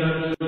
قد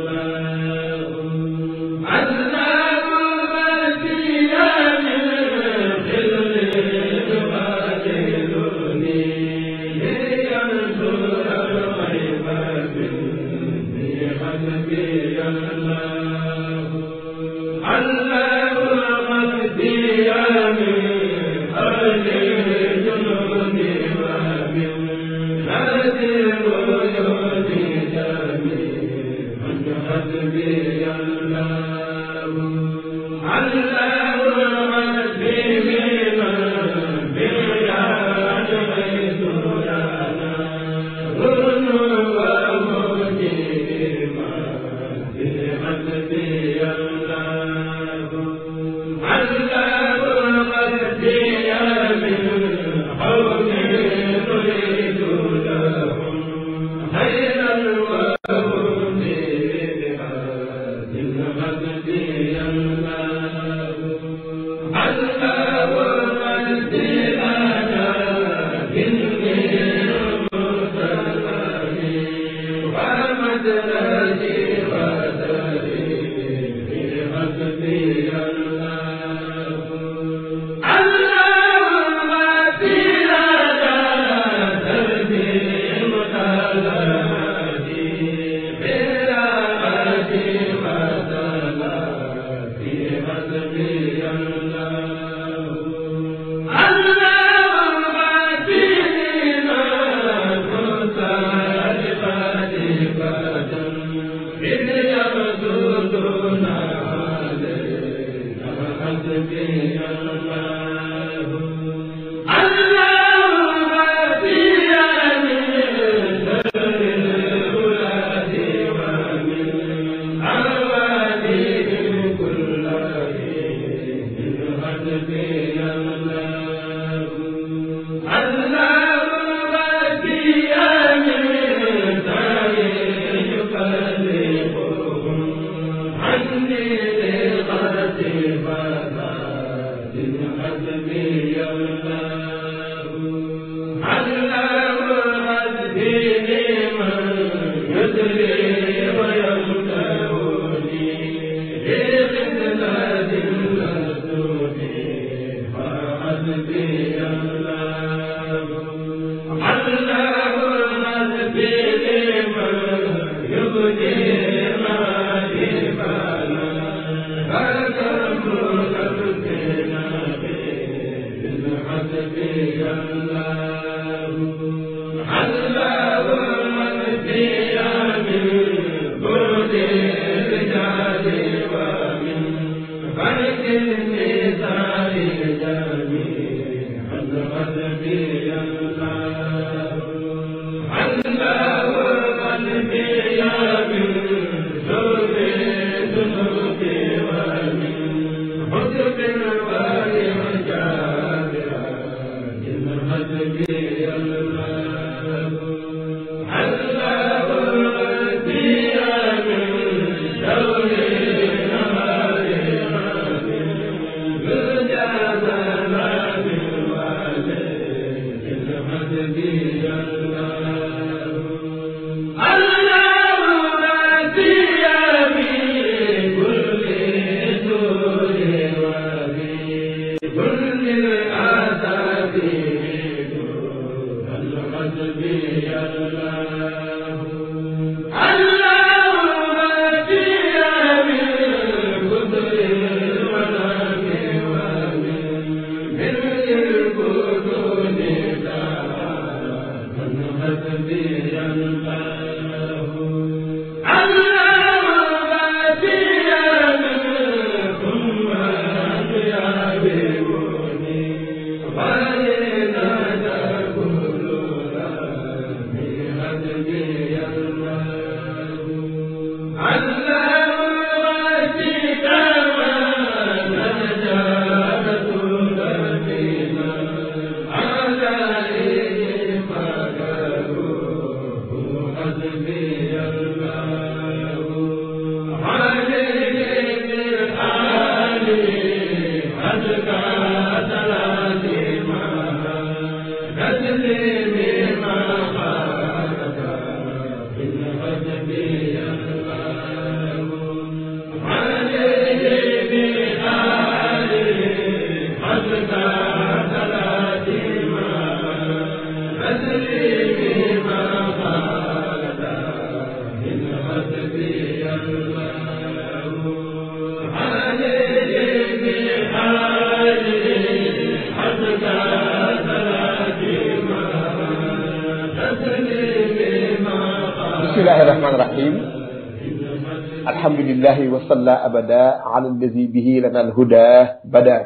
على الذي به لنا الهدى بدا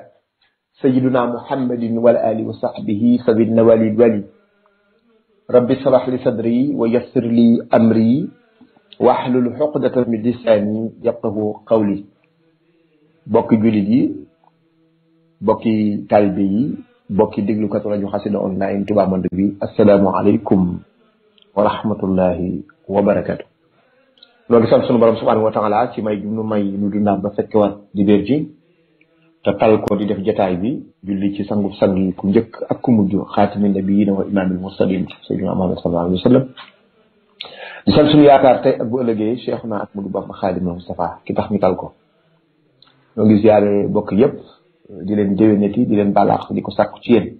سيدنا محمد والآل وصحبه سبيلنا ولي الولي ربي اشرح لي صدري ويسر لي أمري واحلل حقدة من لساني يفقه قولي بوكي جولي بوكي تالبي bokki déglukatu rajo xasida online tuba monde bi assalamu alaykum wa rahmatullahi wa barakatu loolu ngi sant sunu borom subhanahu ci may nu may nu dundaam ba fekkewaat dibéer ji tal ko di def jataay bi julli ci sangu sang yi ku njëkk ak ku mujj xaatimi nabiyina wa imaamil mursalin sayyidina Muhammad sallallahu alayhi wa sallam di sant suñu yaakaar tey ki tax ñu tal ko noo ngi ziyaare bokk yëpp di leen déwénati di leen balaax di ko sàkku ci yéen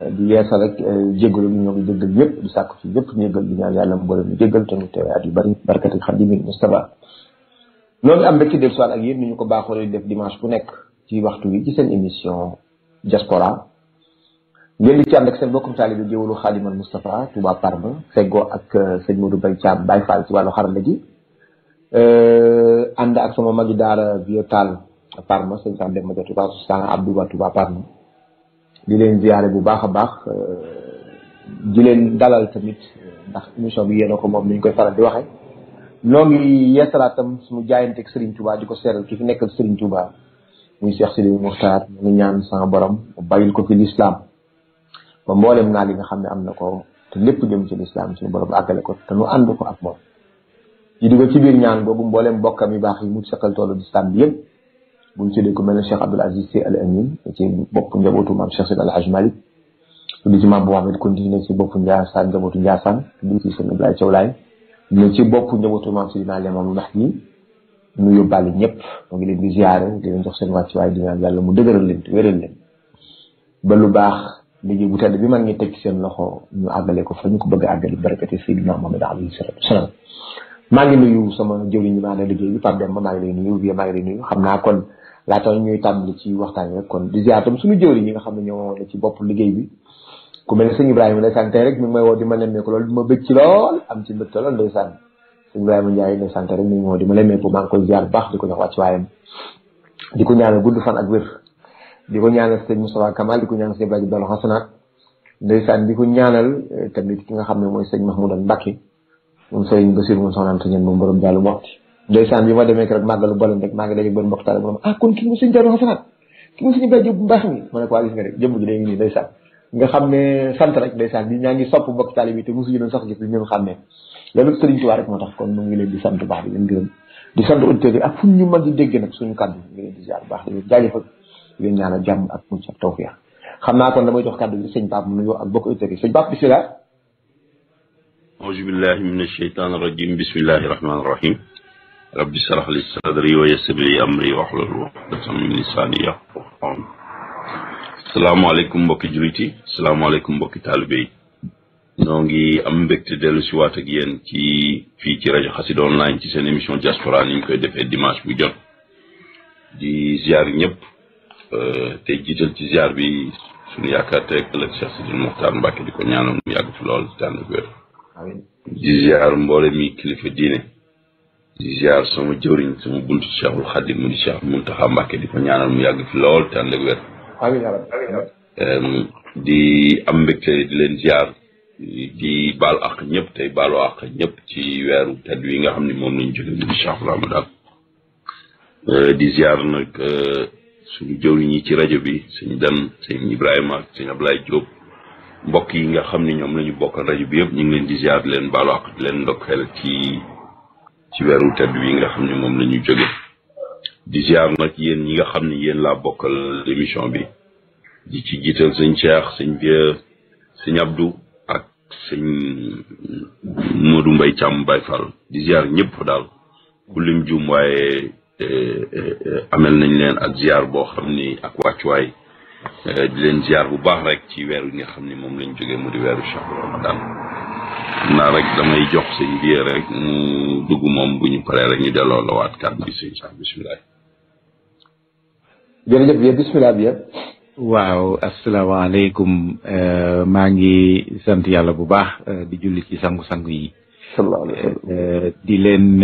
di yeesal rek eh, jégalu ñoo ngi jégal yëpp di sàkku ci yëpp ñégal yàlla mu yàlla mboolem ñu te ñu teewee at yu bari barkati xadimi Mustafa noo am mbégte del soit ak ko baaxoo def dimanche bu nekk ci waxtu wi ci seen émission diaspora ngeen di ci ànd ak seen bokkum taalibe jëwalu xaadimal Mustafa Touba Parma feggoo ak eh, sëñ Modou Bay Thiam Baye ci wàllu xarala ji eh, ànd ak sama magi daara Vieux Tall Parma sëñ Sam Demba Dia Touba Sustana Abdou Ba Touba di leen ziare bu baax a baax euh, di leen dalal tamit euh, ndax émission bi yéen a ko moom ni ñu koy faral di waxee noo ngi yeesalaatam suñu jaayanteeg sëriñ Touba di ko seeral ki fi nekkal Serigne Touba muy Cheikh Sidi Moukhtar mu ngi ñaan sama borom mu bàyyil ko fi lislaam ba mboolem naa li nga xam ne am na ko te lépp jëm ci lislaam suñu borom àggale ko te nu ànd ko ak moom. ñu di ko ci biir ñaan boobu mboolem bokkam yi baax yi mu seqal toolu lislaam yëpp. bu ñu tuddee ku mel ne Cheikh Abdoul Aziz Sy Al Amin ci bopp njabootu maam Cheikh Seydi ci maam Mouhamed Koundine ci bopp Ndiassane njabootu Ndiassane tudd ci seen Abdoulaye Thiaw ñëpp mu ngi leen di ziare di leen jox seen wàccuwaay di mu dëgëral leen wéral leen ba lu baax liggéey bu tedd bi man ngi teg seen loxo ñu àggale ko fa ñu ko bëgg a àggali barakati Seydina Mohamed alayhi salaatu wasalaam maa ngi nuyu sama jëwriñ maa ne liggéey bi Pape Demba maa ngi lay nuyu maa ngi lay nuyu xam naa kon laata ñuy tàmbali ci waxtaan rek kon di ziar tam suñu jëwriñ ñi nga xam ne ñoo ne ci bopp liggéey bi ku mel ne sëñ Ibrahima ndeysaan tey rek mi ngi may woo di ma nemmeeku lool di ma bëgg ci lool am ci mbégte lool ndeysaan sëñ Ibrahima Ndiaye ndeysaan tey rek mi ngi woo di ma nemmeeku maa ngi koy ziar baax di ko jox wàcc waayam di ko ñaanal gudd fan ak wér di ko ñaanal sëñ Moustapha Kamal di ko ñaanal sëñ Ibrahima Dolo Xasanaat ndeysaan di ko ñaanal eh, tamit ki nga xam ne mooy sëñ Mahmoudan Mbacke moom sëñ Basir moom soxnaam sëñ moom borom jàllu waxti ndeysaan bi ma demek rek magalu balen rek magi ngi bon benn borom ah kon ki mu seigne Daaru hasanat ki mu seigne Ibrahima Jóob mbax ni mané ko waa gis nga rek jëmm ji day nii ndeysaan nga xamné ne sant rek ndeysaan ñi ñangi sopp mbokk taal bi te jadi jadi sax gis ñu xamné la loolu seigne Tuubaa rek moo tax kon mo ngi leen di sant baax di leen gërëm di sant auditeurs bi ak fu ñu mën di dégg nak suñu kaddu ngi leen di ziar baax di leen fa di ñaanal ak mu ci tawfiya xamna kon damay jox kaddu seigne sëñ mu ñu ak bokk auditeurs yi sëñ Pape bisimilah auzu billahi min asheytan arrajim bismillahi rahmani rahim rabbi sarax li sadri wa li amri waxlul waxdatan min lisaani yafqahu qawli salaamaaleykum mbokki jullit yi salaamaaleykum mbokki taalibe yi ñoo ngi am mbégte dellu si waat ak yéen ci fii ci rajo xasida online ci seen émission diaspora ni ñu koy defee dimanche bu jot di ziar ñëpp euh, te jiital ci ziar bi suñu yaakaar tey ëllëg Cheikh Sidil Muxtaar di ko ñaanal mu yàgg fi lool tànn wér di ziar mboole mi kilifa diine di ziar sama jorin sama buntu cheikhul khadim mu di cheikh muntaha mbacke di ko ñaanal mu fi lol tan wer di am mbégte di len ziar di bal ak ñep tay baalu ak ñep ci wéru tedd wi nga xamni mom moom lañ jóge mu di cheikhul ramadan euh, di ziar nak euh, suñu jëwriñ ñi ci radio bi suñu dan ibrahima ak mbokk yi nga xamni ñom lañu bokk radio bi yëp ñu ngi leen di ziar leen ak leen ci ci weeru tedd wi nga xam ne moom la ñu jóge di ziar nag yéen ñi nga xam ne yéen laa bokkal émission bi di ci jiital sëñ Cheikh sëñ Vieux sëñ Abdou ak sëñ Modou Mbaye Thiam Baye Fall di ziar ñëpp daal ku lim juum waaye eh, eh, amel nañ leen ak ziar boo xam ni ak wàccuwaay eh, di leen ziar bu baax rek ci weer wi nga xam ne moom lañ jóge mu di weeru Chahru Ramadan na rek damay jox sëñ bi rek hmm, duggu mom buñu paré rek ñu delloo la waat kàddu bi sëñ sax jere jep ye bismillah bi waaw euh ma ngi sant yalla bu baax di julli ci sangu-sangu yi di len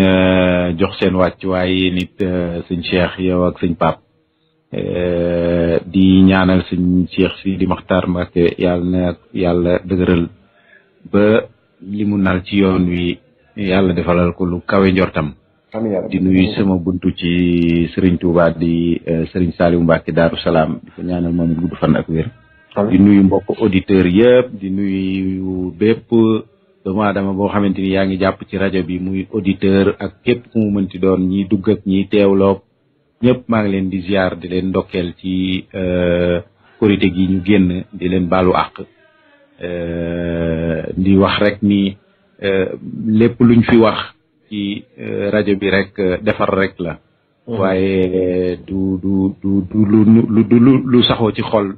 jox seen wàccuwaay yéen nit seigne cheikh yow ak seigne pap di ñaanal seigne cheikh fi di maktar mbàkke yalla yalla yàlla ba limu nal ci yoon wi yàlla defalal ko lu kawe njortam ya di nuyu sama buntu ci sëriñ Touba di e, sëriñ salim Mbacke daru salam di ko ñaanal moom gudd fan ak wér di nuyu mbokk auditeur yépp di nuyu bépp doomu aadama boo xamante ni yaa ngi jàpp ci rajo bi muy auditeur ak képp ku mu mënti doon ñi dugg ak ñi teewloog ñëpp maa ngi leen di ziar di leen ndokkeel ci e, korite gi ñu génn di leen baalu àq Euh, di wax rek ni euh, lépp luñ fi wax ci euh, rajo bi rek defar rek la. Mmh. waaye du du du lu lu saxoo ci xol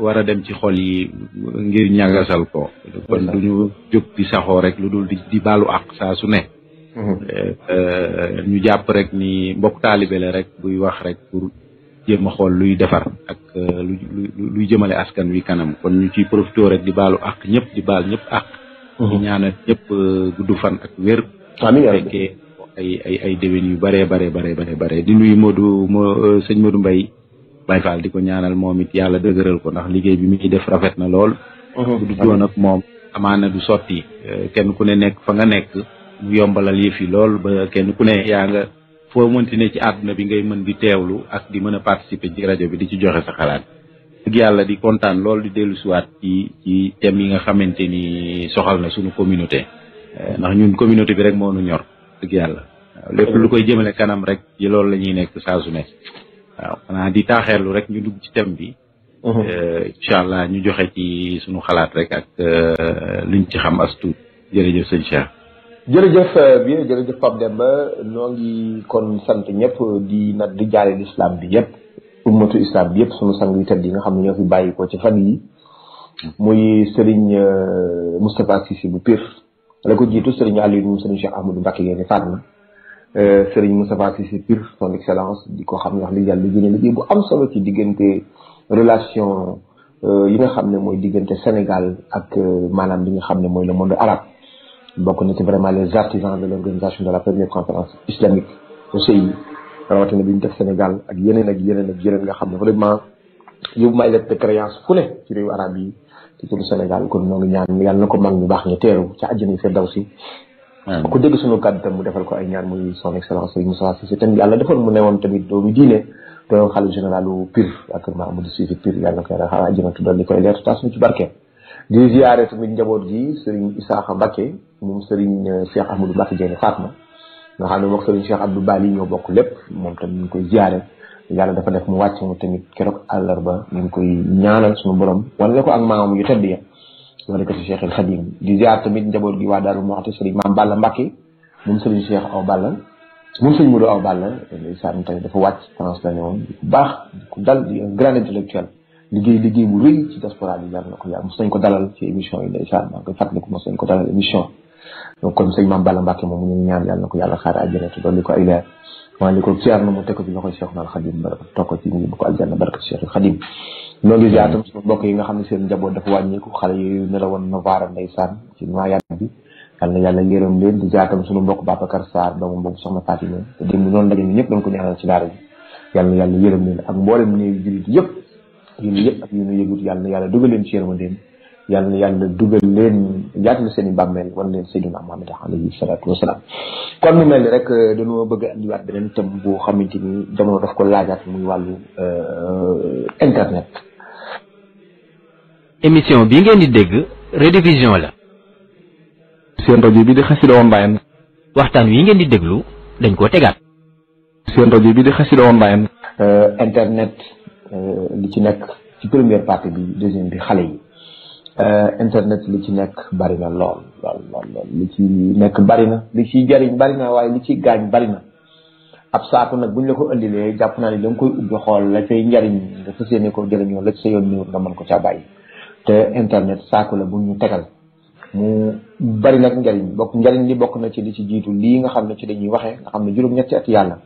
war a dem ci xol yi ngir ñagasal ko. kon mmh. du ñu jóg di saxoo rek lu dul di di baalu àq saa su ne. Mmh. ñu jàpp rek ni mbokk taalibe la rek buy wax rek pour. jema xol luy defar ak euh, luy jëmale askan wi kanam kon ñu ci profité rek di balu ak ñep di bal ñep ak di ñaanal ñep euh, guddu fan ak wér fekkee ay ay ay dewen yu bare bare bare bare bare di nuyu Modou mo euh, seigne Modou mbay bay Fall diko ñaanal momit yalla deugereul ko ndax liggey bi mi ci def rafet na lool mhm. du doon ak mom amana du soti kenn ku ne nek fa nga nek yombalal yefi lool ba kenn ku ne ya nga fo mënti ne ci aduna bi ngay mën di tewlu ak di mëna participer ci radio bi di ci joxe sa xalaat dëgg yalla di contane lool di delu suwat ci ci thème yi nga xamanteni soxal na suñu communauté eh, ndax ñun communauté bi rek mo ñu ñor dëgg yalla lepp lu koy jëmele kanam rek ci loolu la ñuy nekk sa su nekk waaw xanaa di taaxeerlu rek ñu dugg ci thème bi uh-huh. euh inshallah ñu joxe ci suñu xalaat rek ak eh, luñ ci xam astu tuut jërëjëf seigne Cheikh jërëjëf euh, bi jërëjëf Pape Demba noo ngi kon sant ñëpp di nat di jaare l'islam bi yëpp ummatu islam bi yëpp sunu sang yi tedd yi nga xam ne ñoo fi bàyyi ko ci fan yi muy Serigne euh, Moustapha Sissi bu pir la ko jiitu Serigne Aliou moom Serigne Cheikh Amadou Mbacke yéen faat na euh, Serigne Moustapha Sissi pir son excellence di ko xam ne wax dëgg yàlla liggéey liggéey bu am solo ci diggante relation yi nga xam ne mooy diggante Sénégal ak maanaam li nga xam ne mooy le monde arabe bokk na ci vraiment les artisans de l'organisation de la première conférence islamique OCI rawatina bi ñu def Sénégal ak yeneen ak yeneen ak yeneen nga xam ne vraiment yóbbu ma lettre de créance fu ne ci réewu arab yi ci kon ñoo ngi ñaan yàlla na ko mag ñu baax ñu teeru ca àjjana yi Firdawsi ku dégg sunu kàddu tam mu defal ko ay ñaan muy son excellence Serigne Moustapha Cissé yàlla defal mu newoon tamit doomu diine doon xalif généralu Pire ak Mamadou Sufi Pire yàlla na ko yàlla li koy leer taas ci barke di ziare tamit njaboot gi Serigne Isaaxa Mbacké moom Serigne euh, Cheikh Ahmadou Mbacké Diène a nga xam ne moom Serigne Cheikh Abdou Bali ñoo bokk lépp moom tamit ñu koy ziare yàlla dafa def mu wàcc mu tamit keroog àllarba ñu ngi koy ñaanal suñu borom wan la ko ak maamam yu tedd ya wala ko si Cheikh El Khadim tamit njaboot gi waa Daaru Muxti Serigne Maam Balla Mbacké moom Serigne Cheikh Aw Balla moom Serigne Modou Aw Balla ndeysaan tamit dafa wàcc France la ne baax ku di grand intellectuel liggéey liggéey bu rëy ci diaspora bi yàlla na ko yàlla mos nañ ko dalal ci émission yi ndeysaan maa ngi koy fàttaliku mos nañ ko dalal émission donc kon sëñ Mame Balla Mbacke moom ñu ngi ñaan yàlla na ko yàlla xaar àjjana te dolli ko ay leer maa ngi ko ziar na mu teg ko ci loxoy Cheikh Nal Khadim baraka toog ko ci ñu bu ko àjjana baraka Cheikh Khadim noo ngi ziar tam suñu mbokk yi nga xam ne seen njaboot dafa wàññeeku xale yooyu ne la woon Novara ndeysaan ci noyaat bi yàlla na yàlla yërëm leen di ziar tam mbokk Babacar Sarr doomu mbokk soxna Fatima te démb noonu ndaje ñëpp doon ko ñaanal ci daara yàlla na yàlla yërëm leen ak mboolem néew yëpp yu nu yëg ak yu nu yëgut yàlla na yàlla dugal leen ci yërmandeem yàlla na yàlla dugal leen yaatal seen i bàmmeel wala leen Seydina Muhammad alayhi salaatu wasalaam kon mu mel ni rek euh, dañoo bëgg a andiwaat beneen thème boo xamante ni jamono daf ko laajaat muy wàllu euh, internet. émission bi ngeen di dégg rediffusion la. seen rajo bi di Xassida Online. waxtaan wi ngeen di déglu dañ koo tegaat. seen rajo bi di Xassida Online. Euh, internet. Euh, li ci nekk ci première partie bi deuxième si xale yi euh, internet li ci nekk bari na lool lool lool li ci nekk bari na li ciy jariñ bari na waaye li ciy gaañ bari na ab saako nag buñ la ko indilee jàpp naa ni da nga koy ubbi xool la say njariñ nga fas yéene ko jëriñoo la ci sa yoon niwut mën ko caa bàyyi te internet saako la bu ñu tegal mu bari nag njariñ bokk njariñ li bokk na ci li ci jiitu lii nga xam ne ci dañuy waxee nga xam ne juróom-ñetti at yàlla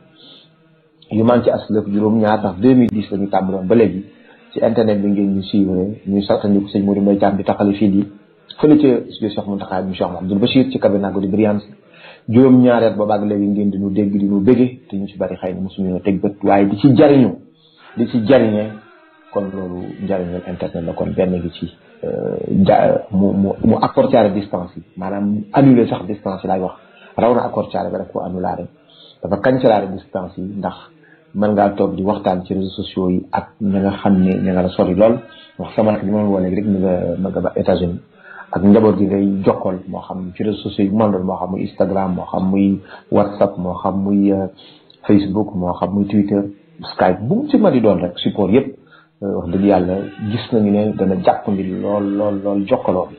yu man ci aslëf juróom-ñaar ndax 2010 la ñu tàmbaloon ba léegi ci internet bi ngeen ñu suivre ñu saltandiku sëñ Modou Mbaye Thiam bi taxali fii di fële ca studio Cheikh Mountakha bi Cheikh Abdoul Bachir ci kabinago di Briance juróom-ñaareet boobaag léegi ngeen di ñu dégg di ñu bëgge te ñu ci bari xëy na mosuñu teg bët waaye di ci jariñu di ci jariñee kon loolu njariñul internet la kon benn gi ci euh, mu mu mu accorder distance yi maanaam annuler sax distance yi laay wax raw na accorder ba daf ko annulare man ngaa toog di waxtaan ci réseaux sociaux yi ak ña nga xam ne ña nga la sori lool wax sama rek li ma wane rek ñu nga nga ba États-Unis ak njaboot gi ngay jokkool moo xam ci réseaux sociaux yi moo xam muy Instagram moo xam muy WhatsApp moo xam muy euh, Facebook moo xam muy Twitter Skype bu mu ci ma di doon rek support yëpp euh, wax dëgg yàlla gis nañu ne dana jàpp ndi lool lool lool jokkaloo bi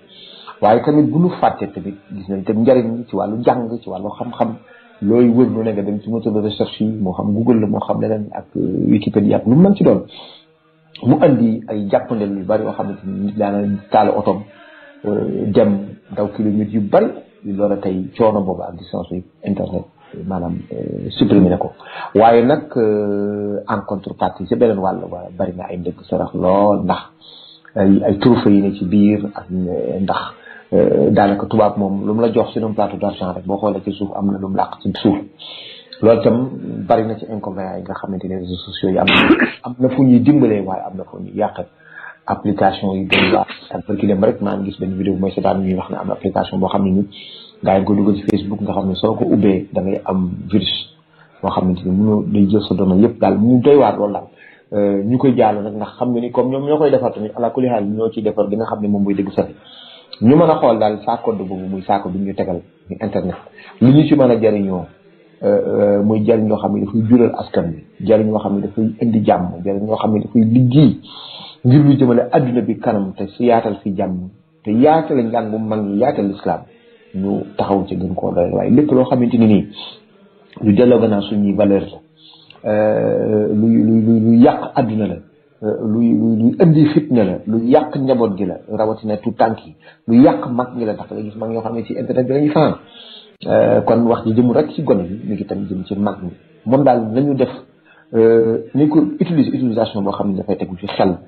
waaye tamit bu ñu fàtte tamit gis nañ tam njëriñ ci wàllu jàng ci wàllu xam-xam looy wër lu nekk dem ci moto de recherche yi moo xam google la moo xam leneen ak wikipédia ak lu mën ci doon mu andi ay jàppandel yu bari yoo xamante ni nit daana taal otom dem daw kilomètres yu bari yu loola tey coono boobu ak distance bi internet maanaam supprimer na ko waaye nag en contrepartie ci beneen wàll waa bari na ay ndëgg sarax lool ndax ay ay turufa yi ne ci biir ak ndax Euh, daanaka tubaab moom lu mu la jox si doon plateau d'argent rek boo xoolee ci suuf am na lu mu ci suuf loolu itam bari na ci inconvénients yi nga xamante ne am na am na fu ñuy dimbalee waaye am na fu ñuy yàqee ngi gis benn vidéo bu wax ne boo xam ne ni gaa yi ko xam ne soo ko da ngay am virus sa données euh, xam nga ni comme ñoom ñoo koy defar tamit ala kulli xaal ñoo nga xam ne moom mooy dëgg ñu man a xool daal saako boobu muy saako bi ñu tegal ñu internet li ñu ci mën a jëriñoo euh, euh, muy jëriñ yoo xam ne dafay jural askan bi jëriñ yoo xam ne dafay indi jàmm jëriñ yoo xam ne dafay liggéey ngir lu jëmale adduna bi kanam te si yaatal fi jàmm te yaatal njàngu mag yi yaatal islam ñu taxaw ci gën koo doy waaye lépp loo xamante ni nii lu delloo gannaaw suñuy valeur la lu lu lu yàq adduna la luy luy la lu yàq njaboot gi la rawatina tu tànk yi lu yàq mag ñi la ndax da nga gis mag ñoo xam ne ci internet bi la ñuy fanaan euh, wax ji jëmul rek ci gone yi mi ngi tam jëm ci mag ñi moom daal nañu def euh, ni boo xam ne dafay tegu ci xel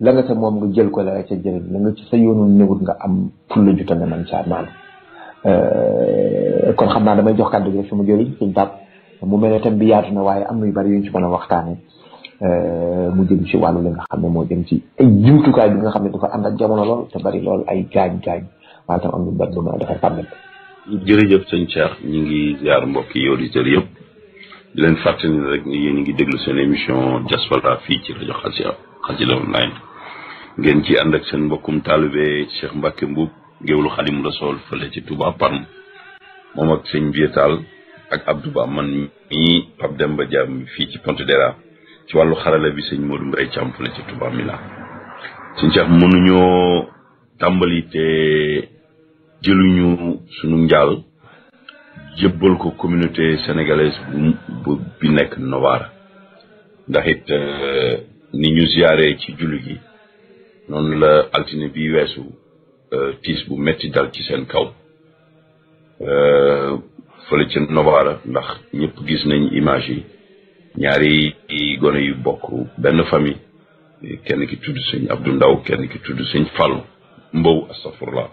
la nga moom nga jël ko la nga ca jëriñ la nga ci sa yoonu néewut nga am fulla juta ne man caa maan euh, kon xam naa damay jox kàddu gi rek sama jëriñ suñ mu mel ne tam bi yaatu na waaye am na bari yuñ ci mën a Euh, mu jëm ci wàllu li nga xam ne moo jëm ci ay jumtukaay bi nga xam ne dafa ànd ak jamono lool te bari lool ay gaañ gaañ waaye tam am lu bari lu mën a defar tàmbali. jërëjëf sëñ Cheikh ñu ngi yi auditeurs yëpp di leen fàttali ne rek yéen ngi déglu seen émission Diaspora fii ci rajo Xassida Xassida online ngeen ci ànd ak seen mbokkum taalibe Cheikh Mbacke Mbuub géwlu Xaadimu Rasuul fële ci Touba Parme moom ak sëñ Biétal ak Abdou Ba man mii Pape Demba Diam fii ci Pontedera. ci wàllu xarala bi sëñ Modou Mbaye Thiam la ci Touba Mina sëñ Cheikh mënuñoo tàmbali te jëluñu suñu njaal jébbal ko communauté sénégalaise bu bi nekk Novara ndax it euh, ni ñu ziyaare ci julli gi noonu la altine bi weesu euh, tiis bu metti dal ci seen kaw euh, fële ci Novara ndax ñëpp gis nañ image ñaari gone yu bokk benn famille kenn ki tudd sëñ Abdou Ndaw kenn ki tudd sëñ Fallu Mbow astafurlah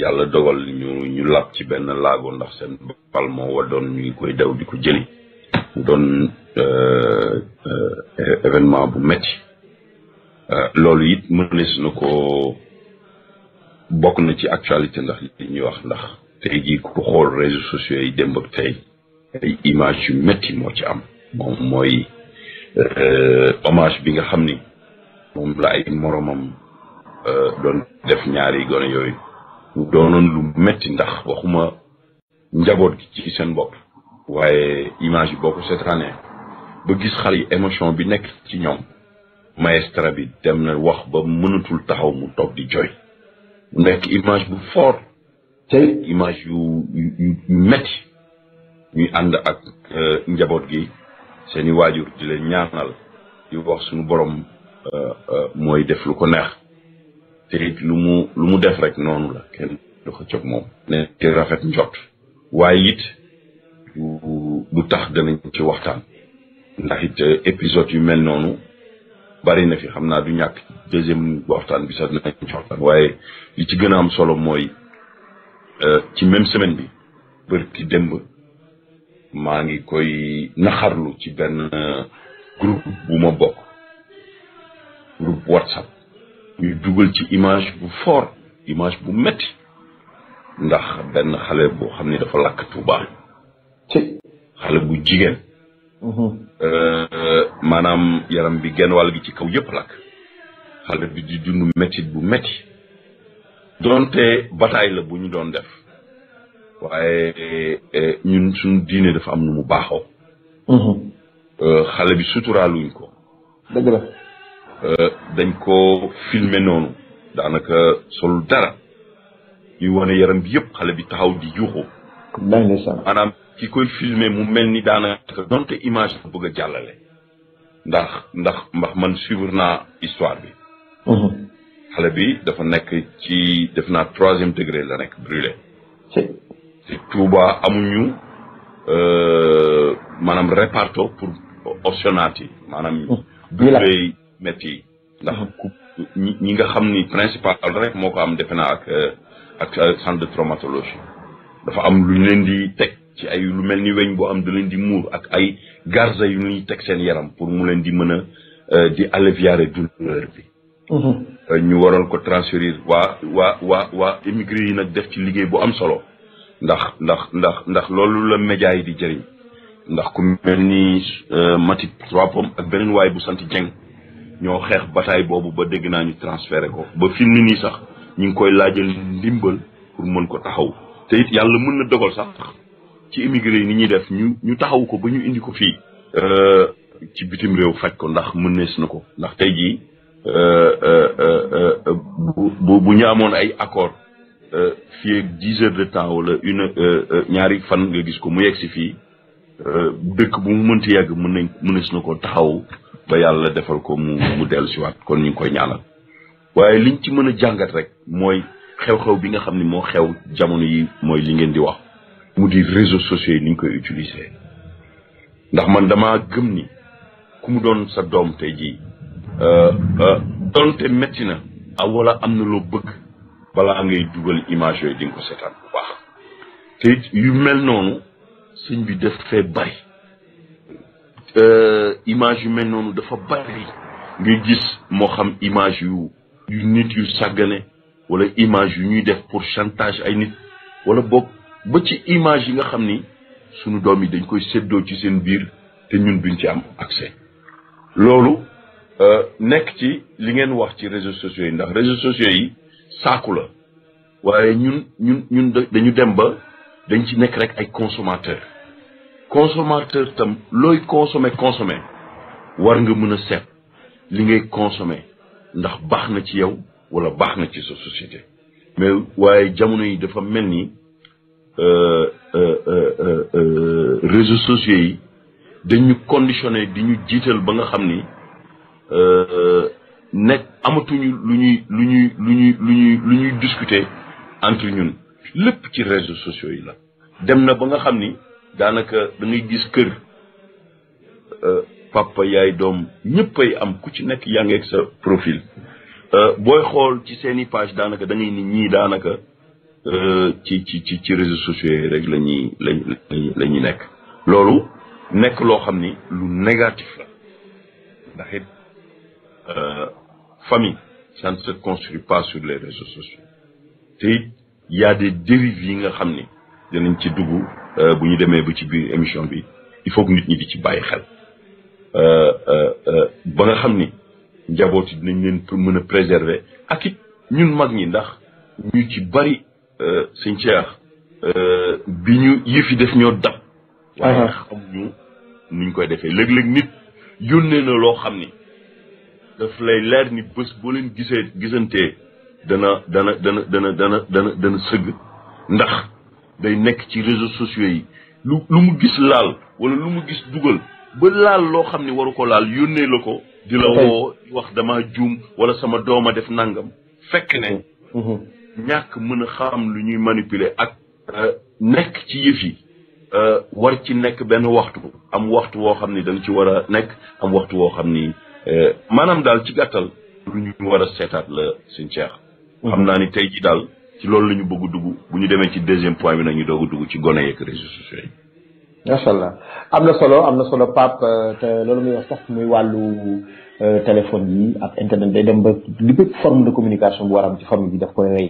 yàlla dogal ñu ñu lab ci benn laago ndax seen bal moo wa doon ñu koy daw di ko jëli mu doon euh, euh, événement bu metti euh, loolu it mënees na ko bokk na ci actualité ndax li ñuy wax ndax te jii ku xool réseaux sociaux yi démb ak tey ay image yu metti moo ci am moom mooy euh, hommage bi nga xam ni moom laa ay moromam euh, doon def ñaari gone yooyu mu lu metti ndax waxuma njaboot gi ci seen bopp waaye image yi boo ko seetaanee ba gis xale yi émotion bi nekk ci ñoom maestra bi dem na wax ba mënatul taxaw mu toog di joy mu nekk image bu fort te image yu yu metti ñuy ànd ak euh, njaboot gi seeni waajur di leen ñaanal di wax suñu boroom euh, euh, mooy def lu ko neex te it lu mu lu mu def rek noonu la kenn du ko cog moom ne te rafet njot waaye du tax danañ ci waxtaan ndax it euh, épisode yu mel noonu bari na fi xam naa du ñàkk deuxième waxtaan bi sax dinañ ci waaye li ci gën a am solo mooy ci même semaine bi bërki démb maa ngi koy naxarlu ci benn euh, groupe bu ma bokk groupe whatsapp ñu dugal ci image bu foor image bu metti ndax benn xale boo xam ne dafa lakk Tuuba ci xale bu jigéen mm-hmm. euh, maanaam yaram bi genn wàll gi ci kaw yëpp lakk xale bi di dund mettit bu metti donte bataille la bu ñu doon def waaye eh, ñun suñu diine dafa am nu mu baaxoo. Mhm. Euh, xale bi suturaaluñ ko. dëgg la. Euh, dañ ko filmer noonu daanaka sol dara ñu wane yaram bi yëpp xale bi taxaw di juuxu. maanaam ki koy filmer mu mel ni daanaka donte image la bëgg jàllale. ndax ndax ndax man suivre na histoire bi. Mhm. xale bi dafa nekk ci def naa troisième degré la nekk brûlé. Touba amuñu euh, maanaam réparto pour optionnaat yi maanaam. Hmm. duulee métti yi. ndax hmm. ñi nga xam ni principal rek moo ko am defe naa ak euh, ak euh, de traumatologie dafa am lu leen di teg ci ay lu mel ni weñ boo am da leen di muur ak ay garza yu ñuy teg seen yaram pour mu leen di mën a di alleviare douleur bi. Hmm. ñu waral ko transférer waa waa waa waa émigré yi nag def ci liggéey bu am solo. ndax ndax ndax ndax loolu la média yi di jëriñ ndax ku mel ni euh, Mati Trois Pommes ak beneen waay bu sant Dieng ñoo xeex bataay boobu ba dégg naa ñu transféré ko ba fi ni nii sax ñu ngi koy laajal ndimbal pour mën ko taxaw te it yàlla mën na dogol sax ci immigré yi ni ñuy def ñu ñu taxaw ko ba ñu indi ko fii. Euh, ci bitim réew faj ko ndax mënees na ko ndax tey jii euh, bu bu amoon ay accord Eh, fii ak dix heures de temps wala une eh, eh, ñaari fan nga gis ko mu yegg si fii dëkk bu mu mënti yàgg mën nañ mënees na ko taxaw ba yàlla defal ko mu mu dellu si waat kon ñu ngi koy ñaanal waaye liñ ci mën a jàngat rek mooy xew-xew bi nga xam ne moo xew jamono yi mooy li ngeen di wax mu di réseaux sociaux yi ni ñu koy utiliser ndax man dama gëm ni ku mu doon sa doom tey jii donte metti na a ah, wala am na loo bëgg balaa ngay dugal image yooyu di nga ko seetaan bu baax te yu mel noonu sëñ bi def fee bari euh, image yu mel noonu dafa bari nga gis moo xam image yu yu nit yu sàggane wala image yu ñuy def pour chantage ay nit wala boog ba ci image yi nga xam ni sunu doom yi dañ koy séddoo ci seen biir te ñun duñ ci am accès loolu euh, nekk ci li ngeen wax ci réseau sociaux yi ndax réseaux sociaux yi saaku la waaye ñun ñun ñun dañu dem ba dañ ci nekk rek ay consommateur consommateur tam looy consommé consommé war nga mën a seet li ngay consommé ndax baax na ci yow wala baax na ci sa mais waaye jamono yi dafa mel ni euh, euh, euh, réseaux sociaux yi dañu conditionné di ñu jiital ba nga xam ni nekk amatuñu lu ñuy lu ñuy lu ñuy lu ñuy lu ñuy discuter entre ñun lépp ci réseaux sociaux yi la dem na ba nga xam ni daanaka da gis kër euh, papa yaay doom ñëppay am ku ci nekk yaa ngi ak sa profil euh, booy xool ci seeni page daanaka da ngay nit ñii daanaka euh, ci ci ci ci réseaux sociaux yi rek lañuy ñuy lañ nekk loolu nekk loo xam ni lu négatif la famille, ça ne se construit pas sur les réseaux sociaux te il y a des dérives yi nga xam ni dinañ ci dugg euh, bu ñu demee ba ci biir émission bi il faut que nit ñi di ci bàyyi xel euh, euh, ba nga xam ni njaboot yi dinañ leen mën a préserver ak it ñun mag ñi ndax ñu ci bari sëñ Cheikh bi ñu yëf yi def ñoo dab waaye xam ñu nuñ koy defee léeg-léeg nit yónnee na loo xam daf lay leer ni bés boo leen gisee gisantee dana dana dana dana dana dana dana sëgg ndax day nekk ci réseaux sociaux yi lu lu mu gis laal wala lu mu gis dugal ba laal loo xam ni waru ko laal yónnee la ko di la woo wax dama juum wala sama doom a def nangam fekk ne mm-hmm. Mm-hmm. ñàkk mën a xam lu ñuy manipuler ak euh, nekk ci yëf yi euh, war ci nekk benn waxtu am waxtu woo xam ni da ci war a nekk am waxtu woo xam ni Eh, maanaam daal ci gàttal lu ñu war a seetaat la suñ ceex mm-hmm. xam naa ni tey ji daal ci loolu lu ñu bëgg dugg bu ñu demee ci deuxième point bi nag ñu doog dugg ci gone yeeg réseaux sociaux yi macha am na solo am na solo Pape eh, te loolu muy wax sax muy wàllu Euh, téléphone yi ak internet day dem ba li bépp forme de communication bu war am ci famille bi daf koy rey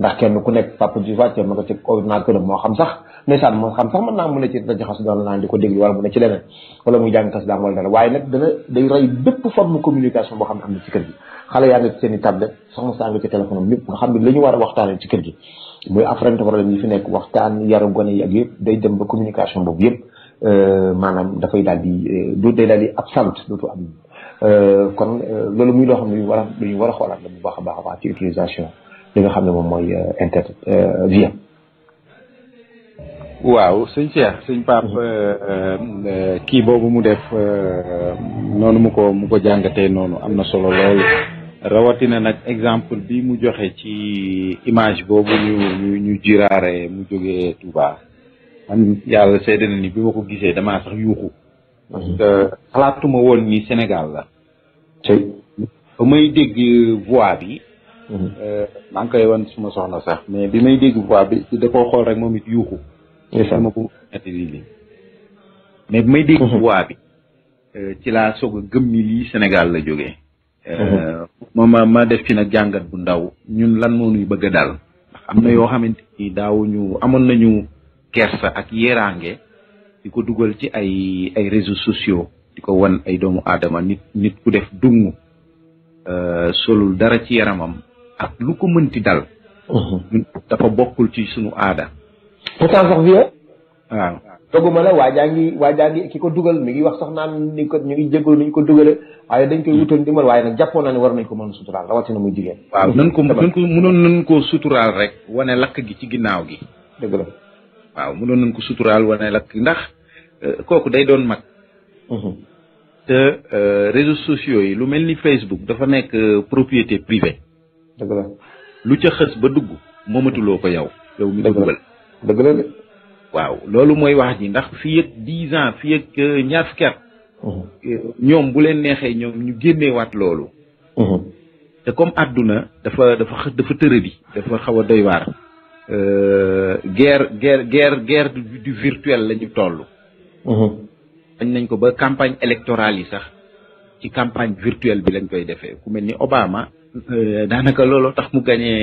ndax kenn ku nekk papa ji wàcce ma ko ci ordinateur moo xam sax ndeysaan moo xam a ci rajaxas doon naan di ko déglu leneen wala muy jàng tas daam wala dara waaye nag dana day rey bépp forme communication boo xam ne am na ci kër gi xale yaa nga ci seen i tablette soxna saa nga ci téléphone am lépp nga xam ne la ñu war a waxtaanee ci kër gi muy affronté problème yi fi nekk waxtaan yaru gone Euh, kon euh, loolu muy loo xam luñu war xoolaat la bu baax a baax a baax ci utilisation li nga xam ne moom mooy euh, internet via waaw sëñ Cheikh sëñ Pape mhm. kii boobu mu def noonu mu ko mu ko jàngatee noonu am na solo lool rawatina nag exemple bi mu joxe ci image boobu ñu ñu jiraare mu jógee Touba man yàlla seede na ni bi ma ko gisee damaa sax yuuxu parce mhm. que xalaatuma woon ni Sénégal la tey ba may dégg voix bi. Mhm. Euh, maa ngi koy wan suma soxna sax mais bi may dégg voix bi da koo xool rek moom it yuuxu. incha allah mais bi may dégg mhm. voix bi. Euh, ci laa soog a gëm ni lii Sénégal la jóge moom euh, ma ma def ci nag jàngat bu ndaw ñun lan moo ñuy bëgg daal. am na yoo xamante ni daawuñu amoon nañu kersa ak yéeraange di ko dugal ci ay ay réseaux sociaux. di wan ay doomu aadama nit nit ku def dungu eh, solul dara ci yaramam ak lu ko mënti dal mhm. dafa bokkul ci sunu aada pourtant sax vieux waaw doguma la wajangi wajangi kiko ngi dugal mi ngi wax sax naan ni ko ñu ngi jéggol ni ñu ko dugale waaye dañ koy wutal ndimbal waaye nag jàppoon naa war nañ ko sutural rawati na muy jigéen waaw nan ko nan ko mënon nan ko sutural rek wane lak gi ci ginnaw gi dëgg la waaw mënon nan ko sutural wane lak ndax eh, koku day doon mak Mhm. te euh, réseaux sociaux yi lu ni Facebook dafa nekk euh, propriété privée. dëgg la lu ca xës ba dugg moomatuloo ko yow. yow mi dëgg la waaw loolu wax ji ndax ak dix ans fii ak euh, ñaar fukki mhm. ñoom bu leen neexee mhm. te comme àdduna dafa dafa dafa dafa doy guerre guerre guerre guerre du virtuel la ñu bañ nañ ko ba campagne électorale yi sax ci campagne virtuelle bi lañ koy defee ku mel ni Obama euh, daanaka looloo tax mu gagné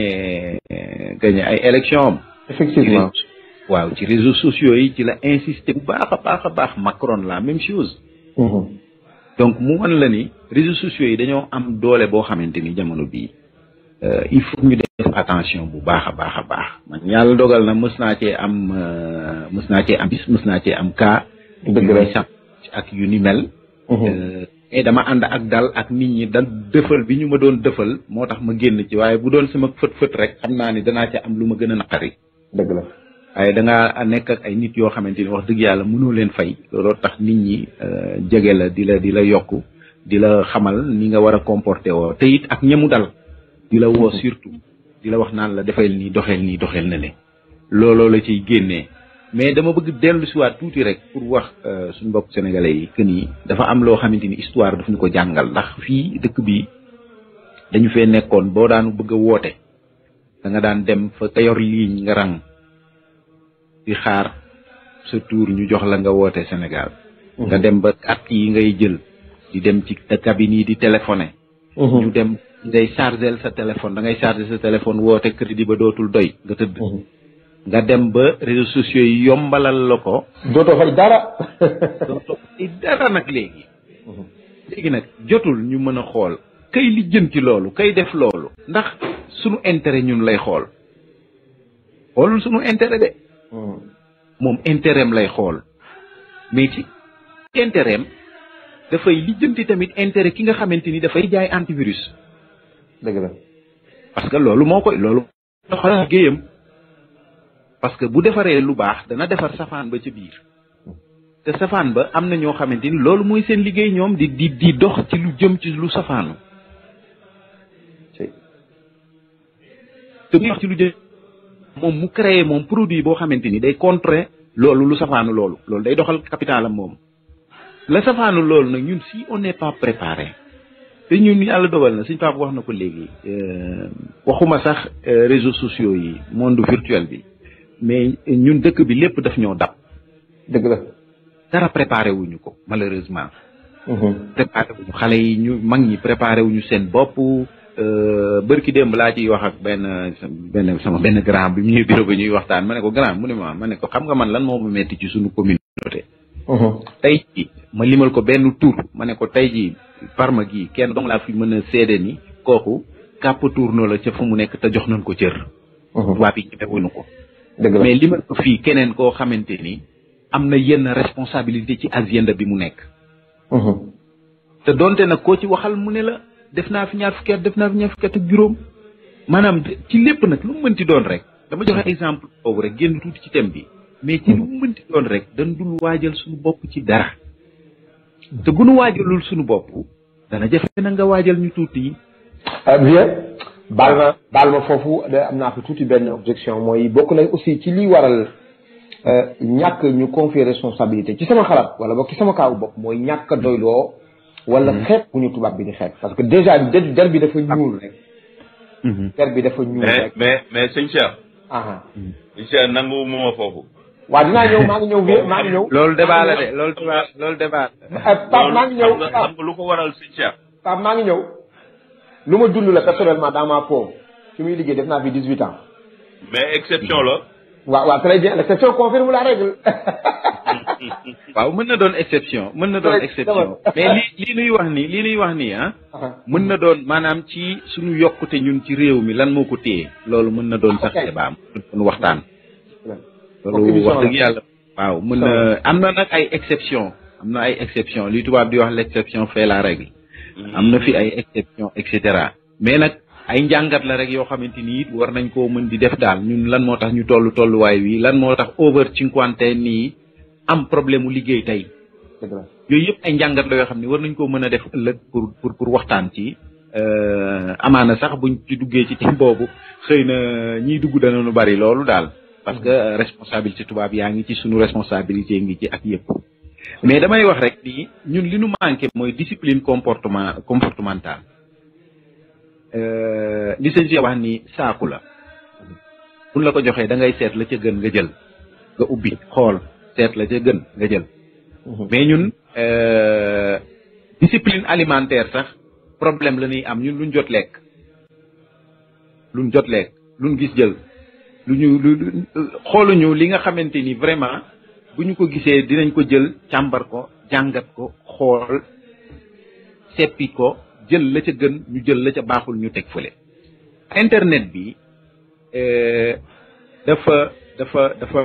euh, gagné ay élection am waaw ci réseaux sociaux yi ci la insister baax a baax a baax Macron la même chose mm-hmm. donc mu wan la ni réseaux sociaux yi dañoo am doole boo xamante ni jamono bii euh, il faut ñu def attention bu baax a baax a baax man yàlla dogal na mës naa cee am mës naa cee am mës naa cee am cas dëgg la ak yu ni mel. mais mhm. eh, eh, dama ànd ak dal ak nit ñi dal dëfal bi ñu ma doon dëfal moo tax ma génn ci waaye bu doon sama fët fët rek xam naa ni danaa ci am lu ma gën a naqari. dëgg la waaye da ngaa nekk ak ay nit yoo xamante ni wax dëgg yàlla mënoo leen fay tax nit ñi eh, jege la di la di la yokk di la xamal ni nga war a comporté woo te ak ñamu dal. di la woo mhm. surtout di la wax naan la defal nii doxeel nii doxeel na ne looloo la ciy génnee. mais dama bëgg dellu waat tuuti rek pour wax euh, suñ mbokk sénégalais yi que ni dafa am loo xamante ni histoire dafa ñu ko jàngal ndax fii dëkk bi dañu fee nekkoon boo daan bëgg a da nga daan dem fa tayor yor nga rang di xaar sa tour ñu jox la nga woote sénégal mhm. nga dem ba at yi ngay jël di dem ci cabine yi di téléphoné mhm. ñu dem ngay chargel sa téléphone da ngay charger sa téléphone woote crédit ba dootul doy nga tëdd mhm. nga dem ba réseaux sociaux yi yombalal la ko. dootoo fay dara. dara nag léegi. léegi nag jotul ñu mën a xool. kay li jëm ci loolu kay def loolu. ndax sunu intérêt ñun lay xool. xoolul sunu intérêt de. Hmm. moom intérêt am lay xool. mais ci intérêt am dafay lijjanti tamit intérêt ki nga xamante ni dafay jaay antivirus. dëgg la parce loolu moo koy loolu. doxal géeyam parce que bu defaree lu baax dana defar safaan ba ci biir te safaan ba am na ñoo xamante ni loolu mooy seen liggéey ñoom di di di dox ci lu jëm ci lu safaanu te moom mu créer moom produit boo xamante ni day contrer loolu lu safaanu loolu loolu day doxal capital am moom la safaanu loolu nag ñun si on n'est pas préparé te ñun yàlla dogal na suñ papa wax na ko léegi euh, waxuma sax euh, réseaux sociaux yi monde virtuel bi mais ñun dëkk bi lépp daf ñoo dab dëgg la dara préparé wuñu ko malheureusement mhm. préparé wuñu xale yi ñu mag ñi préparé wuñu seen bopp euh, barki demb laa ciy wax ak benn benn sama benn grand bi ñuy bureau bi ñuy waxtaan ma ne ko grand mu ne ma ma ne ko xam nga man lan moo ma metti ci suñu communauté mhm. tey ji ma limal ko benn tour ma ne ko tey ji parma kenn dong laa fi mën a seede ni kooku kàpp tour la ca fu mu nekk te jox nañ ko cër mhm. ko mais lima ko fi keneen koo xamante ni am na yenn responsabilité ci agenda bi mu nekk mhm. te donte nag koo ci waxal mu ne la def naa fi ñaar fukki at def naa fi ñaar fukki at ak juróom maanaam ci lépp nag lu mu mënti doon rek dama joxe exemple boobu rek génn tuuti ci tem bi mais ci lu mhm. mu mënti doon rek dañ dul waajal suñu bopp ci dara te bu nu waajalul suñu bopp dana jafe na nga waajal ñu tuuti yi ah bien baal ma fofu da amna naa fi tuuti benn objection moy bokk na aussi ci li waral euh ñak ñu confier responsabilité ci sama xalat wala boog ci sama kaawu bopp moy ñàkk doylo wala mm-hmm. xeet bu ñu tubaab bi di xeet parce que déjà der bi dafa ñuul rek der bi dafa ñuul rek mm-hmm. mais mais seigne Cheikh aha seigne Cheikh nangu mo ma foofu waaw dinaa ñëw maa ngi ñew ma ngi ñew lolou débat la dé lolou débat loolu débat euh, Pape ma ngi ñew xam nga lu ko waral seigne Cheikh Pape ma ngi ñew nous ma dund la personnellement dans ma peau Je muy liggéey depuis 18 ans. mais exception là. Oui, très bien L'exception confirme la règle. waaw on na exception exception mais li li nous wax nii li nuy wax ah. Uh-huh. ci exception exception la règle. Mm-hmm. am na fi ay exception et cetera mais nag ay njàngat la rek yoo xamante ni war nañ koo mën di def daal ñun lan moo tax ñu toll tolluwaay wi lan moo tax over cinquante nii am problème liggéey tey yooyu yëpp ay njàngat la yoo xam ne war nañ koo mën a def ëllëg pour pour pour waxtaan ci euh, amaana sax buñ ci duggee ci tim boobu xëy na ñiy dugg danañu bari loolu daal parce que responsabilité tubaab yaa ngi ci sunu responsabilité ngi ci ak yëpp mais damay wax rek ni ñun li nu manqué mooy discipline comportement comportementale euh, li sëñ si wax ni saaku la buñ la ko joxee da ngay seet la ca gën nga jël nga ubbi xool seet la ca gën nga jël mhm. mais ñun euh, discipline alimentaire sax problème la ñuy am ñun luñ jot lekk luñ jot lekk luñ gis jël lu ñu lu xooluñu li nga xamante ni vraiment bu ñu ko gisee dinañ ko jël càmbar ko jàngat ko xool seppi ko jël la ca gën ñu jël la ca baaxul ñu teg fële internet bi euh, dafa dafa dafa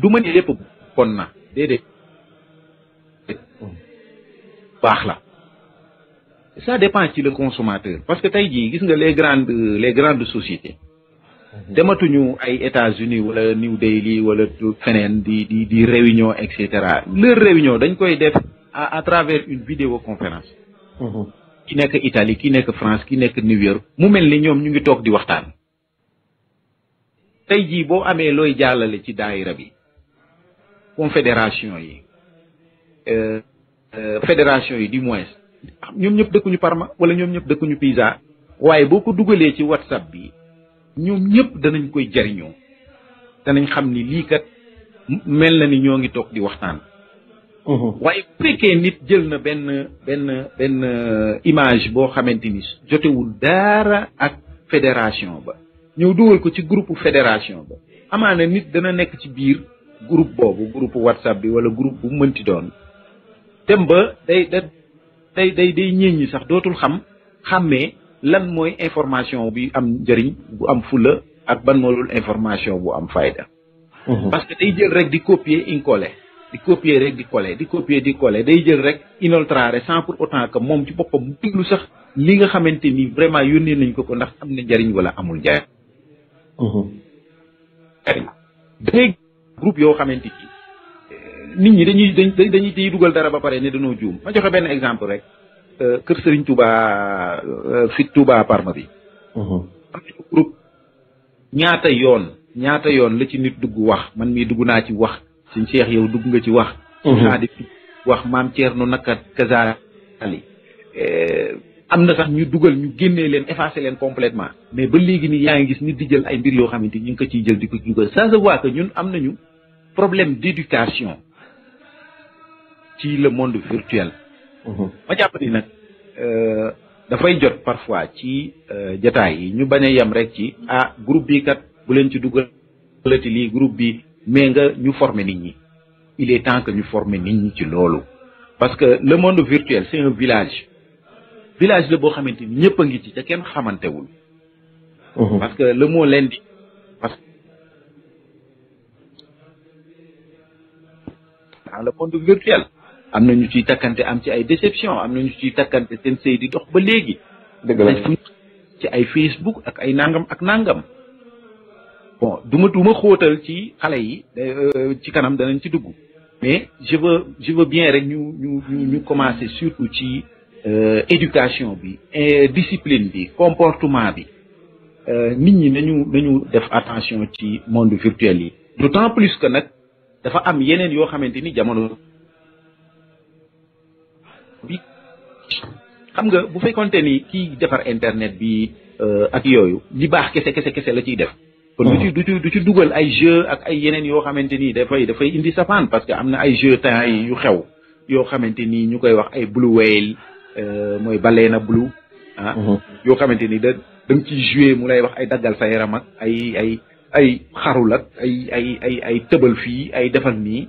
du ma ni lépp bon na déedéet baax la ça dépend ci le consommateur parce que tey jii gis nga les grandes les grandes sociétés Mhm. dematuñu ay États-Unis wala New Delhi wala feneen di di di réunion et cetera leur réunion dañ koy def à à travers une vidéoconférence. Mhm. ki nekk Italie ki nekk France ki nekk New York mu mel ni ñoom ñu ngi toog di waxtaan. tey jii boo amee looy jàllale ci daayira bi confédération yi euh, euh, fédération yi du moins ah, ñoom ñëpp dëkkuñu Parma wala ñoom ñëpp dëkkuñu Pisa waaye boo ko dugalee ci WhatsApp bi. ñoom ñëpp danañ koy jariñoo danañ xam ni lii kat mel na ni ñoo ngi toog di waxtaan. waaye bu fekkee nit jël na benn benn benn euh, image boo xamante ni jotewul dara ak fédération ba ñëw dugal ko ci groupe fédération ba amaana nit dana nekk ci biir groupe boobu groupe whatsapp bi wala groupe bu mënti doon dem ba day day day day ñi sax dootul xam xàmmee lan moy information bi am am fula ak ban information bu am fayda mhm. parce que day jël rek di copier incoller de copier rek di coller di copier di coller day jël rek inoltrare sans pour autant que mom ci bopam De sax li nga vraiment nañ ko ko ndax am na jariñ wala amul mhm. de groupe yoo xamante eh, nit ñi dañuy dañuy dara ba pare ne dañoo juum joxe benn exemple Eh, kër Serigne tubaa eh, fi Touba Parma bi. Uh-huh. am nañu ñaata yoon ñaata yoon la ci nit dugg wax man mii dugg naa ci wax suñ Cheikh yow dugg nga ci wax. Uh-huh. naa di wax maam Thierno naka Kazaali. Eh, am na sax ñu dugal ñu génnee leen effacé leen complètement mais ba léegi nii yaa ngi gis nit di jël ay mbir yoo xamante ñu ngi ko ciy jël di ko ci dugal ça se voit ñun am nañu problème d'éducation ci le monde virtuel. Mhm. ma jàpp ni nag euh, dafay jot parfois ci euh, jataay yi ñu bañ a yem rek ci ah groupe bi kat bu leen ci dugalati lii groupe bi mais nga ñu former nit ñi il est temps que ñu former nit ñi ci loolu parce que le monde virtuel c'est un village village la boo xamante ni ñëpp a ngi ci ca kenn xamantewul mhm. parce que le mot leen di parce que dans monde virtuel am na ñu ciy takkante am ci ay déception am na ñu ciy takkante seen sëy di dox ba léegi. dëgg la ci ay Facebook ak ay nangam ak nangam. bon duma duma du xóotal ci xale yi euh, ci kanam danañ ci dugg. mais je veux je veux bien rek ñu ñu ñu ñu commencer surtout ci euh, éducation bi discipline bi comportement bi euh, nit ñi nañu nañu def attention ci monde virtuel yi. temps plus que nag dafa am yeneen yoo xamante ni jamono. bi xam nga bu fekkonte ni kiy defar internet bi euh, ak yooyu li baax kese kese kese la ciy def kon du ci dugal ay jeu ak ay yeneen yoo xamante nii dafay dafay indi safaan parce que am na ay jeu temps yu xew yoo xamante nii ñu koy wax ay blue whale euh, mooy baleine blue ah mm-hmm. yoo xamante ni da da nga ciy joué mu lay wax ay daggal sa yaram ak ay ay ay xarul ak ay ay ay ay tëbal fii ay defal nii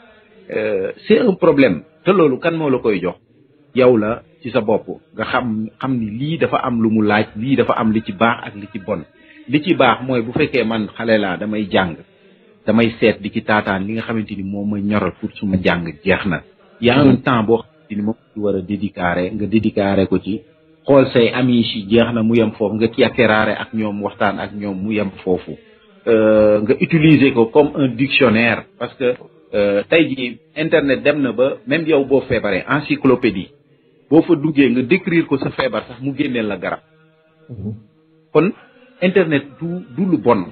Eh, c'est un problème te lolou kan mo la koy jox yaw la ci sa bop nga xam xam ni li dafa am lu mu laaj li dafa am li ci bax ak li ci bon li ci bax moy bu fekke man xalé la damay jang damay set di ci taataan li nga xamanteni mo moo ñoral pour suma jang jeexna ya un temps bo xamante mo ci wara a nga dédicaré ko ci xol say ami ci jeexna mu yam foofu nga tiateraare ak ñom waxtaan ak ñom mu fofu euh nga utiliser ko comme un dictionnaire parce que Euh, tey jii internet dem na ba même yow bo feebaree encyclopédie bo fa duggé nga décrire ko sa feebar sax mu génneel la garab mhm. kon internet du du lu bon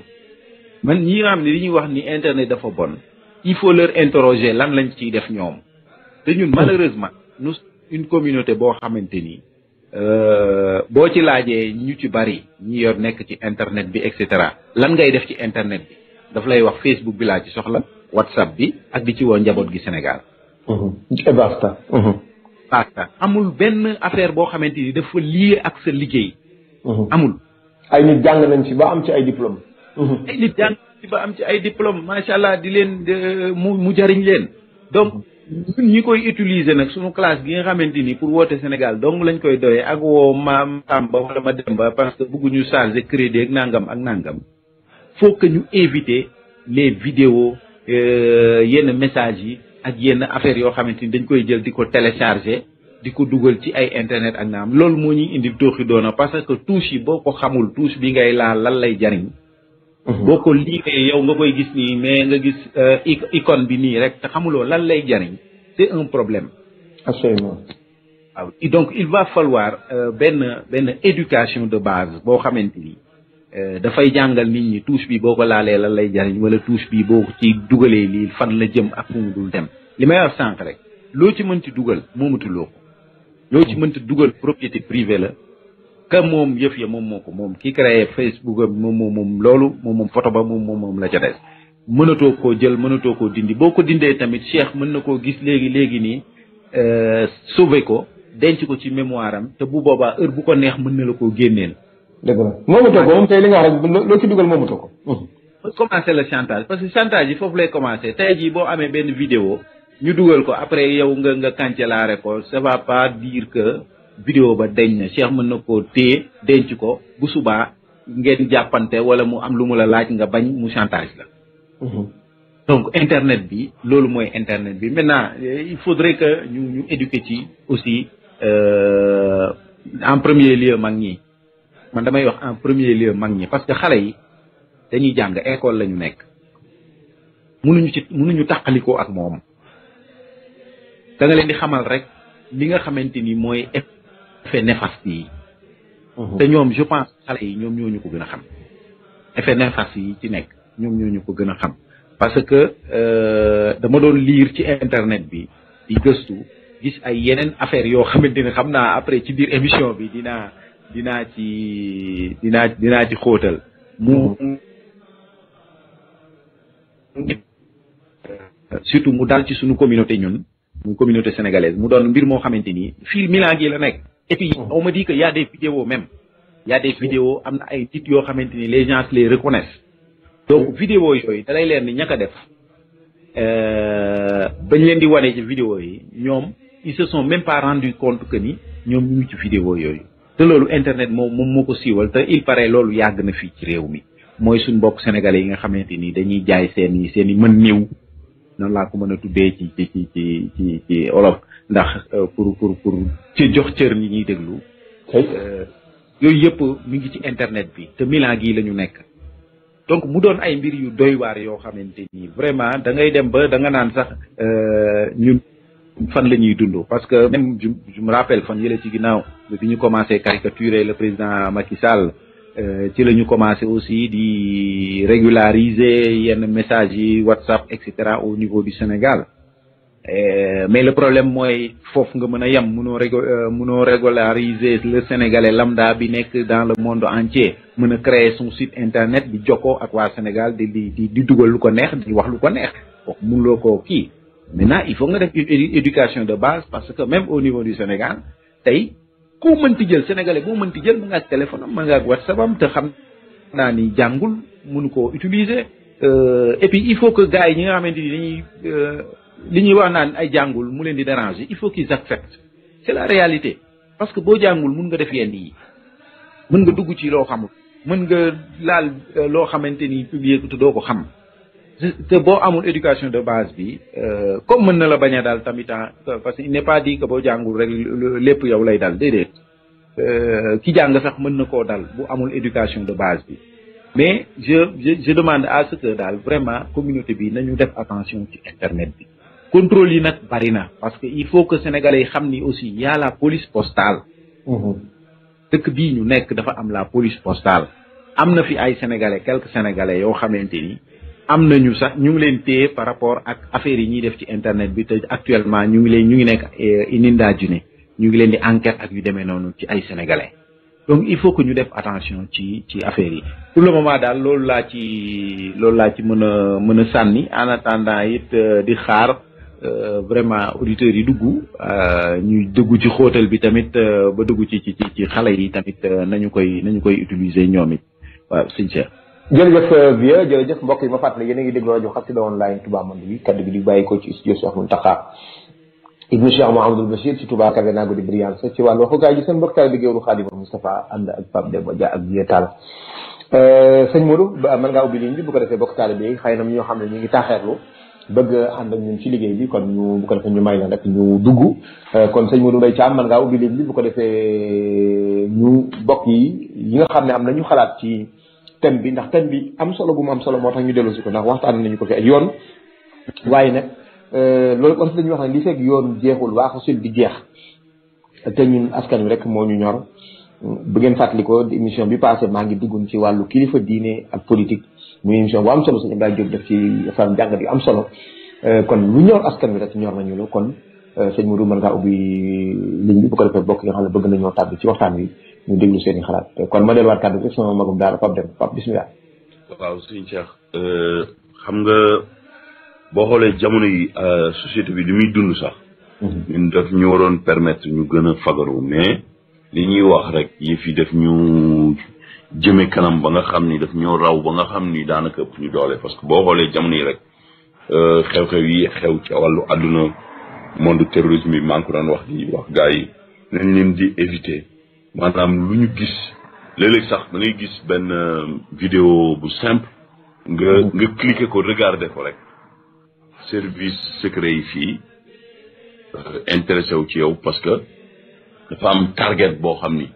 man ñi nga ni ne ñuy wax ni internet dafa bon il faut leur interroger lan lañ ciy def ñoom té ñun malheureusement nous une communauté bo xamante ni euh, bo ci laajee ñu ci bari ñi yor nek ci internet bi etc. cetera lan ngay def ci internet bi daf lay wax Facebook bi la ci soxla whatsapp bi ak di ci woo njaboot gi Sénégal. Mhm. et basta. Mhm. basta amul benn affaire boo xamante ni dafa lié ak sa liggéey. Mhm. amul. ay nit jàng nañ ci ba am ci ay diplôme. ay nit jàng nañ ci ba am ci ay diplôme macha allah di leen mu mu jariñ leen donc. ñun ñi koy utiliser nag suñu classe gi nga xamante ni pour woote Sénégal donc lañ koy doyee ak woo maam Samba wala ma Demba parce que bëgguñu changer crédit ak nangam ak nangam. faut que ñu éviter les vidéos Euh, yenn message yi ak yenn affaire yoo xamante ni dañ koy jël di ko télécharger di ko dugal ci ay internet ak naam loolu moo ñuy indi tooxi doona parce que touche yi boo ko xamul touche bi ngay laal lan lay jariñ mhm. boo ko liiree yow nga koy gis nii mais nga gis euh, icône bi nii rek te xamuloo lan lay jariñ c'est un problème absolument waaw donc il va falloir euh, benn benn éducation de base boo xamante ni Euh, dafay jàngal nit ñi touche bi boo ko laalee lan lay jariñ wala touche bi boo ko ci dugalee lii fan la jëm ak fu mu dul dem li may wax sànq rek loo ci mënti dugal moomatuloo ko loo ci mënti dugal propriété privée la ka moom yëf moom moo ko moom ki créé Facebook am moom loolu moom moom photo ba moom moom moom la ca mënatoo koo jël mënatoo ko dindi boo ko dindee tamit Cheikh mën na koo gis léegi léegi nii euh, sauver ko denc ko ci mémoire am te bu boobaa heure bu ko neex mën na la koo génneel dëgg la moomatoo ko moom tey li nga wax rek loo ci dugal moomatoo ko. commencer le chantage parce que chantage yi foofu lay commencer tay ji bo amé ben vidéo ñu duggal ko après yow nga nga cancellare ko ça va pas dire que vidéo ba deñ na Cheikh mën na koo denc ko bu suba ngeen jappanté wala mu am lu mu la laaj nga bañ mu chantage la. Mhm. donc internet bi lolu moy internet bi maintenant il faudrait que ñu ñu éduquer ci aussi euh, en premier lieu mag ñi. man damay wax en premier lieu mag ñi parce que xalé yi dañuy jàng école lañu nekk mënuñu ci mënuñu takaliko ak moom da nga leen di xamal rek li nga xamante ni mooy effet néfaste yi mhm. te ñoom je pense xale yi ñoom ñooñu ko gën a xam effet néfaste yi ci nekk ñoom ñooñu ko gën xam parce que euh, dama doon lire ci internet bi di gëstu gis ay yeneen affaire yoo xamante ni xam naa après ci biir émission bi dinaa d'ina ci dina dina ci xóotal mu surtout mu dal ci suñu communauté ñun muy communauté sénégalaise mu doon mbir moo xamante nii fii Milan gi la nekk et puis on me dit que y a des vidéos même y a des vidéos am na ay nit yoo xamante ni les gens les reconnaissent donc vidéo yooyu da lay leer ni ñàkk a def euh, bañ leen di wane ci vidéo yi ñoom ils se sont même pas rendu compte que ni ñoom ñu ci vidéo yooyu te loolu internet moom moom moo ko siiwal te il paraît loolu yàgg na fii ci réew mi mooy suñ mbokk sénégale yi nga xamante ni dañuy jaay seen i seen i mën néew noonu laa ko mën a tuddee ci ci ci ci ci ci ndax euh, pour pour pour ci jox cër ni ñuy déglu euh, yooyu yëpp mi ngi ci internet bi te Milan gii la ñu nekk donc mu doon ay mbir yu doy waar yoo xamante nii vraiment da ngay dem ba da nga naan sax euh, ñun fan parce que même je me rappelle fan yële ci ginnaaw bi ñu commencé caricaturer le président Macky Sall euh, ci la commencé aussi di régulariser yenn messages yi WhatsApp etc. au niveau du Sénégal euh, mais le problème c'est foofu nga mën a euh, régulariser le sénégalais lambda bi dans le monde entier Nous avons créer son site internet di jokkoo ak waa Sénégal di di di dugal lu ko neex di wax lu ko maintenant il faut nga une éducation de base parce que même au niveau du Sénégal tay ku mën ti jël sénégalais bu ti jël nga téléphone am nga whatsapp am te xam na ni jangul mën ko utiliser euh, et puis il faut que gars yi nga xamante ni dañuy euh, li ñuy wax naan ay jangul mu leen di déranger il faut qu'ils acceptent c'est la réalité parce que bo jangul mën nga def yenn yi mën nga dugg ci lo xamul mën nga laal euh, lo xamanteni publier ko te doo ko xam te bo amul éducation de base bi comme eh, meun na la baña dal tamita parce qu'il n'est pas dit que bo jangul rek lepp yow ya lay dal euh ki jang sax meun na dal bu amul éducation de base bi mais je je je demande à ce que dal vraiment communauté bi nañu def attention ci internet bi contrôle yi nak bari na parce que il faut que sénégalais xam e ni y a la police postale mhm. dëkk bi ñu nek dafa am la police postale amna fi ay sénégalais quelques e, sénégalais e, yo xamanteni am nañu sax ñu ngi leen téye par rapport ak affaire yi ñuy def ci internet bi te actuellement ñu ngi leen ñu ngi nekk euh, ininda june ñu ngi leen di enquête ak yu demee noonu ci ay sénégalais donc il faut que ñu def attention ci ci affaire yi pour le moment daal loolu laa ci loolu laa ci mën a mën a sànni en attendant it euh, di xaar euh, vraiment auditeurs yi dugg ñuy dugg ci xóotal bi tamit ba dugg ci ci ci xale yi tamit nañu koy nañu koy utiliser ñoom it waaw jërëjëf Vieux jërëjëf mbokk yi ma fàttali yéen a ngi déglu rajo Xassida online Touba Monde bi kaddu gi di bàyyi ko ci studio Cheikh Mountakha ibnu Cheikh Mouhamadul Bachir ci Touba Café Nago di Brillance ci wàllu waxukaay ji seen mbokk taal bi géewlu Xaadima Moustapha ànd ak Pape Demba Dia ak Vieux Tall euh, sëñ Modou mën bu ko defee bokk taal bi xëy na ñoo xam ne ñu ngi taaxeerlu bëgg ànd ak ñun ci liggéey bi kon ñu bu ko defee ñu may la rek ñu dugg euh, kon sëñ Modou Mbaye Thiam mën ngaa ubbi ligne bi bu ko defee euh, ñu mbokk yi yi nga xam ne am na ñu xalaat ci thème bi ndax thème bi am solo bu mu am solo moo tax ñu dellu si ko ndax waxtaan nañu ko fi ay yoon waaye nag euh, loolu kon dañuy wax ne li yoon jeexul waaxu sil di jeex te ñun askan wi rek moo ñu ñor bu ngeen fàttalikoo émission bi passé maa ngi duggun ci wàllu kilifa diine ak politique muy émission bu am solo sëñ Abdoulaye def ci fan jàngat yu am solo euh, kon lu ñor askan wi rek ñor nañu la kon euh, sëñ Modou mën ngaa ubbi ligne bi bu ko defee bokk yi nga xam ne bëgg nañoo tàbbi ci waxtaan wi ñu déglu seen i xalaat kon ma delluwaat kàddu gi sama magum daal Pape Dem Pape bisimilah. waaw sëñ Cheikh euh, xam nga boo xoolee jamono yi euh, société bi li muy dund sax. Mhm. ñun daf ñu waroon permettre ñu gën a fagaru mais li ñuy wax rek yëf fi def ñu jëme kanam ba nga xam ni daf ñoo raw ba nga xam ni daanaka ëpp ñu doole parce que boo xoolee jamono yi rek euh, xew-xew yi xew ca wàllu àdduna monde terrorisme yi maa ngi ko doon wax di wax gars yi nañ leen di éviter. maanaam lu ñu gis léeg sax dangay gis benn euh, vidéo bu simple nga oh. nga cliquer ko regarder ko rek service secret yi fii euh, intéressé wu ci yow parce que dafa am target boo xam ni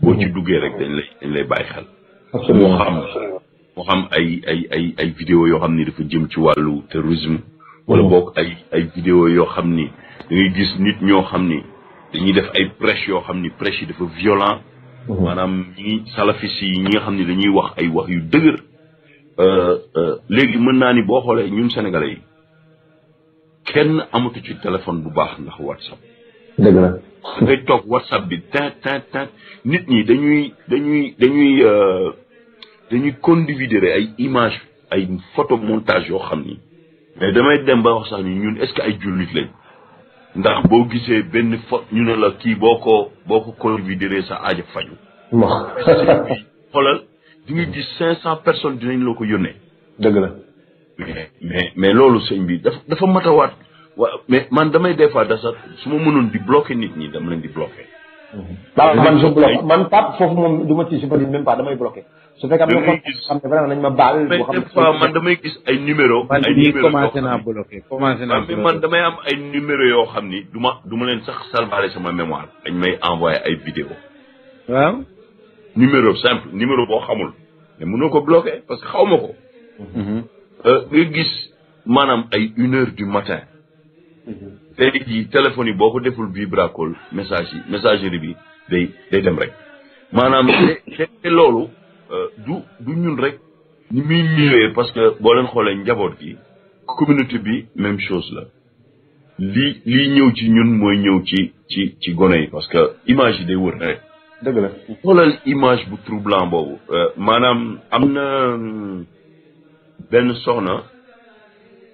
boo ci oh. duggee rek dañ lay dañ lay bàyyi xel moo xam moo xam ay ay ay ay vidéo yoo xam ni dafa jëm ci wàllu terrorisme wala oh. boog ay ay vidéo yoo xam ni da ngay gis nit ñoo xam ni dañuy def ay prêche yoo xam ni prêche yi dafa violent mhm. maanaam ñi salafis yi ñi nga xam ni dañuy wax ay wax yu dëgër euh, euh, léegi mën naa ni boo xoolee ñun sénégalais yi kenn amatu ci téléphone bu baax ndax whatsapp dëgg la dangay toog whatsapp bi tin tin tin nit ñi dañuy dañuy dañuy euh, dañuy condividere ay image ay photo montage yoo xam ni mais damay dem ba wax sax ni ñun est-ce que ay jullit lañ ndax boo gisee benn fa ñu ne la kii boo ko boo ko considéré sa aajo faju xoolal di nga gis cinq cent personnes dinañ la ko yónnee dëgg la mais mais loolu sëñ bi dafa dafa matawaat waa mais man damay des fois da su ma mënoon di bloqué nit ñi dama leen di bloqué waaw man je bloque man Pape foofu moom du ma ci supporté même damay bloqué. su fekkee am ne vraiment nañ ma baal. man damay gis ay numéro ay numéro man commencé naa bloqué commencé naa bloqué man damay am ay numéro yoo xam ni duma ma du ma leen sax salvaré sama mémoire. dañ may envoyé ay vidéo waaw. numéro simple numéro boo xamul. mais mënoo ko bloqué parce que xaw ma ko. Mhm. Euh, nga gis maanaam ay une heure du matin. Mhm. tey jii téléphone yi boko ko deful vibracol message yi messagerie bi day day dem rek manam c'est lolu euh, du du ñun rek ni mi ñëwee parce que bo leen xolé njabot gi communauté bi même chose la li li ñëw ci ñun moy ñëw ci ci ci gonay parce que image yi day wër rek dëgg la xolal image bu troublant bobu euh, manam amna euh, ben soxna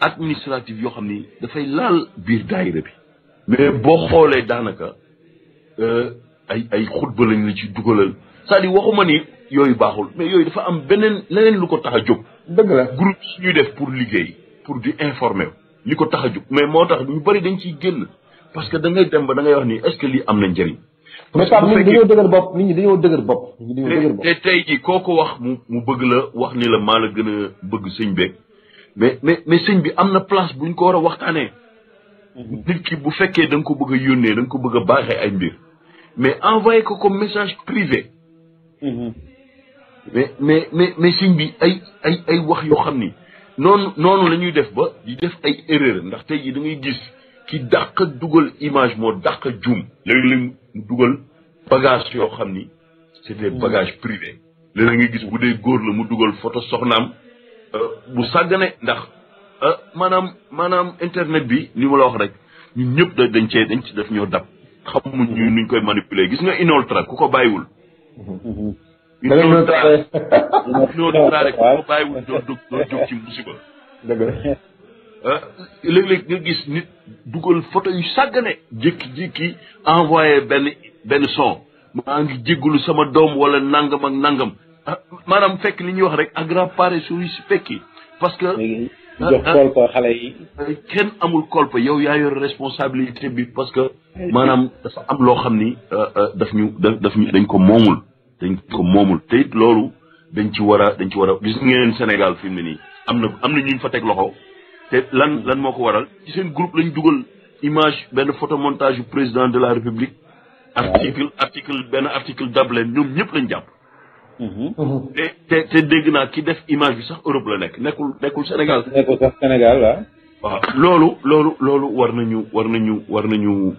administrative yoo xam ni dafay laal biir daayira bi mais boo xoolee daanaka euh, ay ay xutba lañ la ci dugalal c'est-à-dire waxuma ni yooyu baaxul mais yooyu dafa am beneen leneen lu ko tax a jóg dëgg la groupe ñuy def pour liggéey pour di informer li ko tax a jóg mais moo tax ñu bari dañ ciy génn parce que da dem ba da ngay wax ni est-ce lii am na njëriñ mais Pape nit ñi dañoo dëgër bopp ñi dañoo dëgër bopp nit ñi dañoo te tey ji kooku wax mu mu bëgg la wax ni la maa la gën a bëgg sëñ beeg mais mais mais sëñ bi am na place buñ ko war a waxtaanee. Mhm. nit ki bu fekkee da nga ko bëgg a yónnee da ko bëgg a baaxee ay mbir. mais envoyé ko comme message privé. Mhm. mais mais mais mais sëñ bi ay ay ay wax yoo xam ni noonu noonu la ñuy def ba di def ay erreur ndax tey jii da ngay gis ki dàq dugal image moo dàq juum. léeg-léeg mu dugal bagage yoo xam ni. c' est des mhm. bagages privés. léeg-léeg nga gis bu dee góor la mu dugal photo soxnaam. bu sàggane ndax ah, maanaam maanaam internet bi li ma wax rek ñu ñëpp da dañ cee dañ ci def ñoo dab xamuñ ñu mm-hmm. nuñ koy manipuler gis nga inoltra ku ko bàyyiwul mm-hmm. inoltra inoltra rek ku ko bàyyiwul doo dug doo jóg ci musiba dëgg ah, léeg-léeg nga gis nit dugal photo yu sàggane jékki-jékki envoyé benn benn son maa ngi jéggulu sama doom wala nangam ak nangam Ah, maanaam fekk li ñuy wax rek aggrappare si fekki parce que ah, jox ah, kolpa xale kenn amul kolpa yow yaa yor responsabilité bi parce que maanaam dafa am loo xam ni daf ñu daf ñu dañ ko moomul dañ moomul te it loolu dañ ci war a dañ ci war a gis ngeen Sénégal fi mu ne nii am na am na ñu fa teg loxo te lan lan moo ko waral ci seen groupe lañ dugal image benn montage yu président de la république article article benn article d'able ñoom ñëpp lañ jàpp Mhm. Mhm. te te dégg naa ki def image bi sax Europe la nekk nekkul nekkul Sénégal. nekkul sax Sénégal waaw. waaw loolu loolu loolu war nañu war nañu war nañu.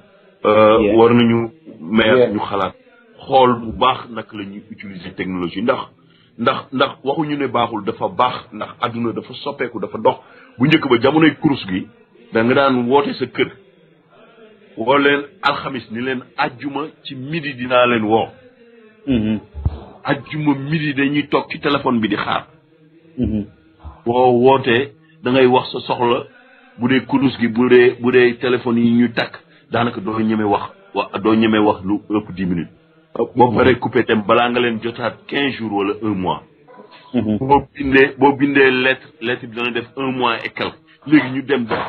Euh, war nañu meer ñu xalaat. xool bu baax nag la ñuy utiliser technologie ndax ndax ndax waxuñu ne baaxul dafa baax ndax àdduna dafa soppeeku dafa dox bu njëkk ba jamonoy kurus gi da nga daan woote sa kër woo leen alxamis ni leen àjjuma ci midi dinaa leen woo mhm. ajjuma midi dañuy toog ci téléphone bi di xaar. Mhm. boo wootee da ngay wax sa soxla bu dee kurus gi bu dee bu dee téléphone yi ñu takk daanaka doo ñeme wax wa doo ñeme wax lu ëpp dix minutes. boo mhm. paree coupé tam balaa nga leen jotaat quinze jours wala un mois. Mhm. boo bindee boo bindee lettre lettre bi dana def un mois et quelque. léegi ñu dem def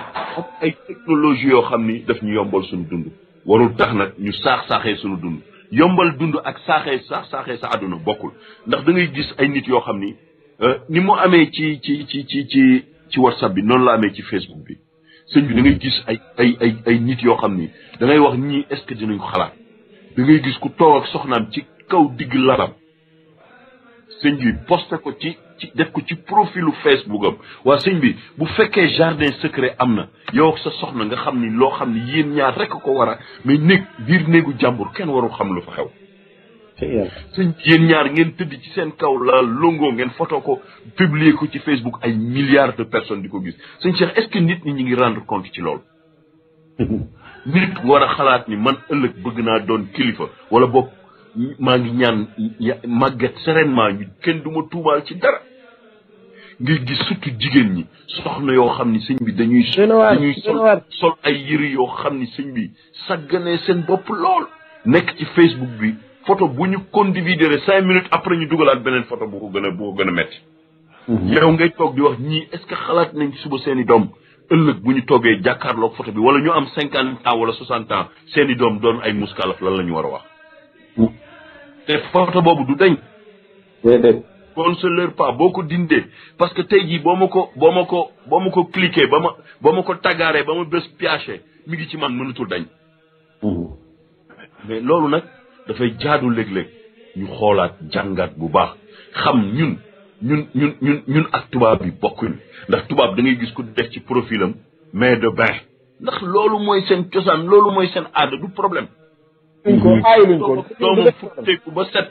ay technologie yoo xam ni daf ñu yombal suñu dund. warul tax nag ñu saax saaxee sunu dund. yombal dund ak saaxee sax saaxee sa àdduna bokkul ndax da ngay gis ay nit yoo xam ni euh, ni mu amee ci ci ci ci ci ci whatsapp bi noonu la amee ci facebook bi sëñ bi da ngay gis ay ay ay nit yoo xam ni dangay wax ñii est ce que dinañ ko xalaat da ngay gis ku toog ak soxnaam ci kaw digg lalam sëñ bi ko ci ci def ko ci profilu Facebook am waa sëñ bi bu fekkee jardin secret am na yow sa soxna nga xam ni loo xam ni yéen ñaar rekk ko war a mais néeg biir néegu jàmbur kenn waru xam lu fa xew sëñ yéen ñaar ngeen tëdd ci seen kaw la longoo ngeen photo ko publier ci Facebook ay milliards de personnes di ko gis sëñ Cheikh est-ce que nit ñi ñu ngi rendre compte ci loolu nit war a xalaat ni man ëllëg bëgg naa doon kilifa wala book maa ngi ñaan màgget sereinement ñu kenn ci ngir gis surtout jigen ñi soxna yo xamni ni bi dañuy dañuy sol sol ay yiri yo xamni ni bi sagane sen bop lool nek ci facebook bi photo bu ñu condividéré 5 minutes après ñu dugalaat benen photo bu ko gëna bu ko gëna metti mmh. yow ngay tok di wax ñi est ce que xalaat nañ suba seeni dom doom bu ñu toogee jàkkaarloog photo bi wala ñu am 50 ans wala 60 ans seeni dom doom doon ay muskalaf lan la ñu war a wax mmh. te photo boobu du dañ déedéet on se leurre pas boo ko dindee parce que tey jii boo ma ko boo ma ko boo ma ko cliqué ba ma boo ma ko taggaaree ba ma bés piaché mi ngi ci man mënatul dañ mais loolu nag dafay jaadu léeg-léeg ñu xoolaat jàngaat bu baax xam ñun ñun ñun ñun ñun ak tubaab bi bokkuñ ndax tubaab da ngay gis ko def ci profilam mais de bain ndax loolu mooy seen cosaan loolu mooy seen aada du problème. ba set.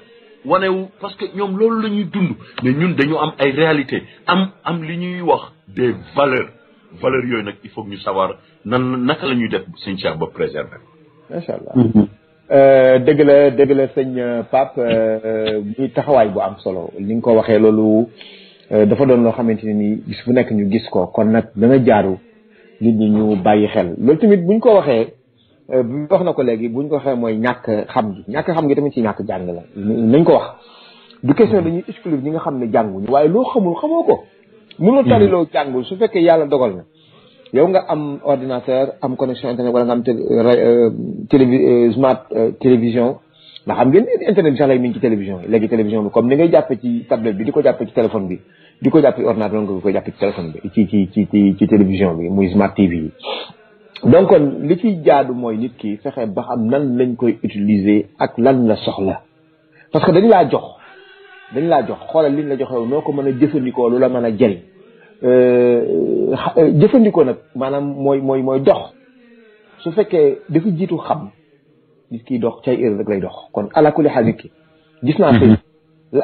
wanewu parce que ñoom loolu la ñuy dund mais ñun dañu am ay réalité am am li ñuy wax des valeurs valeurs yooyu nag il faut ñu savoir nan naka la ñuy def sëñ Cheikh ba préserver macha allah mm-hmm. euh, dëgg la dëgg la sëñ euh, Pape euh, muy taxawaay bu am solo ni nga ko waxee loolu dafa doon loo xamante ne nii gis bu nekk ñu gis ko kon nag danga jaaru nit ñi ñu bàyyi xel loolu tamit buñ ko waxee bi euh, wax na ko léegi buñ ko waxee mooy ñàkk xam gi ñàkk xam gi tamit ci ñàkk jàng la nañ ko wax du question dañuy exclure ñi nga xam ne jànguñu waaye loo xamul xamoo ko mënul hmm. tari loo jàngul su fekkee yàlla dogal na yow nga am ordinateur am connexion internet wala nga am euh, télévi euh, télévision ndax xam ngeen internet bi sax lay mi ngi ci télévision yi léegi télévision bi comme ni ngay jàppe ci tablette bi di ko jàppe ci téléphone bi di ko jàppe ordinateur nga bi ci ci bi muy smart tv yi donc li ci jaadu mooy nit kii fexe ba xam nan lañ koy utiliser ak lan la soxla parce que dañ laa jox dañ laa jox xoolal li la joxew noo ko mën a jëfandikoo lu la mën a jëriñ euh, euh, jëfandikoo nag maanaam mooy mooy mooy dox su fekkee dafa jiitu xam nit kii dox cay erreur rek lay dox kon alakuli xaal nit ki gis naa. Mhm.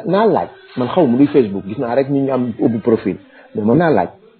naa laaj man xaw mu luy Facebook gis naa rek ñu am ubbi profil mais mën naa laaj.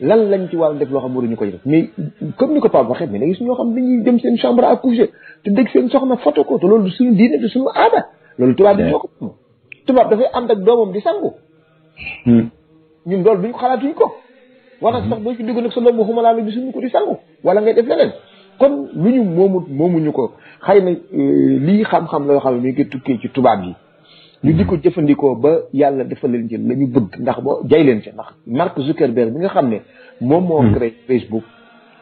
lan lañ ci war a def loo xam waruñu koy def mais comme ni ko Pape waxee mais da gis ñoo xam dañuy dem seen chambre à coucher te dégg seen soxna photo ko loolu du suñu diine du suñu aada loolu tubaab bi ñoo ko tubaab dafay ànd ak doomam di sangu hmm. ñun loolu duñ xalaatuñ ko war nag sax hmm. boo ci dugg nag sa doom waxuma laa la gisuñu ko di sangu wala ngay def leneen kon lu ñu moomut moomuñu ko xay na euh, lii xam-xam la yoo xam ne mi ngi tukkee ci tubaab yi ñu di ko jëfandikoo ba yàlla defal leen ci la ñu bëgg ndax boo jay leen ca ndax Mark Zuckerberg bi nga xam ne moom moo hmm. créé Facebook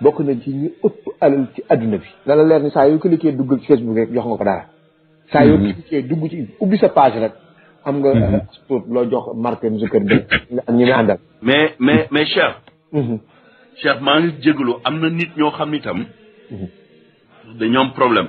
bokk na ci ñu ëpp alal ci adduna bi na la leer ni saa yoo cliqué duggal ci Facebook rek jox nga ko dara saa yoo hmm. cliqué dugg ci ubbi sa page rek am nga hmm. euh, sport loo jox Mark Zuckerberg ak ñi nga àndal mais mais mais Cheikh Cheikh maa ngi jégalu am na nit ñoo xam ni tam problème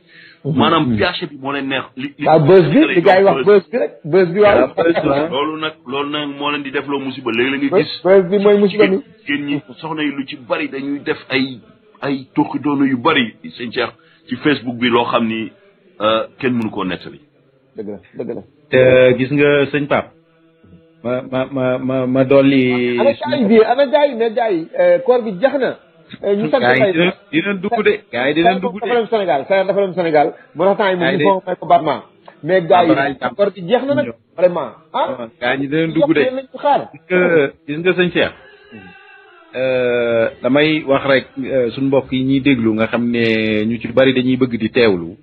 Mhm. maanaam mhm. piache bi moo leen neex. li li bës bi li gars yi wax bës bi loolu nag moo leen di def loo musiba léegi la nga gis. bi mooy musiba bi jigéen ñi yi lu ci bari dañuy def ay ay toxi doonu yu bari seen Cheikh ci Facebook bi loo xam ni euh, kenn mënu koo nettali. dëgg la dëgg la. te gis nga sëñ Pape. ma ma ma ma dolli. ana jaay euh, koor bi jeex na. Eh, ñu sant fay gaa yi dinañ dugg de gaa ah? ah, yi dinañ dugg de mais gaa yi vraiment ah gaa ñi de nañ ko damay wax rek euh, suñ mbokk yi ñuy déglu nga xam ne ñu ci bari dañuy bëgg di teewlu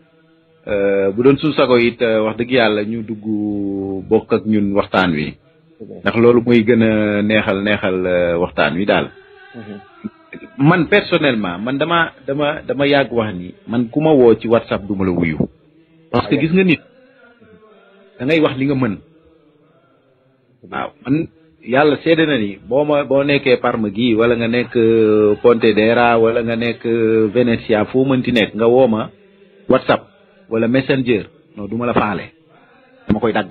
euh, bu doon suñ sago it euh, wax dëgg yàlla ñu dugg bokk ak ñun waxtaan wi ndax loolu mooy gën a neexal neexal waxtaan wi daal mm-hmm. man personnellement man dama dama dama yag wax ni man kuma wo ci whatsapp duma la wuyu parce que ah, gis nga nit da ngay wax li nga waaw man yalla seede na ni boo ma boo parme gi wala nga nekk euh, pontedera wala nga nek euh, venetia foo nek nga whatsapp wala messenger no duma la falé dama koy dag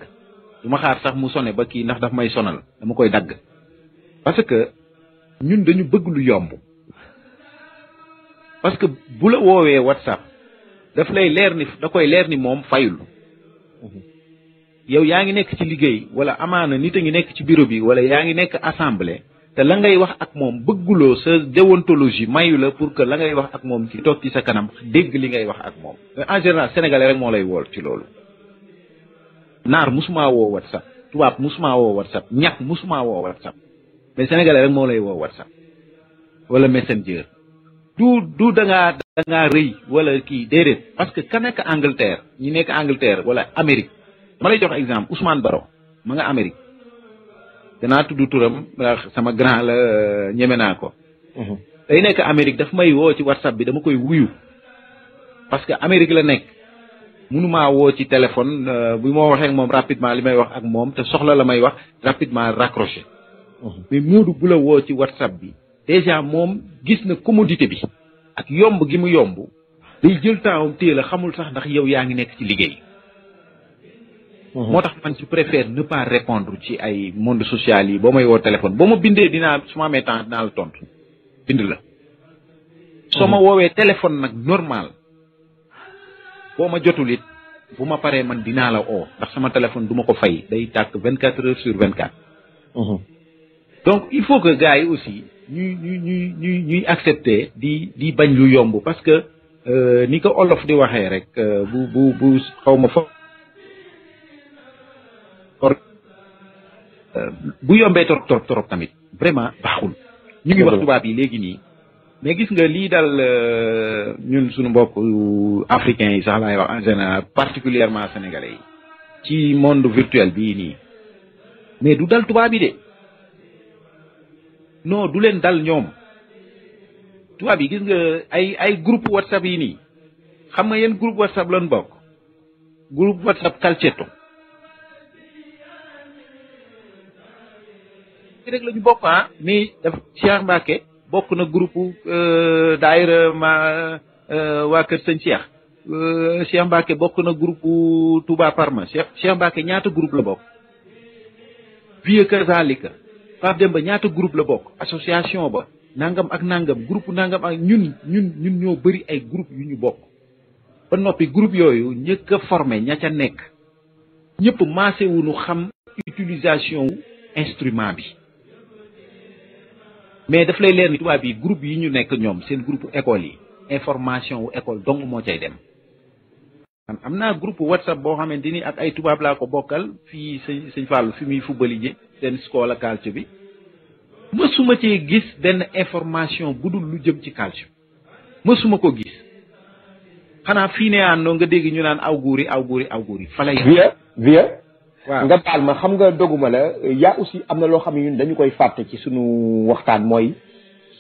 duma xaar sax mu sone ba ki ndax daf may sonal dama koy dag parce que ñun dañu bëgg lu yomb parce que bu la woowee whatsapp daf lay leer ni da koy leer ni moom fayul yow yaa ngi nekk ci liggéey wala amaana nit a ngi nekk ci bureau bi wala yaa ngi nekk assemblée te la ngay wax ak moom bëgguloo sa déontologie mayu la pour que la ngay wax ak moom ci toog ci sa kanam dégg li ngay wax ak moom en général sénégalais rek moo lay wool ci loolu naar musuma woo whatsapp tubaab musuma woo whatsapp ñàkk musuma woo whatsapp mais sénégalais rek moo lay woo whatsapp wala du du da nga da nga reuy wala ki dedet parce que ka nek Angleterre ñi nek Angleterre wala amerique ma lay jox exemple Ousmane Baro ma nga Amérique danaa tuddu turam sama grand la ñeme naa ko. Mhm. day nek amerique daf may wo ci WhatsApp bi dama koy wuyu parce que amerique la nek munuma wo ci téléphone euh, bu mo waxe ak moom rapidement limay wax ak mom te soxla la may wax rapidement raccrocher mhm. mais modou bu la wo ci WhatsApp bi. déjà moom gis na commodité bi ak gi mu day jël je préfère ne pas répondre ci ay monde social yi may téléphone tontu bind mhm. téléphone normal boo ma jotul it ma man dinaa la ndax sama téléphone du ko fay day heures sur 24. Mhm. donc il faut que gars aussi ñuy ñuy ñuy ñuy ñuy accepter di di bañ lu yomb parce que euh, ni ko olof di waxee rek euh, bu bu bu xaw ma fo euh, bu yombee torop torop torop tamit vraiment baaxul ñu ngi wax tubaab yi léegi nii mais gis nga lii daal ñun suñu mbokk africains yi sax laay wax en général particulièrement sénégalais yi ci monde virtuel bii nii mais du dal tubaab yi de non du leen dal ñoom tubaab yi gis nga ay ay group whatsapp yi nii xam nga yéen group whatsapp lan bokk group whatsapp calcetto bi rek la ñu bokk mais ah. daf Cheikh bokk na groupe euh, daayira ma euh, waa kër sëñ Cheikh euh, Cheikh Mbacke bokk na group Touba Parma Cheikh Cheikh Mbacke ñaata groupe la bokk vie kazalika Pape ba ñaata groupe la bokk association ba nangam ak nangam groupe nangam ak ñun ñun ñun ñoo bëri ay groupe yu ñu bokk ba noppi groupe yooyu ñëkk a formé ña ca nekk ñëpp maase wu nu xam utilisation wu instrument bi mais daf lay leer ni tubaab yi groupe yi ñu nekk ñoom seen groupe école yi information wu école dong moo cay dem am naa groupe whatsapp boo xamante ni ak ay tubaab laa ko bokkal fii sëñ sëñ Fallou fi muy fubali ji seen scola calcio bi mësuma cee gis benn information bu dul lu jëm ci calcio mësuma ko gis xanaa fii ne àndoo nga dégg ñu naan aw guuri aw guuri aw guuri fa lay vieux vieux waaw nga baal ma xam nga doguma la yaa aussi am na loo xam ne ñun dañu koy fàtte ci suñu waxtaan mooy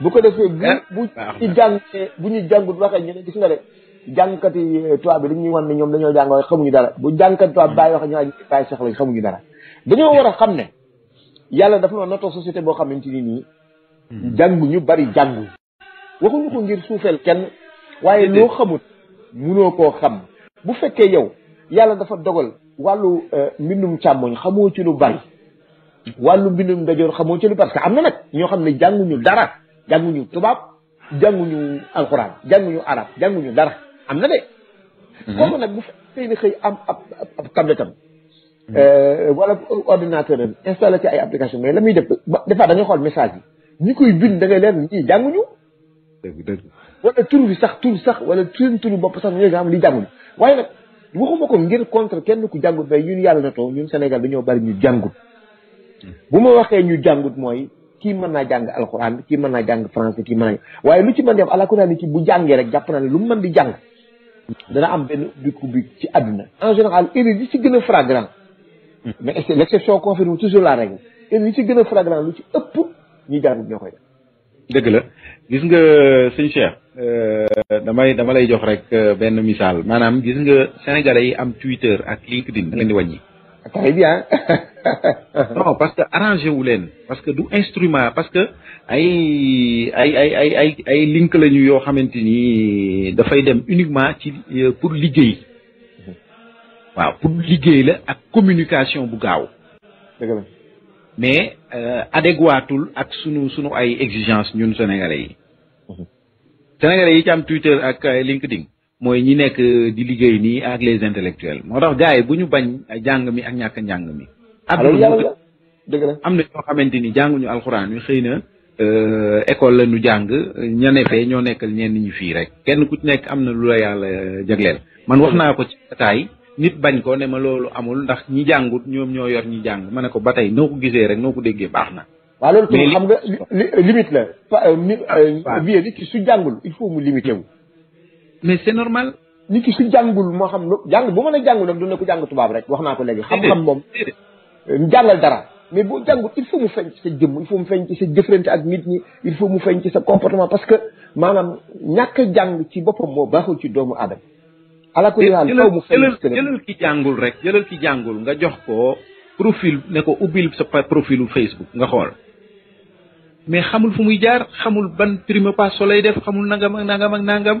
bu ko defee bu eh, bu ci jàngee bu ñu jàngut waxee ñu ne gis nga de jàngkati euh, tubaab bi dañuy wan ni ñoom dañoo jàng xamuñu dara bu jàngkati tubaab bàyyi wax ñu bàyyi soxla xamuñu dara dañoo war a xam ne yàlla dafa noon natoo société boo xamante ni nii hmm. jàngu ñu bari jàngu waxuñu ko ngir kenn waaye loo xamut munoo koo xam bu fekkee yow yàlla dafa dogal wàllu euh, mbindum càmmoñ xamoo ci lu bari wàllu mbindum ndajoor xamoo ci parce que am na nag ñoo xam ne jànguñu dara jànguñu tubaab jànguñu alxuraan jànguñu arab jànguñu dara am na de. Mhm. kooku nag bu fekkee ne xëy am ab ab tablette am. Mhm. Euh, wala ordinateur am ci ay application mais la muy def ba des fois xool message yi ñi koy bind da ngay leen ñii jànguñu. dëgg dëgg wala tur bi sax wala seen turu bopp sax ñooy nga xam li jànguñu waaye nag waxuma ko ngir contre kenn ku jàngut mais ñun yàlla na too ñun Sénégal dañoo bari ñu jàngut. Mhm. bu ma waxee ñu jàngut mooy. kii mën naa jàng alxuraan kii mën naa jàng français kii mën naa waaye lu ci mën def àlakulaan ni ci bu jàngee rek jàpp naa ne lu mu mën di jàng dana am benn ubbiku bi ci àdduna en général erreur yi ci gën a flagrant mais exception confirme toujours la règle erreur yi ci gën a flagrant lu ci ëpp ñu jàng ñoo koy def dëgg la gis nga sëñ Cheikh euh, damay dama lay jox rek euh, benn misaal maanaam gis nga sénégalais yi am Twitter ak LinkedIn leen di wàññi très bien. non parce que arrangez vous leen parce que d'où instrument parce que ay ay ay ay ay link le New York xamante de dafay dem uniquement euh, pour liguer. Wow, pour liguer la à communication bu gaaw. dëgg la mais euh, adéquatul ak sunu nous ay exigence ñun sénégalais yi. Mhm. sénégalais yi ci am Twitter ak LinkedIn. mooy ñi nekk euh, di liggéey nii ak les moo tax gars yi bu ñu bañ jàng mi ak ñàkk njàng mi. allo dëgg am na xamante ni jànguñu alxuraan wi xëy na euh, école la ñu jàng ña ne fee ñoo nekkal ñenn ñi fii rek kenn ku ci nekk am na lu la yàlla euh, jagleel. man wax naa ko ci taay nit bañ ko ne ma loolu amul ndax ñi jàngut ñoom ñoo yor ñi jàng ma ne ko ba tey noo ko gisee rek noo ko déggee baax na. waaw xam nga limite la. pa bi ci ah, su jàngul il faut mu limité mais c'est normal ni ki ci jangul mo xam lu jang bu ma la jàngul nag du ko jang tubab rek waxna ko legi xam-xam mom euh, jangal dara mais bu jàngut il faut mu feeñ ci sa jëmm il faut mu feeñ ci sa jëfrante ak nit ñi il faut mu feeñ ci sa comportement parce que manam ñàkk jang ci bopam mo baaxul ci doomu adam ala ko yàlla taw mu ci jëlal ki jangul rek jëlal ki jangul nga jox ko profil ne ko ubil sa profil facebook nga xol mais xamul fu muy jaar xamul ban prime passo lay def xamul nangam ak nangam ak nangam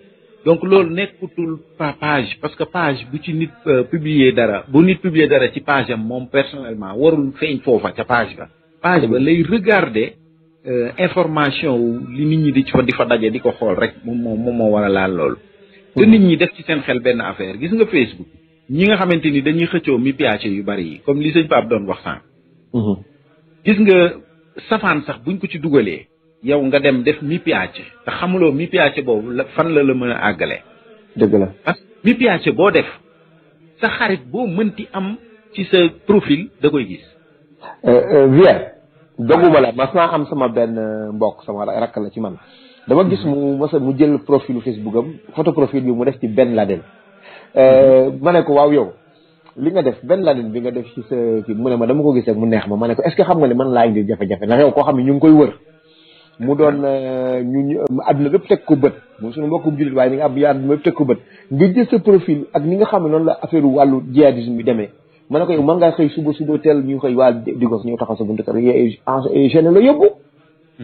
donc loolu nekkutul page parce que page bu ci nit euh, dara bu nit publier dara ci page am personnellement warul page page lay regarder euh, information wu li nit ñi di ci fa di fa di rek war a nit ñi def Facebook ñi nga ni dañuy mi piace yu bari comme li yow nga dem def mipiace te xamuloo mipiace boobu la fan la la mën a àggale dëgg la parce que mipiace boo def sa xarit boo mënti am ci sa profil da koy gis euh, euh, vier doguma la mas naa am sama benn euh, mbokk sama rakk la ci man dama gis mu masa mu jël profilu Facebook am photo profil bi mu def ci benn Laden ma ne ko waaw yow li nga def Ben Laden bi nga def ci sa mu ne ma dama ko gis rek mu neex ma ma ne ko est-ce que xam nga ne man laa indi jafe-jafe ndax yow koo xam ne ñu ngi koy wër mu doon ah. euh, ñu euh, àdduna bépp teg ko bët moom suñu mbokku jullit waaye mi nga am àdduna bépp teg ko bët nga jël sa profil ak ni nga xam ne noonu la affaire wàllu jihadisme bi demee ma ne ko yow mën ngaa xëy suba suba teel ñu xëy waa digos ñëw taxaw sa buntu kër gene la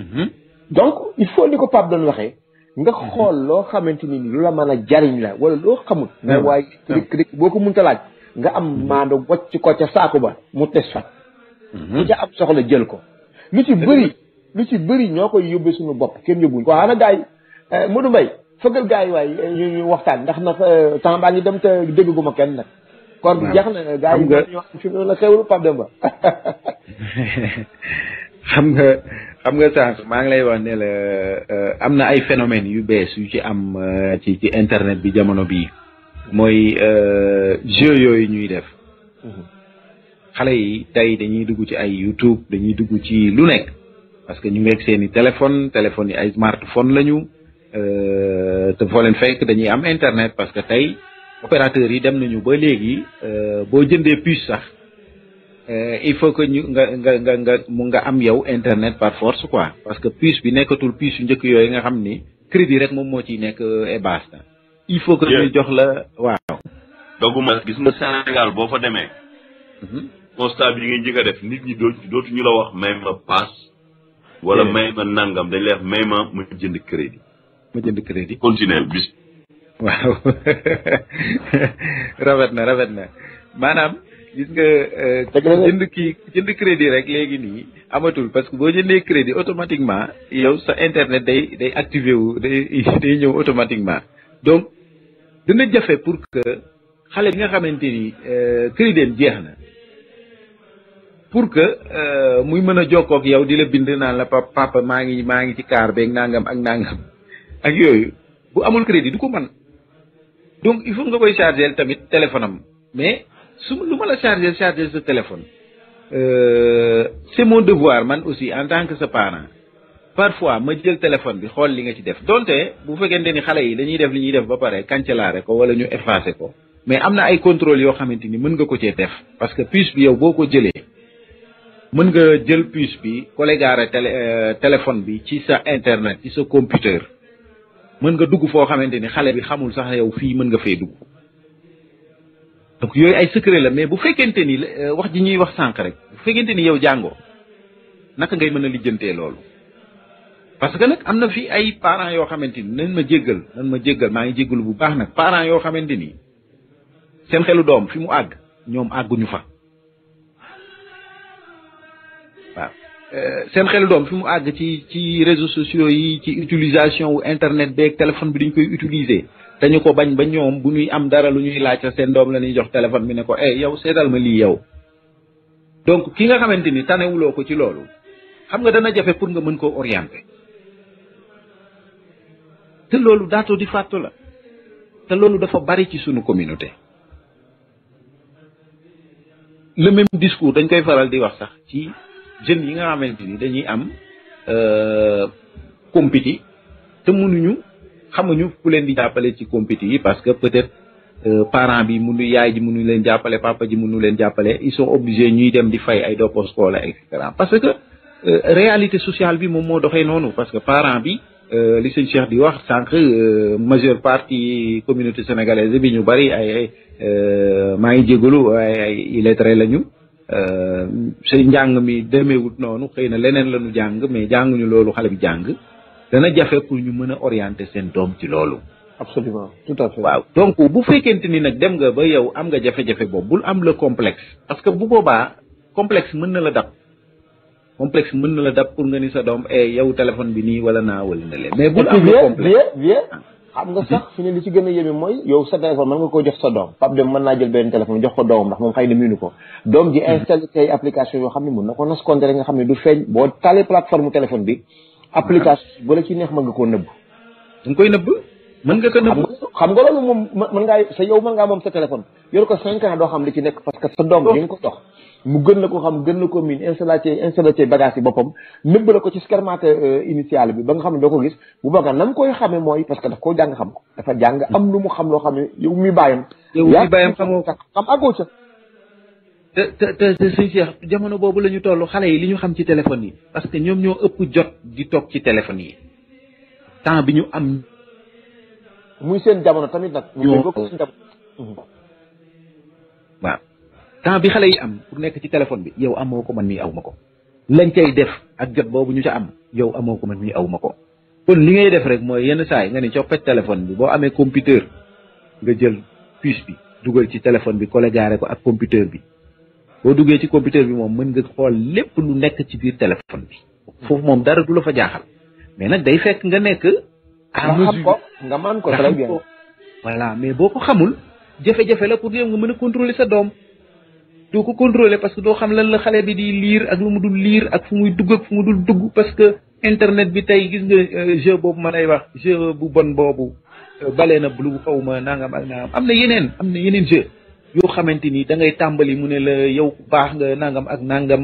mm-hmm. donc il faut ni ko Pape doon waxee nga xool loo xamante ni lu la man a jariñ la wala loo xamul nga mm-hmm. waaye mm-hmm. rek rek boo ko mënta laaj nga am maando wàcc ko ca saaku ba mu tes fa ca am soxla jël ko lu ci bëri ñoo koy yóbbee suñu bopp kenn yóbbuñ ko xanaa gars yi eh, Modou Mbaye fëggal gars yi waaye eh, ñu ñu waxtaan ndax nag eh, temps baa ngi dem te dégguma kenn nag. koor bi jeex na gars yi ñu wax fi mu la xewlu Pape Demba. xam nga xam nga sànq maa ngi lay wax ne la am na ay phénomènes yu bees yu ci am ci ci internet bi jamono bii mooy jeu yooyu ñuy def. Mhm. xale yi tey dañuy dugg ci ay YouTube dañuy dugg ci lu nekk. parce que ñu ngi ak seeni téléphone téléphone yi ay smartphone lañu euh, te foo leen fekk dañuy am internet parce que tey opérateur yi dem nañu ba léegi euh, boo jëndee puce sax euh, il faut que ñu nga nga nga nga mu nga am yow internet par force quoi parce que puce bi nekkatul puce yu njëkk yooyu nga xam ni crédit rek moom moo ciy nekk et basta il faut que ñu jox la waaw doguma gis nga sénégal boo fa demee mhm. constat bi ñu ngi def nit ñi dootu ñu la wax même passe wala may ma nangam dañ lay wax may ma ma jënd crédit. ma jënd crédit. continuer bis. waaw rafet na rafet na maanaam gis nga. Euh, jënd kii jënd crédit rek léegi nii amatul parce que boo jëndee crédit automatiquement yow sa internet day day activé wu day day ñëw automatiquement donc dina jafe pour que xale bi nga xamante ni euh, crédit am jeex na. pour que euh, muy meuna a ak yow dila bind la papa maa ngi maa ngi ci kaar beeg nangam ak nangam ak bu amul crédit du ko man donc il faut nga koy charger tamit téléphone mais su luma la charger charger sa téléphone euh, c'est mon devoir man aussi en tant que sa parent parfois ma jël téléphone bi xol li nga ci def donte bu fekkente ni xalé yi dañuy def li ñuy def ba pare cancelaare ko wala ñu effacer ko mais amna ay contrôle yo xamanteni mën nga ko ci def parce que puce bi yow boko jëlé mën nga jël puce bi collégaare télé euh, téléphone bi ci sa internet ci sa computer mën nga dugg foo xamante ni xale bi xamul sax yow fii mën nga fay dugg donc yooyu ay secret la mais bu fekkente ni euh, wax ji ñuy wax sànq rek bu fekkente ni yow jàngoo naka ngay mën a lijjantee loolu parce que nag am na fi ay parents yoo xamante ni nañ ma jéggal nañ ma jéggal maa ngi jéggalu bu baax nag parents yoo xamante ni seen xelu doom fi mu àgg ñoom àgguñu fa seen xel doom fi mu àgg ci ci réseaux sociaux yi ci utilisation wu internet beeg téléphone bi dañ koy utiliser dañu ko bañ ba ñoom bu ñuy am dara lu ñuy laajte seen doom la ñuy jox téléphone bi ne ko eh yow seetal ma lii yow. donc ki nga xamante ni tanewuloo ko ci loolu xam nga dana jafe pour nga mën koo orienter te loolu daatoo di fàttu la te loolu dafa bari ci sunu communauté. le même discours dañ koy faral di wax sax ci. jeunes yi nga xamante ni dañuy am euh, compétit te mënuñu xamuñu ku leen di jàppale ci compétit yi parce que peut-être euh, parent bi mënu yaay ji mënu leen jàppale papa ji mënu leen jàppale ils sont obligés ñuy dem di fay ay doppo scolaire et cetera parce que euh, réalité sociale bi moom moo doxee noonu parce que parent bi li sëñ Cheikh di wax sànq majeure partie communauté sénégalaise bi ñu bari ay ay maa ngi jégalu ay ay illettré lañu Eh, say jang mi demeewut wut nonu na lenen lañu jang jàng mais jànguñu lolu xalé bi jang dana jafe pour ñu mëna orienter seen dom ci lolu absolument tout à fait waaw donc bu fekkente ni nak dem nga ba yow am nga jafe-jafe boobu bul am le complexe parce que bu boba complexe mën na la dab complexe mën na la dab pour nga ni sa dom e eh, yow téléphone bi ni wala na wala na leen mais bul am le complexe ah. xam nga sax fi ne li ci gën a yéeme mooy yow sa téléphone mën nga koo jox sa doom Pape Dem mën naa jël benn téléphone jox ko doomam ndax moom xëy na miinu ko doom ji xam ne mën na ko naskonte rek nga xam ne du feeñ boo talee plateforme téléphone bi application bu la ci neex mën nga koo nëbb da nga koy nëbb mën nga ko nëbb xam nga loolu moom mën ngaa sa yow mën ngaa moom sa téléphone yor ko cinq ans doo xam li ci nekk parce que sa doom oh. di nga ko dox mu gën la ko xam gën la ko miin installé ci installé ci bagage yi boppam nëbb ko ci spermateur initial bi ba nga xam ne doo ko gis bu baax na mu koy xamee mooy parce que daf koo jàng xam ko dafa jàng am lu mu xam loo xam ne yow mi bàyyam. yow mi bàyyam xamoo ko xam àggoo ca. te te te suñu Cheikh jamono boobu la ñu toll xale yi li ñu xam ci téléphone yi parce que ñoom ñoo ëpp jot di toog ci téléphone yi temps bi ñu am. muy seen jamono tamit nag. ñu waaw. temps bi xalé yi am pour nekk ci téléphone bi yow amoko man mi awmako lañ cey def ak jot bobu ñu ci am yow amoko man mi awmako kon li ngay def rek moy yenn saay nga ni coppet téléphone bi bo amé computer nga jël puce bi duggal ci téléphone bi collégaré ko ak computer bi bo duggé ci computer bi mom mën nga xol lepp lu nekk ci biir téléphone bi fofu mom dara du la fa jaxal mais nak day fekk nga nekk à mesure nga man ko très bien voilà mais boko xamul jafé jafé la pour yow nga contrôler sa dom doo ko contrôler parce que doo xam lan la xale bi di liir ak lu mu dul liir ak fu muy dugg ak fu mu dul dugg parce que internet bi tey gis nga euh, jeu boobu ma lay wax jeu bu bon boobu euh, balee na bulu xaw ma nangam ak nangam am na yeneen am na yeneen jeu yoo xamante nii da ngay tàmbali mu ne la yow ku baax nga nangam ak nangam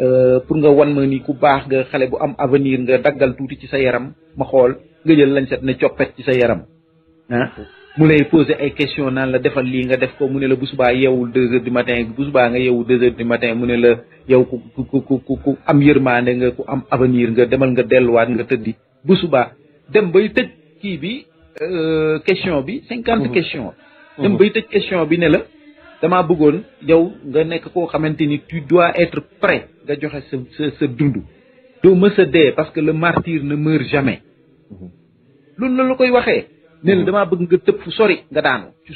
euh, pour nga wan ma ni ku baax nga xale bu am avenir nga daggal tuuti ci sa yaram ma xool nga jël lañ set ne coppet ci sa yaram mu lay poser ay question la defal li nga def ko la busuba 2 du matin busuba nga ou 2h du matin mu la yow ku ku ku ku am yermane nga ku am avenir nga demal nga nga teddi busuba dem bay bi euh, question bi cinquante mmh. question mmh. dem bay question bi ne la nga tu dois être prêt nga joxe sa sa sa dund doo parce que le martyr ne meurt jamais mmh. loolu la la nee na damaa bëgg nga tëb fu sori nga daanu ci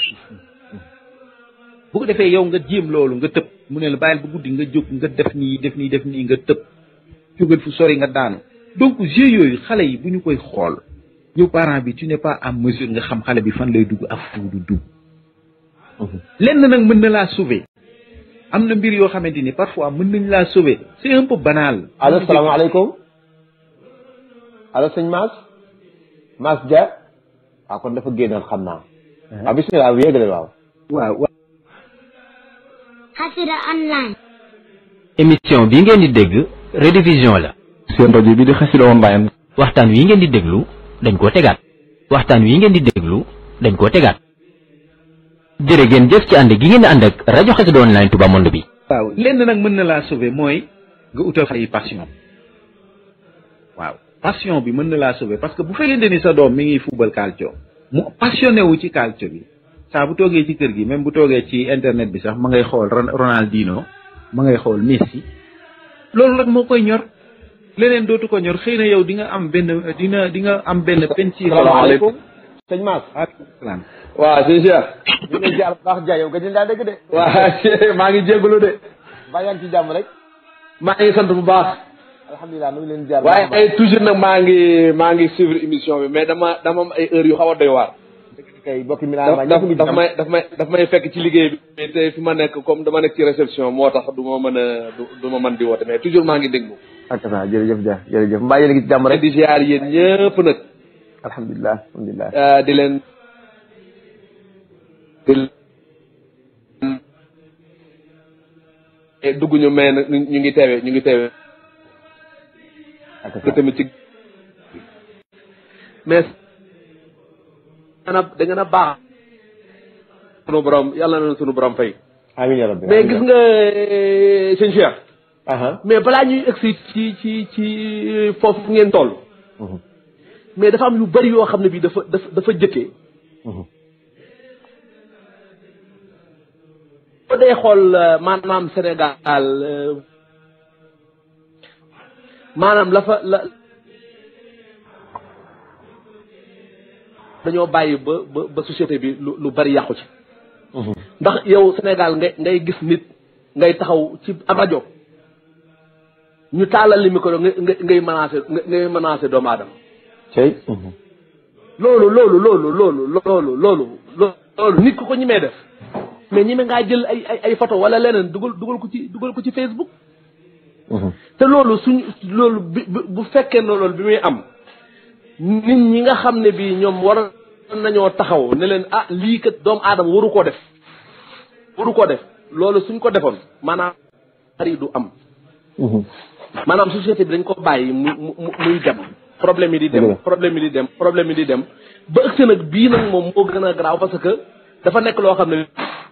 bu ko defee yow nga jéem loolu nga tëb mu ne la bàyyil bu guddi nga jóg nga def nii def nii def nii nga tëb jógal fu sori nga daanu donc jeux yooyu xale yi bu ñu koy xool yow parent bi tu n'es pas en mesure nga xam xale bi fan lay dugg ak fu du dugg lenn nag mën na laa sauver am na mbir yoo xamante ni parfois mën nañ laa sauver c'est un banaal banal allo salaamaaleykum allo sëñ Mass waaw ah, kon dafa génnoon xam naa. waaw uh-huh. ah, bisimilah bu yëgalee waaw. waaw. xasida online. émission bi ngeen di dégg rediffusion la. seen rajo bi di xasida online. waxtaan wi ngeen di déglu dañ koo tegaat. waxtaan wi ngeen di déglu dañ koo tegaat. jërë ngeen jëf ci ànd gi ngeen di ànd ak rajo xasida online Touba Monde bi. waaw lenn nag mën na laa sauver mooy nga utal xale yi passion waaw. passion bi mën na la sauver parce que bu fekkente ni sa doom mi ngi football calcio mu passionné wu ci calcio bi sa bu toogee ci kër gi même bu toogee ci internet bi sax ma ngay xool ronaldino ma ngay xool messi loolu rek moo koy ñor leneen dootu ko ñor xëy na yow di nga am benn dina di nga am benn penci Seigne sëñ Assalam. Wa Seigne Cheikh ñu ne jaar bax jaay yow gëj daa dégg de Wa ma ngi jégalu de baa yaa ci jàmm rek Ma ngi sant bu baax alhamdulilah nu leen jaar waaye ay toujours nag maa ngi maa ngi suivre émission bi mais dama dama am ay heures yu xaw a doy waar. kay bokk mi naa daf may daf may fekk ci liggéey bi. mais tey fi ma nekk comme dama nekk ci réception moo tax du ma mën ma mën di woote mais toujours maa ngi déglu. ak naa jërëjëf Dia jërëjëf mbaa yéen a ngi ci jàmm rek. di ziar yéen ñëpp nag. alhamdulilah alhamdulilah. Ah, di leen. Eh, dugguñu ñu mais ñu ngi teewee ñu ngi teewee. te tamit ci mais dana da baax sunu borom yàlla na sunu borom fay amiin yaa rabbi mais gis nga sëñ mais balaa ñuy egsi ci ci ci foofu ngeen toll mhm. mais dafa am yu bari yoo xam ne bii dafa dafa dafa jëkkee mhm. boo dee xool euh, maanaam Sénégal euh, maanaam la fa la dañoo bàyyi ba ba ba société bi lu lu bari yàqu ci mm-hmm. ndax yow Sénégal ngay ngay gis nit ngay taxaw ci ab rajo ñu taalal li micro ko ngay menacé ngay menacé doomu aadama tey mm-hmm. loolu loolu loolu loolu loolu loolu loolu nit ku ko ñimee def mais ñi me ngaa jël ay ay ay photo wala leneen dugal dugal ko ci dugal ko ci Facebook Mm-hmm. te loolu suñ loolu bi bu fekkee ne loolu bi muy am nit ñi nga xam ne bii ñoom war nañoo taxaw ne leen ah lii kat doomu aadama waru koo def waru koo def loolu suñ ko defoon maanaam ari du am mm-hmm. maanaam société bi dañ ko bàyyi mu muy dem problème yi di dem mm-hmm. problème yi di dem problème yi di dem ba ëgsi nag bii nag moom moo gën a garaaw parce que dafa nekk loo xam ne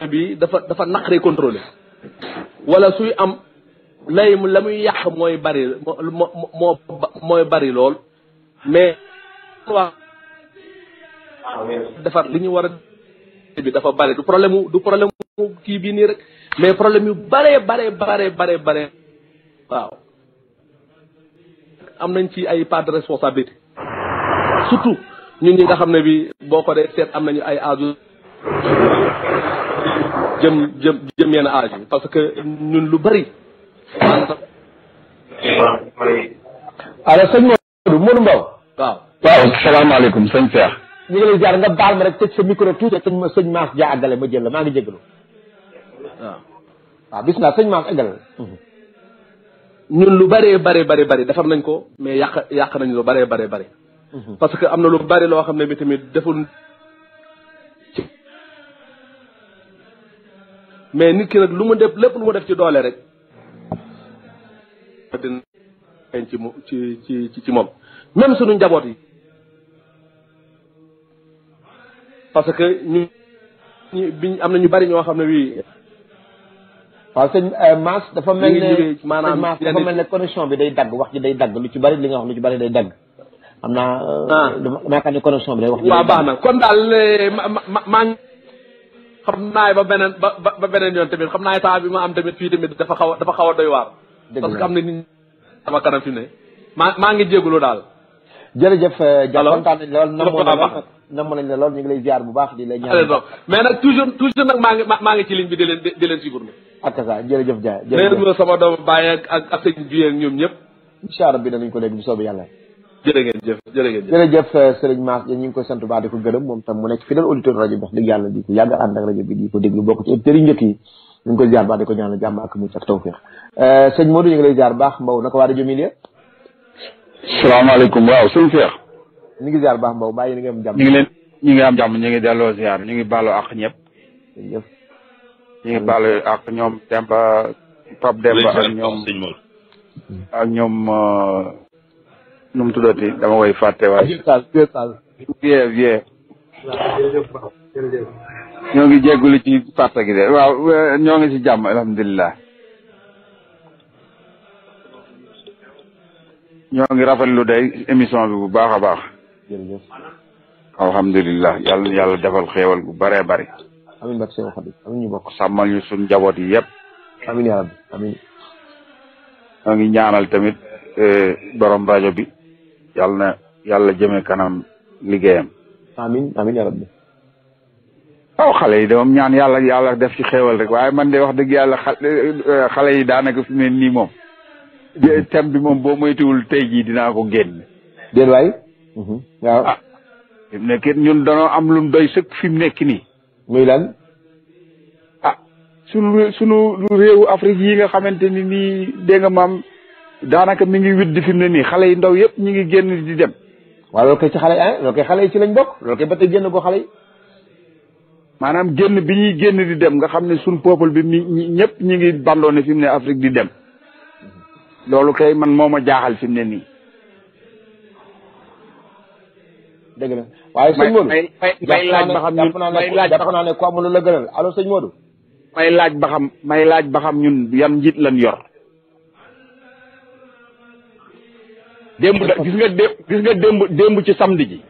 bii dafa dafa naqaree contrôlé wala suy am lay la muy yàq mooy bari moo moo mooy bari lool mais waa defar li ñu war a bi dafa bari du problème du problème kii bii nii rek mais problème yu bare bare bare bare bare waaw am nañ ci ay part de responsabilité surtout ñun ñi nga xam ne bi boo ko dee seet am nañu ay âge jëm jëm jëm yenn âge parce que ñun lu bari alors sëñ Modou Modou Mbaw waaw waaw salaamaaleykum sëñ Cheikh ñu ngi lay jaar nga baal ma rek tëj sa micro tuuti sëñ ma sëñ Maas Dia àggale ma jël la maa ngi jégalu waaw waaw bis naa sëñ Maas àggale la mhm. ñun lu bëree bëri bëri bëri defar nañ ko mais yàq yàq nañ lu bëree bëri bëri mhm. parce que am na lu bëri loo xam ne mi tamit deful mais nit ki nag lu ma def lépp lu mu def ci doole rek dina ci ci ci ci moom même suñu njaboot yi parce que ñu biñ am na ñu bari ñoo xam ne wii waaw sëñ euh, Mass dafa mel ne maanaam Mass dafa mel ne connexion bi day dagg wax ji day dagg lu ci bari li nga wax lu ci bari day dagg xam naa ah. euh, dama xam ne connexion bi day wax waaw baax na kon daal euh, maa ngi xam naay ba beneen ba ba beneen yoon tamit xam naay temps ma am tamit fii tamit dafa xaw a dafa waar parce que am na nit sama kanam fi maa maa ngi jégalu daal jërëjëf euh, a nañ lool namoon nañ la namoon ñu ngi lay bu baax di la ñaan mais nag toujours maa ngi maa ngi ci ligne bi di leen di leen suivre ak bi danañ ko dégg bu soobee yàlla jërë ngeen jëf jërë ngeen euh, ñu ngi koy sant baax di ko gërëm moom tam mu nekk fidèle auditeur rajo bi wax yàlla di ko yàgg ànd ak rajo bi di bokk ci auditeurs yi njëkk yi ñu ngi koy jaar baax di ko ñaanal jàmm ak mucc ak tawféex euh, sëñ Modou ñu ngi lay jaar baax Mbow naka waa rajo Milia. salaamaaleykum waaw ñu ngi ziar baax Mbow mbaa yéen a ngi am jàmm. ñu ngi leen ñu ngi am ñu ngi delloo ziar ñu ngi baalu àq ñëpp. ñu ngi baalu àq ñoom Demba Pape Demba ak ñoom ak ñoom euh, nu tuddati dama koy fàtte waaye. Vieux Sall ñongi jéggul ci parta gi gitu dé ya. waaw ñongi ci jamm alhamdullilah ñongi ngi lu dé émission bi bu baaxa baax alhamdullilah yalla yalla defal xéewal bu bare bari amin bak seen xarit amin ñu bokk samal ñu suñ jabot yi yépp amin ya rabbi amin ñongi ñaanal tamit eh, borom radio bi yalla na yàlla jëme kanam liggéeyam amin amin ya rabbi waaw xale yi de ñaan yàlla yàlla def ci xéewal rek waaye man de wax dëgg yàlla euh, xale yi daanaka fi ne nii moom thème bi moom boo moytuwul tey jii dinaa ko génn. déedéet waay. Mm-hmm. Ah, ñun danoo am lu doy sëkk fi mu nekk nii. muy lan. ah sunu sunu réewu xamante ni nii dégg nga mi ngi widd fi mu ne nii xale yi ndaw yëpp ñu ngi génn di dem. waaw loolu kay ci xale yi ah kay xale yi ci lañ bokk loolu kay ba tey génn ko xale yi. maanaam génn bi ñuy génn di dem nga xam ne suñ peuple bi mi ñëpp ñi ngi bandoo ne fi mu ne Afrique di dem loolu kay man moo ma jaaxal fim mu ne nii. dëgg la waaye sëñ Modou may may laaj ba xam ñun may laaj ba xam ne laaj ba xam laaj ba xam ñun yan njiit lañ yor. démb da gis nga démb démb ci samedi ji.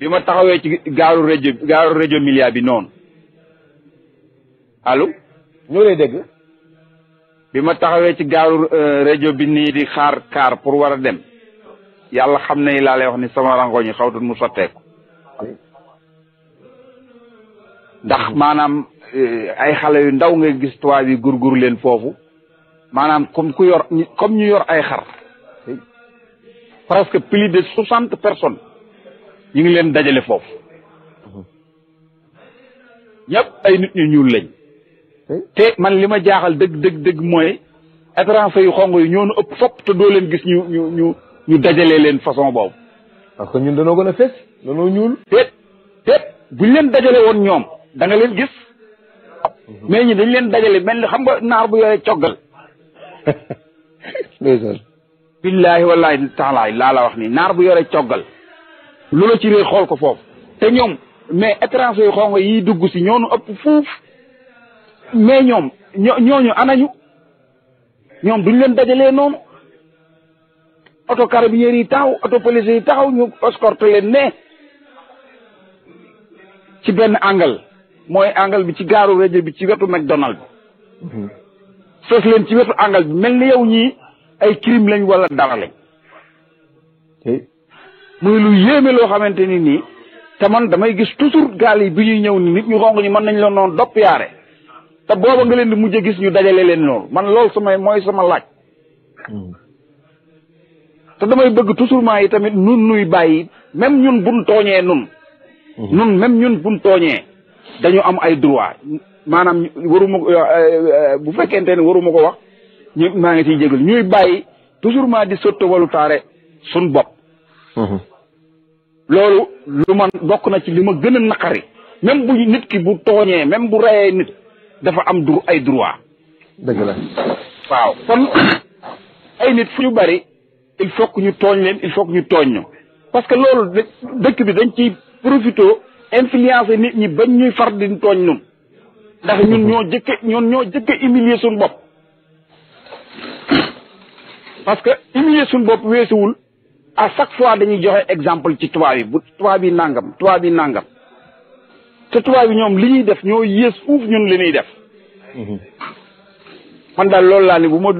bi ma taxawee ci gaaru rajo gaaru rajo milliard bi noonu allo ñoo lay dégg bi ma taxawee ci gaaru euh, rajo bi nii di xaar kaar pour war a dem yàlla xam ne laa lay wax ni sama rango xaw xawtut mu sotteeku ndax maanaam euh, ay xale yu ndaw nga gis tubaab yi gurgur leen foofu maanaam comme ku yor comme ñu yor ay xar presque plus de soixante personnes ñu ngi leen dajale foofu ñëpp ay nit ñu ñuul lañ te man li ma jaaxal dëgg dëgg dëgg mooy étranger yu xong yi ñoo nu ëpp fopp te doo leen gis ñu ñu ñu ñu dajalee leen façon boobu parce que ñun danoo gën a fees danoo ñuul te téet buñ leen dajale woon ñoom da leen gis mais ñi dañ leen dajale mel ni xam nga naar bu yore coggal billahi wallahi taalaay laa la wax nii naar bu yore coggal loolu ci réer xool ko foofu te ñoom mais étranger yu xonq yi dugg si ñoonu ëpp fuuf mais ñoom ñoo ñooñu anañu ñoom duñ leen dajalee noonu oto carabinieri yi taxaw oto police yi taxaw ñu escorte leen ne ci benn angle mooy angle bi ci gaaru rajo bi ci wetu McDonald bi mhm. leen ci wetu angle bi mel ni yow ñii ay crime lañ wala dara lañ muy lu yéeme loo xamante ni nii te man damay gis toujours gaal yi bi ñuy ñëw ni nit ñu xonq ñi mën nañ la noonu dopp yaare te booba nga leen di mujj gis ñu dajale leen loolu man loolu samay mooy sama laaj te damay bëgg toujours maa yi tamit nun nuy bàyyi même ñun buñ tooñee nun nun même ñun buñ tooñee dañu am ay droit maanaam waruma euh, euh, bu fekkente ne waruma ko wax maa ngi ciy jégal ñuy bàyyi toujours di sotto walu taare suñ bopp Mhm. loolu lu man bokk na ci li ma gën a naqari même bu nit ki bu tooñee même bu rayee nit dafa am dur ay droit. dëgg la. waaw kon ay nit fu ñu bari il faut que ñu tooñ leen il faut que ñu tooñ ñu parce que loolu dëkk bi dañ ciy profité influencer nit ñi bañ ñuy far di tooñ ñun. ndax ñun mhm. ñoo jëkke ñun ñoo jëkk humilier suñu bopp. parce que humilier suñu bopp weesuwul. à chaque fois dañuy joxe exemple ci trois yi bu tubaab yi nangam tubaab yi nangam te tubaab yi ñoom li ñuy def ñoo yées fuuf ñun li ñuy def. Mhm. man daal loolu laa ni bu ma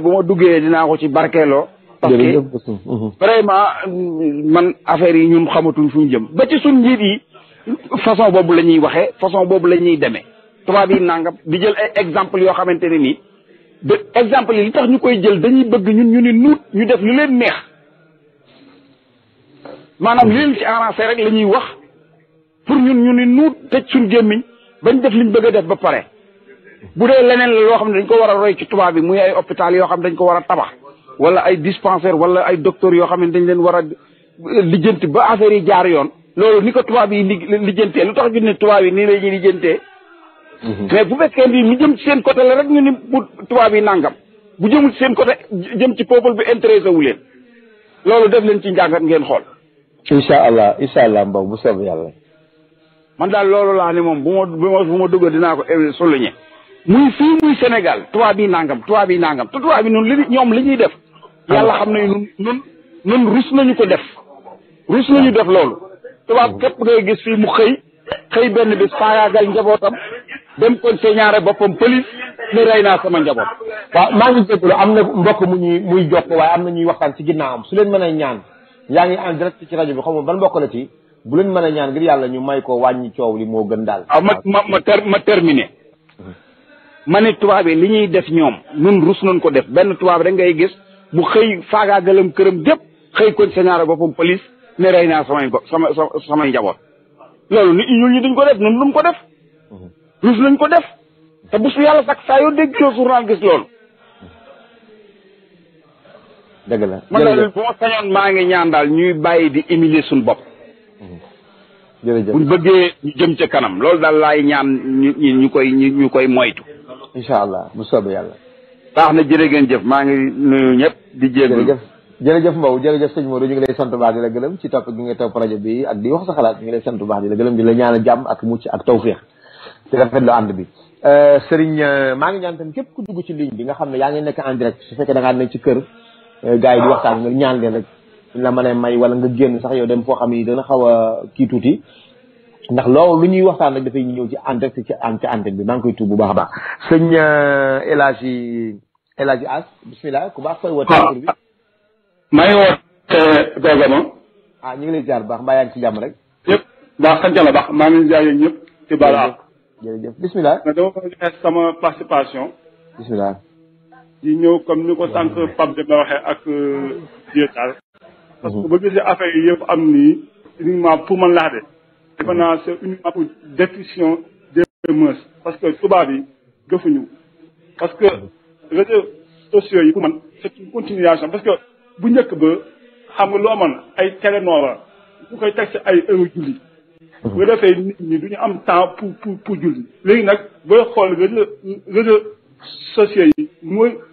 bu ma duggee dinaa ko ci barkeeloo. parce que mhm. vraiment man affaire yi ñun xamatuñ fu ñu jëm ba ci suñ njiit yi façon boobu la ñuy waxee façon boobu la ñuy demee. bi yi nangam di jël ay exemple yoo xamante ne nii de exemple yi li tax ñu koy jël dañuy bëgg ñun ñu ni nuut ñu def lu leen neex. maanaam li leen ci arrangé rek la ñuy wax pour ñun ñu ni nuut tëj suñ gémmiñ bañ def liñ bëgg def ba pare bu dee leneen la loo xam ne dañ ko war a roy ci tubaab bi muy ay hôpital yoo xam ne dañ ko war a tabax wala ay dispensaire wala ay docteurs yoo xam ne dañ leen war a lijjanti ba affaire yi jaar yoon loolu ni ko tubaab yi lijjantee lu tax ñu ne tubaab yi nii la ñuy lijjantee mhm. mais bu fekkee ni mu jëm seen côté la ni bu tubaab yi nangam bu jëmul seen côté jëm ci peuple bi intéressé wu leen loolu def leen ci njàngat ngeen xool incha allah incha allah mbaw bu soob yàlla man daal loolu laa ni moom bu ma bu ma dugg dinaa ko souligner muy fii muy Sénégal tubaab bi nangam tubaab bi li ñoom li ñuy def ah. yàlla xam ne nun nun ko def rus def loolu tubaab képp gis fii benn bis faagaagal njabootam dem kon see ñaare boppam pëlis naa sama njaboot waaw am na mbokk mu ñuy muy am na ñuy waxtaan ci ginnaawam su leen mën a ñaan yaa ngi en direct ci rajo bi xaw ma ban bokk la ci bu leen mën a ñaan ngir yàlla ñu may ko wàññi coow li moo gën daal. waaw ah, ma ma ma ter ma terminé. ma ne tubaab yi li ñuy def ñoom ñun rus ko def benn tubaab rek ngay gis bu xëy faagaagalam këram gépp xëy ko señaara boppam police ne rey ko sama samay njaboot. loolu nit ñi duñ ko def ñun duñ ko def. Mhm. rus nañ ko def. te bu su yàlla sax saa yoo dégg journal gis loolu. dëgg la man daal bu maa ngi ñaan daal ñuy bàyyi di humilier suñu bopp. Mm-hmm. jërëjëf buñ bëggee ñu jëm ca kanam loolu daal laay ñaan ñu ñu koy ñu koy moytu. incha allah bu soobee yàlla. baax na jërë ngeen jëf maa ngi nuyu ñëpp di jéegul jërëjëf jërëjëf Mbow jërëjëf sëñ Modou ñu ngi lay sant baax di la gërëm ci topp gi nga topp rajo bi ak di wax sa xalaat ñu ngi lay sant baax di la gërëm di la ñaan jàmm ak mucc ak tawféex ci rafet lu ànd bi euh, sëriñ maa ngi ñaan tam képp ku dugg ci ligne bi nga xam ne yaa ngi nekk en fekkee da ngaa nekk kër Euh, gars yi di waxtaan nga ñaan leen rek la mënee may wala nga génn sax yow dem foo xam ni dana xaw a kii tuuti ndax loo lu ñuy waxtaan rek dafay ñëw ci en direct ci en ci antenne bi koy tuub bu baax a baax. sëñ euh, El Hadj El ku baax fooy woote. waaw ah, maa ngi woote Bergamo. ah ñu ngi lay jaar baax mbaa ci jàmm rek. yëpp baax sant yàlla maa ngi jaay yéen ñëpp. ci baalu di ñëw comme ni ko sànq pap Demba waxee ak euh, Dieu parce que mhm. ba gisee affaire yi yëpp am nii uniquement pour man laa de. defe naa mhm. c' est uniquement pour destruction des mœurs parce que tubaab yi gëfuñu parce que mhm. réseaux sociaux yi pour man c' est une continuation parce que bu njëkk ba xam nga loo mën ay télénora ku koy teg si ay heure julli. bu ko defee nit ñi du ñu am temps pour pour pour julli. léegi nag booy xool réseaux réseaux sociaux yi mooy.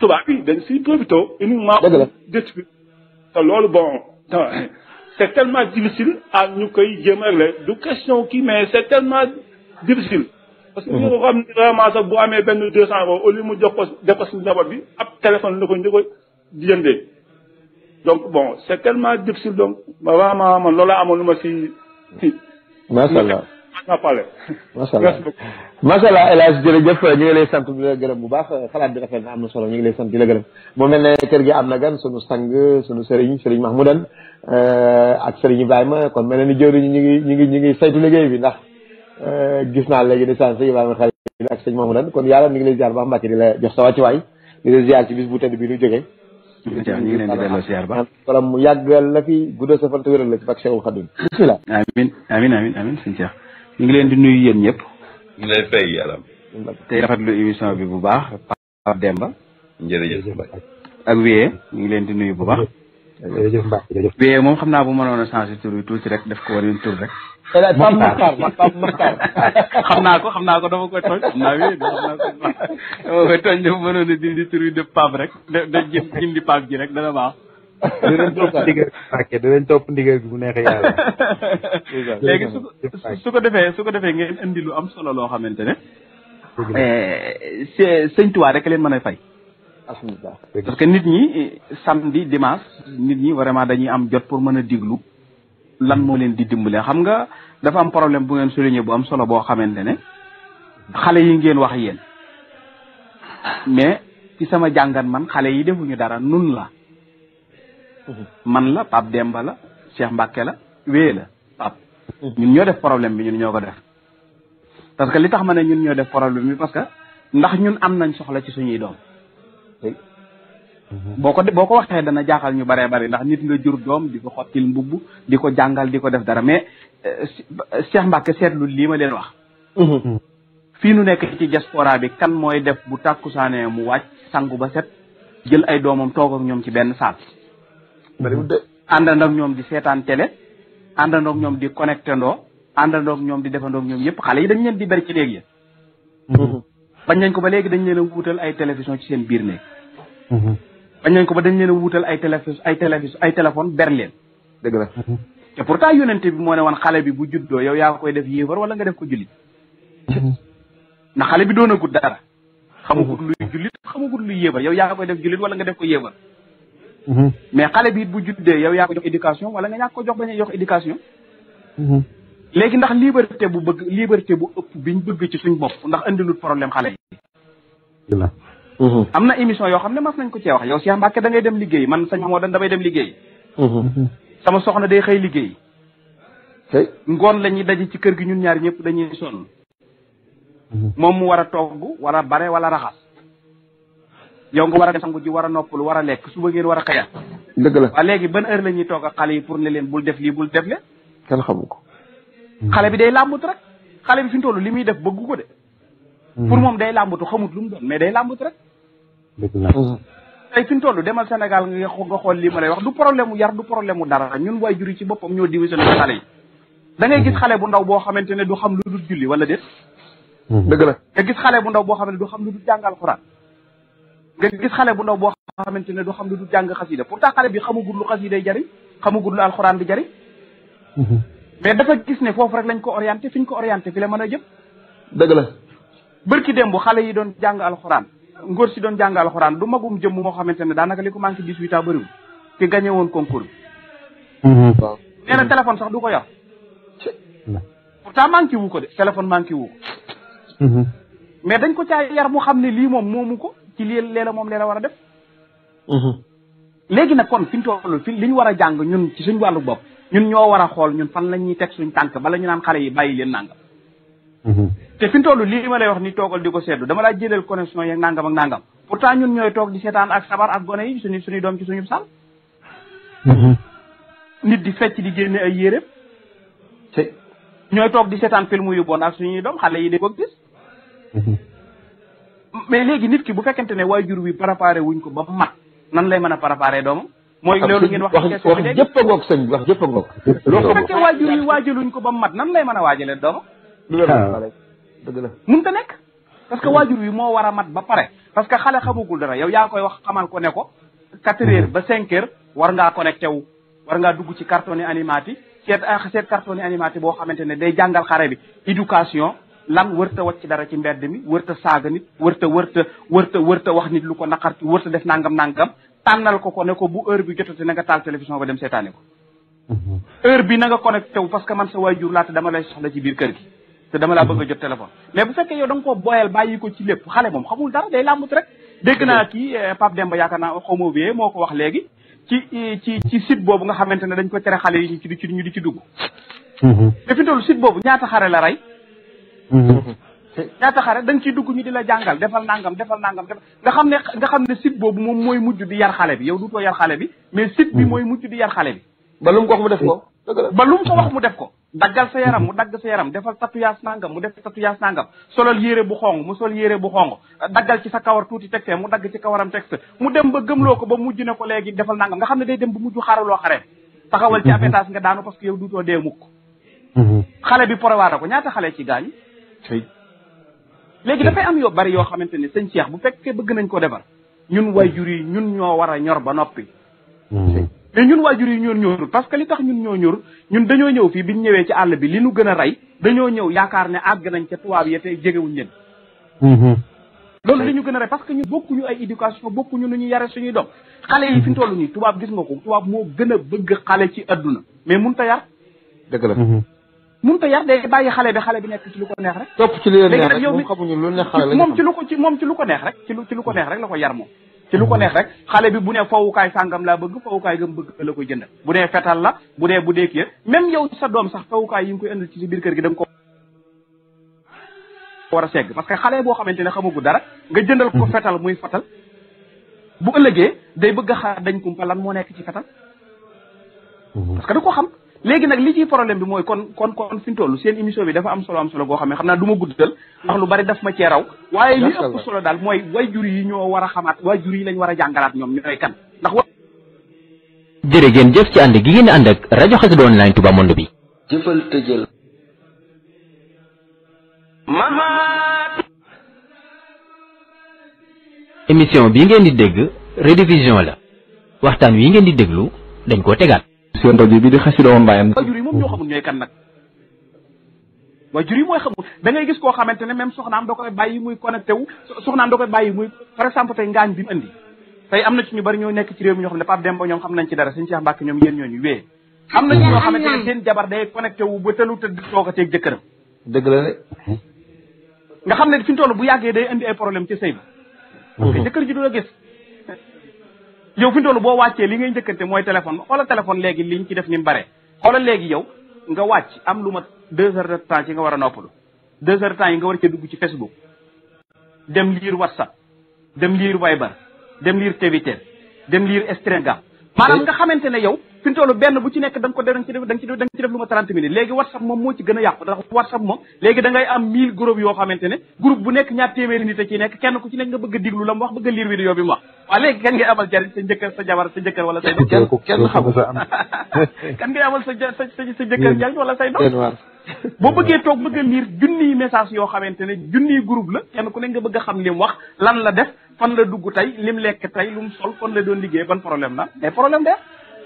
tubaab bi dañ siy profité uniquement détruire te loolu bon c'est tellement difficile à ñu koy jéem a régler du question kii mais c'est tellement difficile parce que mm-hmm. ñu ko xam ne vraiment sax bu amee benn deux cent euros au lieu mu jox ko def ko si njaboot bi ab téléphone la ko ñu ko jëndee donc bon c'est tellement difficile donc vraiment man loolu amoon lu ma si. macha allah noppale. macha allah macha allah El Hadj jërëjëf ñu ngi lay sant di la gërëm bu baax xalaat bi rafet na am na solo ñu ngi lay sant di la gërëm mu mel ne kër gi am na gan sunu sang sunu Serigne Serigne Mahmoudan eh, ak Serigne Ibrahima kon mel na ni jëwriñ ñu ngi ñu ngi ñu ngi saytu liggéey bi ndax eh, gis naa léegi ne sant Ibrahima xale ak sëñ Mahmoudan kon yàlla ñu ngi lay ziar bu baax Mbacke di la jox sa wàccuwaay di la ziar ci bis bu tedd bi ñu jógee. jërëjëf ñu ngi leen di delloo siyaar ba mu yàggal la fi guddal sa fan te wéral la ci bak Cheikhul Khadim bismillah amin amin amin amin sëñ Cheikh ñu ngi leen di nuyu yéen ñëpp. ñu lay fay yaram. tey rafetlu émission bi bu baax Pape Demba. jërëjëf Mbacke. ak Wiyé ñu ngi leen di nuyu bu baax. jërëjëf Mbacke jërëjëf. moom xam naa bu mënoon a changé tur bi tuuti rek def ko war a tur rek. Eh, Pape xam naa ko xam naa ko dama koy tooñ xam naa Wiyé dama koy tooñ dafa mënoon a dindi tur bi def Pape rek da da jëndi Pape ji rek dana baax. di leen topp ndigal Mbàkke di leen topp ndigal bu neex yàlla léegi su su ko defee su ko defee ngeen indi lu am solo loo xamante ne eh, sëñ Tuubaa rek leen mën a fay alhamdulilah parce que nit ñi eh, samedi dimanche nit ñi vraiment dañuy am jot pour diglu lan moo leen di dimbale xam nga dafa am problème bu ngeen souligné bu am solo boo xamante ne xale yi ngeen wax yéen mais ci sama man xale yi defuñu dara nun la man la pap Demba la Cheikh Mbacke la wee la pap ñun ñoo def problème bi ñun ñoko def parce que li tax mané ñun ñoo def problème bi parce que ndax ñun am nañ soxla ci suñuy doom. boko boko waxé dana jaxal ñu bare bare ndax nit nga jur doom di xottil di jangal diko def dara mais euh, Cheikh Mbacke setlu li ma leen wax. fi nu nek ci diaspora bi kan moy def bu takusané mu wacc sangu ba set jël ay domam togo ak ñom ci ben bëriwul de àndandoog ñoom di seetaan télé àndandoog ñoom di connecté ndoo àndandoog ñoom di defandoog ñoom yëpp xale yi dañ leen di bëri ci néeg yi mm-hmm. bañ nañ ko ba léegi dañ leen a wuutal ay télévision ci seen biir néeg mm-hmm. bañ nañ ko ba dañ leen a wuutal ay télévision ay télévision ay téléphone ber leen dëgg la mm-hmm. te pourtant yonent bi moo ne woon xale bi bu juddoo yow yaa koy def yéefar wala nga def ko jullit ndax xale bi doon a gudd dara xamagut luy jullit xamagut luy yow yaa koy def jullit wala nga def ko yéefar Mm-hmm. mais xale bi bu juddee yow yaa ko jox éducation wala nga ñàkk ko jox bañ a jox éducation. Mm-hmm. léegi ndax liberté bu bëgg liberté bu ëpp ñu bëgg ci suñ bopp ndax andilul problème xale yi. Mm-hmm. am na émission yoo xam ne mas nañ ko cee wax yow Cheikh Mbacke da dangay dem liggéey man sañ moo dan damay dem liggéey. sama soxna day xëy liggéey. ngoon la ñuy daje ci kër gi ñun ñaar ñëpp dañuy sonn. moom mu war a togg wala bare wala raxas. yow nga war a def sangu ji war a noppalu war a lekk suba ngeen war a xëyaat. dëgg la waaw léegi ban heure la ñuy toog ak xale yi pour ne leen bul def lii bul def le kenn xamu ko. xale bi day làmbut rek xale bi fi toll li muy def bëggu ko de. Hmm. pour moom day làmbutu xamut lu mu doon mais day làmbut rek. dëgg la. Hmm. tey fi mu toll demal Sénégal nga xool lii ma lay wax du problème mu yar du problème mu dara ñun waajur yi ci boppam ñoo divisionné xale yi. da gis hmm. xale bu ndaw boo xamante ne du xam lu dul julli wala déet. dëgg la nga bu ndaw boo xam ne du xam lu dul jàngal xuraan nga gis xale bu ndaw boo xamante ne du xam lu du jàng xasida pourtant xale bi xamagul lu xasida yi jariñ xamagul lu alxuraan di jariñ mhm. mais dafa gis ne foofu rek lañ ko orienté fi ñu ko orienté fi la mën a jëm dëgg la bërki démb xale yi doon jàng alxuraan ngóor si doon jàng alxuraan du magum jëmm moo xamante ne daanaka li ko manqué dix-huit ans bëriwul ki gagné woon concours bi mhm. waaw nee na téléphone sax du ko yor pourtant manqué wu ko de téléphone manqué wu ko mhm. mais dañ ko caa yar mu xam ne lii moom moomu ko ci lii leela moom lee leela war a def mm-hmm. léegi nag kon fi ñu toll fi li ñu war a jàng ñun ci suñ wàllu bopp ñun ñoo war a xool ñun fan la ñuy teg suñ tànk bala ñu naan xale yi bàyyi leen nangam mm-hmm. te fi ñu toll lii ma lay wax ni toogal di ko seetlu dama laa jëlal connexion yeeg nangam ak nangam pourtant ñun ñooy toog di seetaan ak sabar ak gone yi suñu suñuy doom ci suñu sal mm-hmm. nit di fecc di génne ay yére ñooy toog di seetaan film yu bon ak suñuy doom xale yi di ko mais léegi nit ki bu fekkente ne waajur wi préparé wuñ ko ba mu mat nan lay man a préparé doomam. mooy loolu ngeen wax wax wax jëpp a ngoog sëñ bi wax jëpp a ngoog. waajur yi ko ba mat nan lay man a waajalee doomam. Ah. dëgg la mënut a nekk. parce que waajur wi moo war a mat ba pare parce que xale xamagul dara yow yaa koy wax xamal ko ne ko. 4 mm-hmm. heures ba 5 heures war ngaa connecté wu war ngaa dugg ci carton animati seet ah, seet carton animati boo xamante ne day jàngal xare bi éducation. lan wërta wacc dara ci mbedd mi wërta saaga nit wërta wërta wërta wërta wax nit lu ko naqar ci wërta def nangam nangam tànnal ko ko ne ko bu heure bi jotati na nga taal télévision ba dem seetaane ko mhm. heure bi na nga connecté wu parce que man sa waajur laa te dama lay soxla ci biir kër gi te dama laa bëgg a jot téléphone mais bu fekkee yow da nga koo boyal bàyyi ko ci lépp xale moom xamul dara day làmbut rek dégg naa mhm. kii eh, Pape Demba yaakaar naa xawma bi moo ko wax léegi ci ci ci site boobu nga xamante ne dañ ko tere xale yi ñu ci di ci ñu di ci dugg te mhm. fi boobu ñaata xare la rey ñaata mm-hmm. xare da nga ciy dugg ñu di la jàngal defal nangam defal nangam defal nga xam ne nga xam ne site boobu moom mooy mujj di yar xale bi yow duutoo yar xale bi mais site bi mm-hmm. mooy mujj di yar xale bi ba lu mu ko wax mu def ko ba lu mu ko wax mu def ko mm-hmm. daggal sa yaram mu dagg sa yaram defal sa tatouage nangam mu def tatouage nangam solal yére bu xong mu sol yére bu xong daggal ci sa kawar tuuti texte mu dagg ci kawaram texte mu dem ba gëm loo ko ba mujj ne ko léegi defal nangam nga xam ne day dem ba mujj xaraloo xare bi taxawal ci abetage nga daanu parce que yow duutoo dee mukk xale bi porowaata ko ñaata xale ci gaañu léegi dafay am yoo bari yoo xamante ni sëñ Cheikh bu fekkee bëgg nañ ko defar ñun waajur yi ñun ñoo war a ñor ba noppi hmm. mais ñun waajur yi ñoo ñorul parce que li tax ñun ñoo ñor ñun dañoo ñëw fii bi ñu ñëwee ci àll bi li nu gën a rey dañoo ñëw yaakaar ne àgg nañ ca tubaab ya tey jegewuñ leen hmm. loolu li ñu gën a rey parce que ñu bokkuñu ay éducation bokkuñu nu ñu yare suñuy doom xale yi fi toll nii tubaab gis nga ko tubaab moo gën a bëgg xale ci adduna mais mun ta yar dëgg la hmm. mun ko yar day bàyyi xale bi xale bi nekk ci lu ko neex rek. topp ci li leen neex rek moom xamuñu lu neex xale la moom ci lu ko ci moom ci lu ko neex rek ci lu ci lu ko neex rek la ko yar moom. ci lu ko neex rek xale bi bu ne fowukaay sàngam laa bëgg fowukaay gam bëgg la koy jënd bu dee fetal la bu dee bu dee kii même yow sa doom sax fowukaay yi nga koy indil ci biir kër gi da nga ko war a segg parce que xale boo xamante ne xamagu dara nga jëndal ko fetal muy fetal bu ëllëgee day bëgg a xaar dañ kumpa lan moo nekk ci fetal parce que da ko xam légui nak li ci problème bi moy kon kon kon fiñ tollu seen émission bi dafa am solo am solo go xamné xamna duma guddal ndax lu bari daf ma ci raw waye li ëpp solo dal mooy wayjur yi ño wara xamat xamaat wayjur yi lañ wara jangalat ñom ñoy kan ndax jere gene jëf ci ànd gi ngeen ànd ak rajo xasida online tuba monde bi jëfal te jël émission bi ngeen di dégg rédivision la waxtan wi ngeen di dégglu dañ ko tégal seen rajo bi di xasida online. waajur yi moom ñoo xamul ñooy kan nag waajur yi mooy xamul da ngay gis koo xamante ne même soxnaam da koy bàyyi muy connecté wu soxnaam da koy bàyyi muy par exemple tey ngaañ bi mu andi tey am na ci ñu bari ñoo nekk ci réew mi ñoo xam ne Pape ba ñoom xam nañ ci dara suñu Cheikh Mbacke ñoom yéen ñooñu wee am na ci ñoo xamante ne seen jabar day wu ba tëlu tëdd toog a teeg dëgg la nga xam ne fi ñu toll bu yàggee day indi ay problème ci sëy bi parce que jëkkër ji du gis yow fi ndoolu boo wàccee li ngay njëkkante mooy téléphone ba xoola téléphone léegi ñu ci def ni mu bare xoola léegi yow nga wàcc am lu mat deux heures de temps ci nga war a noppalu deux heures de temps yi nga war cee dugg ci Facebook dem liir WhatsApp dem liir Viber dem liir Twitter dem liir Instagram maanaam nga xamante ne yow fi mu toll benn bu ci nekk da nga ko def da nga ci def da nga def lu ma 30 minutes léegi whatsapp moom moo ci gën a yàqu ndax whatsapp moom léegi da am 1000 groupe yoo xamante ne groupe bu nekk ñaar téeméeri nit a ci nekk kenn ku ci nekk nga bëgg a diglu la mu wax bëgg a lire vidéo bi mu wax waaw léegi kan ngay amal jariñ sa jëkkër sa jabar sa jëkkër wala say doom boo bëggee toog bëgg a lire message yoo xamante ne junniy groupe la a xam li mu wax lan tey lim lekk tey lu liggéey ban problème la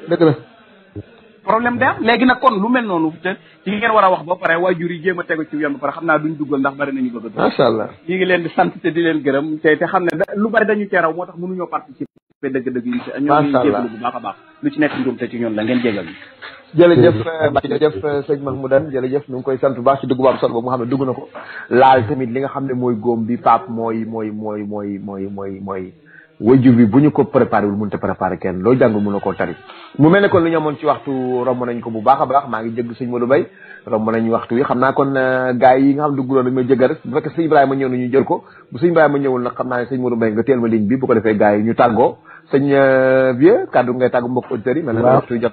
dëgg la. problème day am léegi nag kon lu mel noonu te ci ngeen war a wax ba pare jur yi jéem a tegu ci yoon ba pare xam naa duñ duggal ndax bari nañu bëgg a. macha allah ñu ngi leen di sant te di leen gërëm te te xam ne lu bari dañu cee moo tax mënuñoo participer dëgg-dëgg yi. macha allah ñoo ngi jégalu bu baax a baax lu ci nekk njuum te ci ñoon la ngeen jégal. jërëjëf mu dem Mahmoudane jëf ñu ngi koy sant bu baax ci dugg bu am solo boobu nga xam ne dugg na ko laal tamit li nga xam ne mooy góom bi paap mooy mooy mooy mooy mooy mooy wajur bi bu ñu ko préparé wul mënut a préparé kenn loo jàngul mën na koo tari mu mel ne kon lu ñu amoon ci waxtu romb ko bu baax a baax maa ngi jégg sëñ Modou Mbaye romb nañ waxtu wi xam naa kon euh, gars yi nga xam dugguloon dañ ma jégga rek bu fekkee sëñ Ibrahima na ñu jël ko bu sëñ Ibrahima ñëwul nag xam naa ne sëñ Modou Mbaye ma ligne bi bu ko defee gars yi ñu tàggoo sëñ euh, kàddu ngay tàggu mbokk auditeurs yi mel na waxtu jot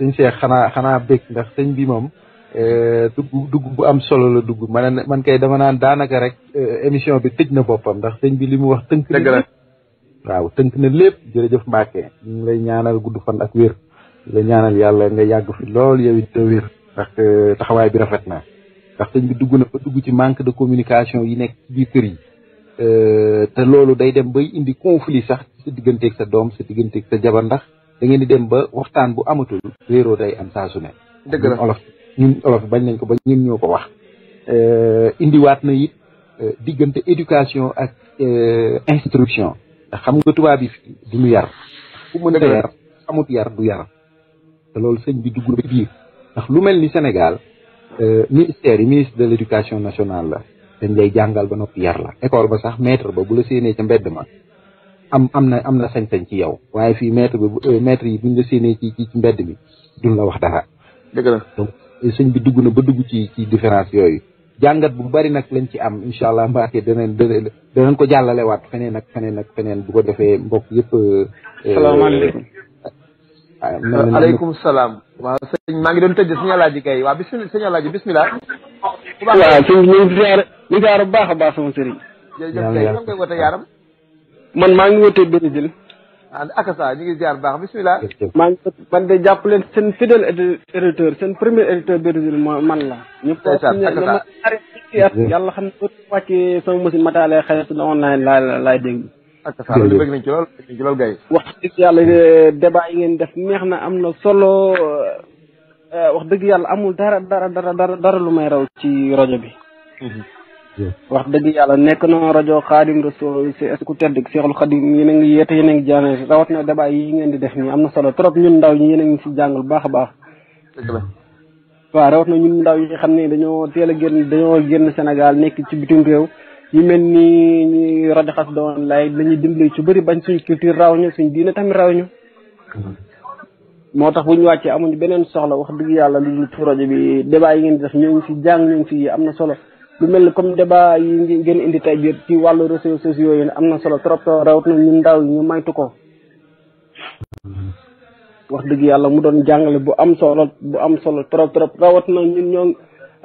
sëñ Cheikh xanaa xanaa bég ndax sëñ bi moom euh, dugg dugg bu am solo la dugg man man kay dama naan daanaka rek émission bi tëj na boppam ndax sëñ bi li mu wax tënk waaw tënk na lépp jërëjëf Mbacke ñu ngi lay ñaanal gudd fan ak wér la ñaanal yàlla nga yàgg fi lool yow it te wér ndax euh, taxawaay bi rafet na ndax sëñ bi dugg na ba dugg ci manque de communication yi nekk ci biir kër yi euh, te loolu day dem bay indi conflit sax sa digganteeg sa doom sa digganteeg sa jabar ndax da ngeen di dem ba waxtaan bu amatul réeroo day am saa su ne dëgg la olof ñun bañ nañ ko ba ñun ñoo ko wax euh, indiwaat na it diggante éducation ak instruction ndax xam nga tubaab yi fii du ñu yar a yar amut yar du yar te loolu sëñ bi dugg ba biir ndax lu mel ni Sénégal euh, ministère yi ministre de l' nationale la dañ lay jàngal ba noppi yar la école ba sax maître ba bu la séenee ca mbedd ma am am na am na sañ-sañ ci yow waaye fii maître bi euh, maître yi buñ la séenee ci mbedd mi duñ la wax dara sëñ bi dugg na ba dugg ci ci différence yooyu jàngat bu bari nag lañ ci am incha allah mbaake danañ danañ ko jàllale waat feneen nag feneen ak feneen bu ko defee mbokk yëpp. Euh, salaamaaleykum. Ah, aleykum salaam. waaw sëñ maa ngi doon tëj suñu alaaji kay waaw bisimilah suñu alaaji bisimilah. waaw sëñ bi ñu ngi ziar baax a baax sama man maa ngi wote benn jël. akasa ñu ngi jaar baax bisimilah. maa man de jàpp leen seen fidèle éditeur seen premier éditeur Brésil mooy man la. ñëpp akasa yàlla xam ne bu wàccee sama machine ma taalee xëy na online laay laay dégg. akasa loolu bëgg nañ ci lool bëgg nañ ci lool gay. wax dëgg yàlla eh, débat yi ngeen def neex na am na solo eh, eh, wax dëgg yàlla amul dara dara dara dara lu may raw ci rajo bi. Mm-hmm. wax dëgg yàlla nekk na rajo xaadim rasul si ku tedd seexul xadim yéen a ngi yeete yéen a ngi jaane rawat na débat yi ngeen di def nii am na solo trop ñun ndaw ñi yéen a ngi si na ñun ndaw yi xam ne dañoo teel a génn dañoo génn Sénégal nekk ci bitim réew yu mel ni ñu rajo xas doon lay dañuy dimbali ci bëri bañ suñ culture raw ñu suñ diine tamit raw ñu moo tax bu ñu wàccee amuñu beneen soxla wax dëgg yàlla lu dul bi débat yi ngeen di def ñoo ngi si jàng ñoo ngi si am na solo lu mel comme débat yi ngeen indi tay bi ci walu réseaux sociaux yi amna solo trop rawat na ñun ndaw ñu maytu ko wax deug yalla mu doon jangale bu am solo bu am solo trop trop rawat na ñun ñoo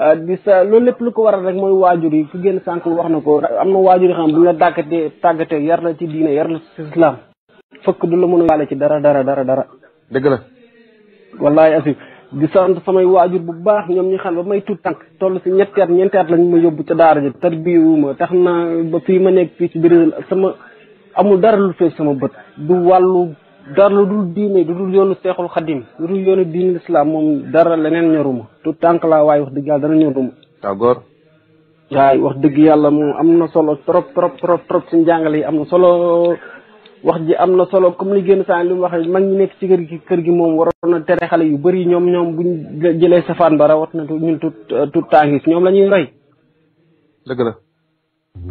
ah, di sa lo lepp lu ko waral rek moy waajur yi ku génn sank wax na ko am na waajur xam bu la tàggatee tagate yar la ci diine yar la ci islam fëkk du la mëna wala ci dara dara dara dara deug la wallahi asif di sant samay waajur bu baax ñoom ñi xam ba may tuut tànk toll si ñetti at ñeenti at lañ ma yóbbu ca daara ji tarbiwu ma tax na ba fii ma nekk fii ci biir sama amul dara lu fees sama bët du wàllu dara lu dul diine du dul yoonu seexul xadim du dul yoonu diine lislaam moom dara leneen ñoruma tu tànk laa waaye wax dëgg yàlla dana ñoruma waaye wax dëgg yàlla moom am na solo trop trop trop trop si njàngale yi am na solo wax ji am na solo comme li génn saa li mu wax mag ñi nekk ci kër gi moom waroon a tere xale yu bari ñoom ñoom buñ jëlee safaan ba rawat na ñun tut euh, tut tàngis ñoom la ñuy roy dëgg la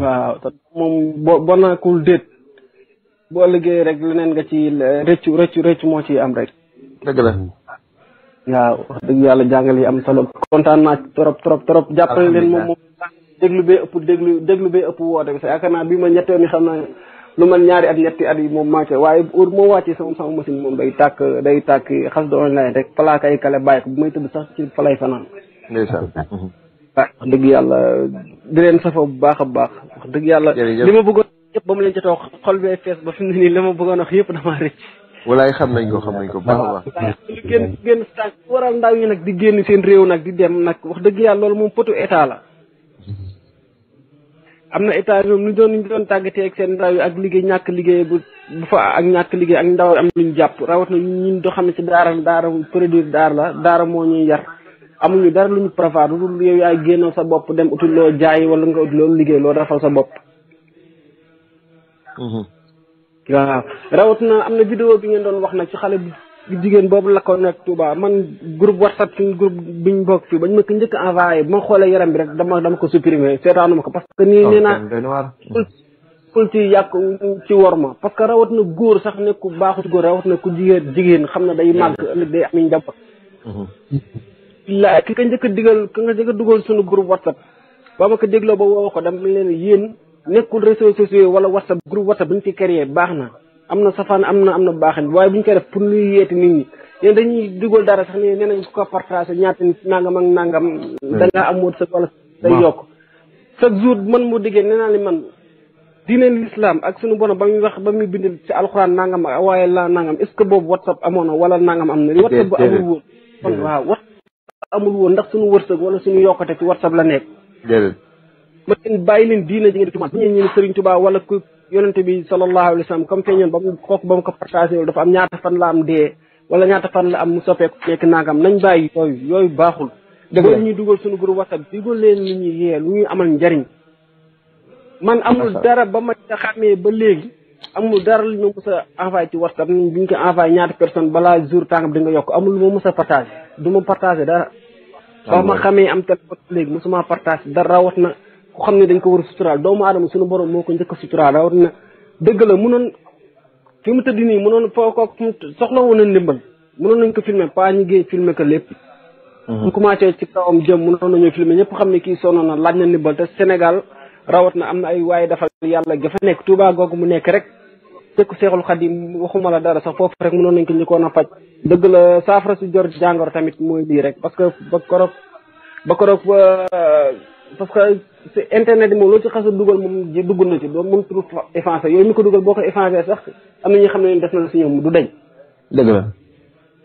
waaw te moom bo bonakul déet boo liggéey rek leneen nga ci euh, rëccu rëccu rëccu moo ci am rek dëgg la waaw wax dëgg yàlla jàngal yi am solo kontaan naa trop trop trop jàppale leen moom moom déglu bee ëpp déglu déglu bee ëpp woote sa yaakaar naa ma ñettoon xam naa lu man ñaari at ñetti at yi moom manqué waaye heure moo wàccee sama sama machine moom day tàkk day tàkk xas da online rek plaque ay kale bàyyi ko bu may tëdd sax ci falay fanaan ndeysaan ah, wax dëgg yàlla di leen safoo bu baax a baax wax dëgg yàlla li ma bëggoon a ba mu leen ca toog xol bee fees ba fi mu ne nii li ma bëggoon yëpp damaa rëcc walaay xam nañ ko xam nañ ko baax a baax génn génn di génn seen réew nag di dem nag wax dëgg yàlla loolu moom potu état la am na état ñoom ñu doon ñu doon tàggatee ak seen ndaw liggéey ñàkk liggéey bu bu ak ñàkk liggéey ak ndaw am luñ jàpp rawat na ñun doo xam ne si daara daara produire daara la daara moo ñu yar amuñu dara luñu prévoir lu yow yaay génn sa bopp dem utul loo jaay wala nga ut loolu liggéey loo defal sa bopp mm-hmm. waaw rawat na am na vidéo bi ngeen doon wax nag ci xale jigéen boobu lakkoon nekk Touba man groupe whatsapp suñu groupe biñ bokk fii bañ ma ko njëkk envoyé bu ma xoolee yaram bi rek dama dama ko supprimer seetaanuma ko parce que nii nee naa politique yàq ci wor ma parce que rawat na góor sax ne ku baaxut góor rawat na ku jigéen jigéen xam ne day màgg ëllëg day am njaboot mm-hmm. billaay ki nga njëkk a digal ki nga njëkk a dugal suñu groupe whatsapp ba ma ko dégloo ba woo ko dama leen yéen nekkul réseaux sociaux wala whatsapp groupe whatsapp bu ñu fi créé baax na am na safaan am na am na baaxin waaye bu ñu koy def pour luy yeeti nit ñi yéen dañuy dugal dara sax ne nee nañ ko partagé ñaata nit nangam ak nangam hmm. da ngaa am wërsëg wala day yokk chaque jour man moo diggee nee naa li man diine l'islam ak suñu borom ba muy wax ba muy bind ci alxuraan nangam waaye la nangam est ce que boobu whatsapp amoon na wala nangam am na whatsapp bu amul woon kon waaw whatsapp amul woon ndax suñu wërsëg wala suñu yokkate ci whatsapp la nekk ma leen bàyyi leen diine yonent bi sallallahu alayhi wa sallam comme feeñoon ba mu kooku ba mu ko partagé wul dafa am ñaata fan la am dee wala ñaata fan la am mu soppeeku nekk nangam nañ bàyyi yooyu yooyu baaxul dëgg ñuy dugal suñu groupe WhatsApp digal leen lu ñuy yee lu ñuy amal njariñ man amul dara ba ma a xàmmee ba léegi amul dara lu ma mës a envoyé ci WhatsApp bi ñu ko envoyé ñaata personne balaa jour tàngam di nga yokk amul lu ma mës a partagé du dara ba ma xamee am téléphone léegi mosuma partagé dara rawat na ku xam ne dañ ko war a suturaal doomu aadama suñu borom moo ko njëkk a suturaal war na dëgg la munoon fi mu tëdd nii munoon foo ko soxla woon na ndimbal munoon nañ ko filmer pas ñu géey filmer ko lépp mm-hmm. mu commencé ci kawam jëm munoon nañoo filmer ñëpp xam ne kii sonnoon na laaj na ndimbal te Sénégal rawat na am na ay waaye defal yàlla ga nekk Touba googu mu nekk rek tekku seexul xadim waxuma la dara sax foofu rek mënoon nañ ko njëkkoon a faj dëgg la saafara si jor jàngoro tamit mooy lii rek parce que ba koroog euh, parce que internet bi moom loolu ci xas a dugal moom dugg na ci doo mën trop effacé yooyu mi ko dugal boo ko effacé sax am na ñuy xam ne def na si ñoom du dañ. dëgg la.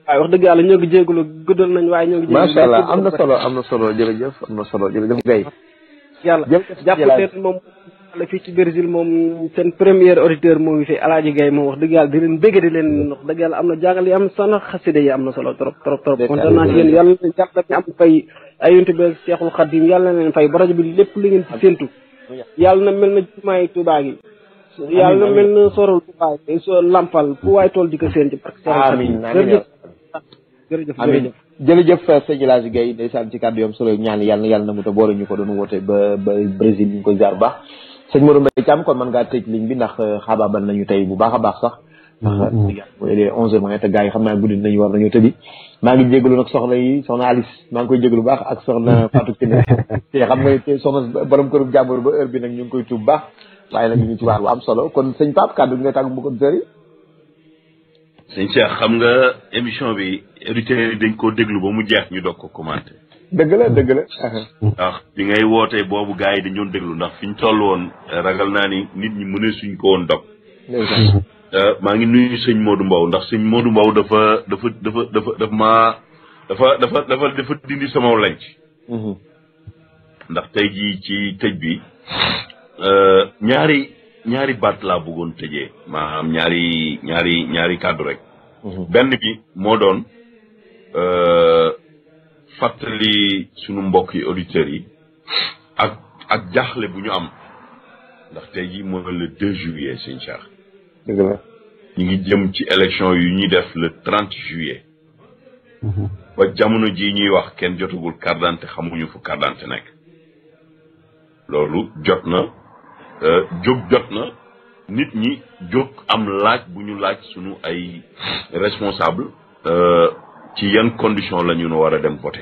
waaw wax dëgg yàlla ñoo ngi jégalu guddal nañ waaye ñoo ngi. macha allah am na solo am na solo jërëjëf am na solo jërëjëf. Guèye yàlla jàpp seet moom. la fii ci Brésil moom seen premier auditeur moo ngi fi Alaaji Gaye moom wax dëgg yàlla di leen bëgg di leen wax dëgg yàlla am na jàngal yi am solo xasida yi am na solo trop trop trop kontaan naa ci yéen yàlla yàlla dañu am fay ayuntu be Seexul Xadim yàlla na leen fay ba rajo bi lépp li ngeen ci séntu yàlla na mel na jumaay Tuubaa gi yàlla na mel na sorol Tuubaa gi lampal fu waay tool di ko seen ci barke amiin jërëjëf jërëjëf jërëjëf jërëjëf sëñ El Hadj Gaye ndeysaan ci kàddu yam solo ñaan yàlla yàlla na mu ta boole ñu ko doon woote ba ba jaar baax sëñ Modou Mbaye Thiam kon mën ngaa tëj ligne bi ndax euh, xaabaabal nañu tey bu baax a baax sax. Mm-hmm. ndax euh, il est onze heures moins te gars yi xam naa guddi nañu war nañoo tëddi. maa ngi jégalu nag soxna yi soxna Alice maa ngi koy jégalu baax ak soxna mm-hmm. Fatou Kine te xam nga soxna borom këru jàmbur ba heure bi nag ñu ngi koy tuub baax waaye nag ñu ngi ci waar bu am solo kon sëñ Pape kàddu gi nga tàggu bu ko yi. sëñ Cheikh xam nga émission bi auditeurs yi koo déglu ba mu jeex ñu doog ko commenté. dëgg la dëgg la. ndax bi ngay wootee boobu gaa yi dañoon déglu ndax fi ñu toll woon eh, ragal naa ni nit ñi mënee suñ ko woon dog eh, maa ngi nuyu sëñ Modou Mbow ndax siñ Modou Mbow dafa dafa dafa dafa dafa maa dafa dafa dafa dindi sama lenc. Mhm. ndax tey jii ci tëj bi eh, ñaari ñaari baat laa bëggoon tëjee maanaam ñaari ñaari ñaari kàddu rek. Mhm. benn bi moo doon. fàttali sunu mbokk yi auditeurs yi ak ak jaaxle bu ñu am ndax tey jii mooy le 2 juillet sëñ Cheikh. dëgg ñu ngi jëm ci élection yu ñuy def le 30 juillet. Mhm. ba jamono jii ñuy wax kenn jotagul carte d'identité xamuñu fu carte nekk. loolu jot na euh, jóg jot na nit ñi jóg am laaj bu ñu laaj sunu ay responsable euh, ci yan condition la ñu war a dem voté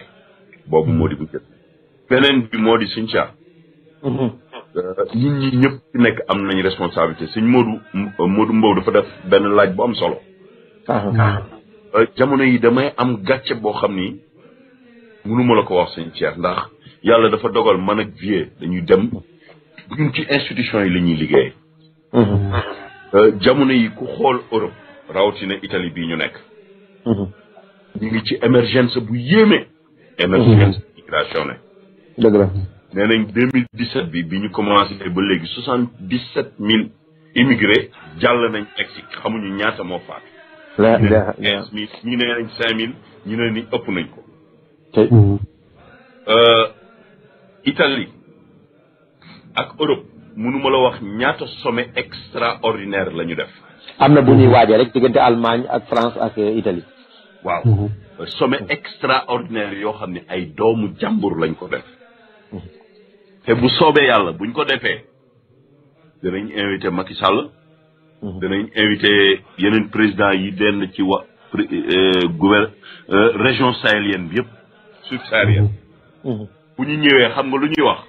boobu moo di bu jëkk beneen bi moo di suñ caa mm-hmm. euh, nit ñi ñëpp nekk am nañ responsabilité suñ Modou euh, Modou Mbow dafa def benn laaj bu am solo ah, euh, jamono yi damay am gàcce boo xam ni mënuma la ko wax suñ Cheikh ndax yàlla dafa dogal man ak vieux dañuy dem ñun ci institution yi la ñuy liggéey mm-hmm. jamono yi ku xool Europe rawatina Italie bii ñu nekk mm-hmm. ñu ngi ci émergence bu yéeme. émergence mmh. migration ne. dëgg nañ deux mille dix sept bi bi ñu commencé ba léegi soixante dix sept mille immigrés jàll nañ egg xamuñu ñaata moo ni la la quinze mille ñi cinq mille ñu ne ni ëpp nañ ko. tey. Euh, Italie ak Europe mënuma la wax ñaata sommet extraordinaire la ñu def. am na bu ñuy waajee rek diggante Allemagne ak France ak Italie. waaw mhm. sommet extraordinaire yoo xam ne ay doomu jàmbur lañ ko def te bu soobee yàlla buñ ko defee danañ invité Macky Sall mhm. danañ invité yeneen président yi denn ci wa euh, gouvern euh, région sahélienne bi yëpp subsaharienne mhm. bu ñu ñëwee xam nga lu ñuy wax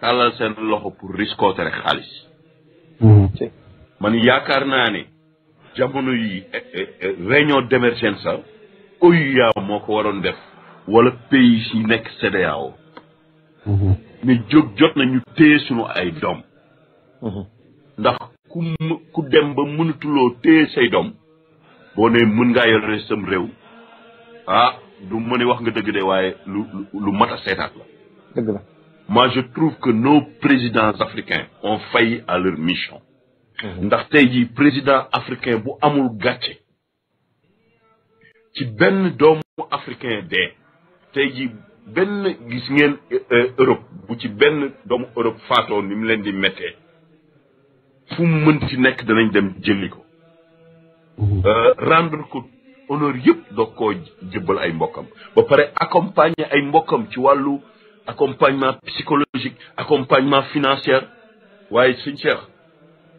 tàllal seen loxo pour xaalis man yaakaar naa ne jamono yi eh, eh, eh, réunion d'émergence OUA moo ko waroon def wala pays yi nekk CEDEAO ne mhm. jóg jot nañu téye sunu ay doom mhm. ndax ku ku dem ba mënatuloo téye say doom boo ne mën ngaa yore sam réew ah du ma wax nga dëgg de waaye lu lu mat a seetaat la dëgg la moi je trouve que nos présidents africains ont failli à leur mission ndax tey jii président africain bu amul gàcce ci benn doomu africain de tey jii benn gis ngeen e, e, Europe bu ci benn doomu Europe faatoo ni mu leen di méttee fu mu mënti nekk danañ dem jëli ko euh, rendre ko honneur yëpp doog koo jëbbal ay mbokkam ba pare accompagner ay mbokkam ci wàllu accompagnement psychologique accompagnement financier waaye suñ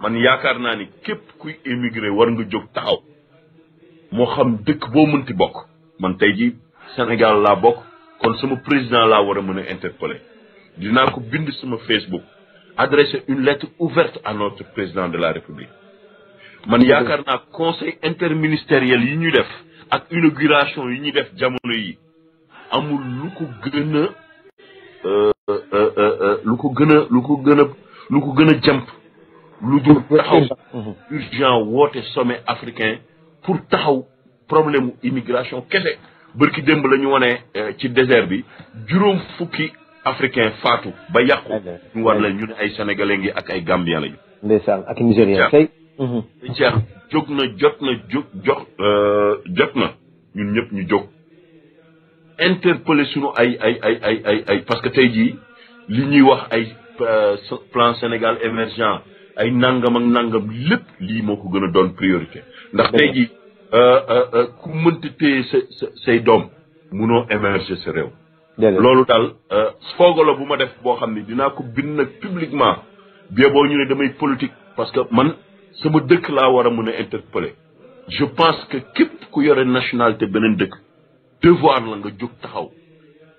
man yaakaar naa ni képp kuy émigré war nga jóg taxaw moo xam dëkk boo mënti bokk man tey ji Sénégal laa bokk kon suma président laa war a mën a interpeller dinaa ko bind suma Facebook adresser une lettre ouverte à notre président de la République man yaakaar naa conseil interministériel yi ñuy def ak inauguration yi ñuy def jamono yi amul lu ko gën euh, euh, euh, lu ko gën a lu ko gën a lu ko gën a jàmp lu jóg taxaw urgent mhm. woote sommet africain pour taxaw problème immigration kese barki demb lañu woné euh, ci désert bi djuroom fukki africain faatu ba yakku ah, ñu war la ñu ay sénégalais ngi ak ay gambien lañu ndeysaan ak nigérien kay Cheikh ci na jot na jóg jox euh jotna ñun ñep ñu jog interpeller sunu ay ay ay ay ay parce que tay ji li ñuy wax ay euh, plan Sénégal émergent ay nangam ak nangam lepp li moko gëna gën doon priorité ndax tay ji euh, euh euh ku mënti sa say doom munoo émerger sa réew loolu daal foogalo euh, ma def bo xamni dina ko bind nak publiquement bi bo ñu né damay politique parce que man sama dëkk la wara mëna interpeller je pense que képp ku yoré nationalité benen dëkk devoir la nga juk taxaw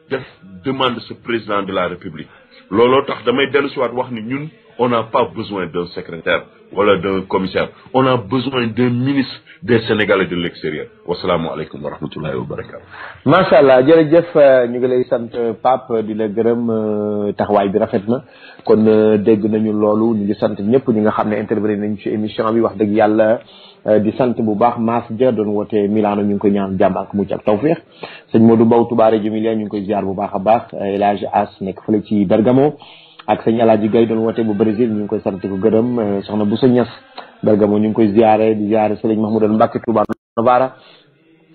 def demande ce président de la république Lolo tax damay wat wax ni ñun on n'a pas besoin d'un secrétaire wala d'un commissaire. On a besoin d'un ministre des Sénégalais de l'extérieur. Wassalamu alaikum wa rahmatullahi wa barakatuh. Masha Allah, jërëjëf ñu ngi lay sant Pape di la gërëm euh, taxawaay bi Rafetna. na kon euh, dégg nañu loolu ñu ngi sant ñëpp ñi nga xam ne intervenir nañu ci émission bi wax dëgg yàlla euh, di sant bu baax Mass Dia doon woote Milano ñu ngi koy ñaan jàmm ak mucc ak tawféex sëñ Modou baw Touba rajo Milia ñu ngi koy ziar bu baax a baax El As nekk fële ci Bergamo ak sëñ Alaaji Gay doon woote bu Brésil ñu ngi koy sant ko gërëm eh, soxna Bousso Niass Bergamo ñu ngi koy ziare di ziare sëriñ Mahmoudane Mbacke Touba Novara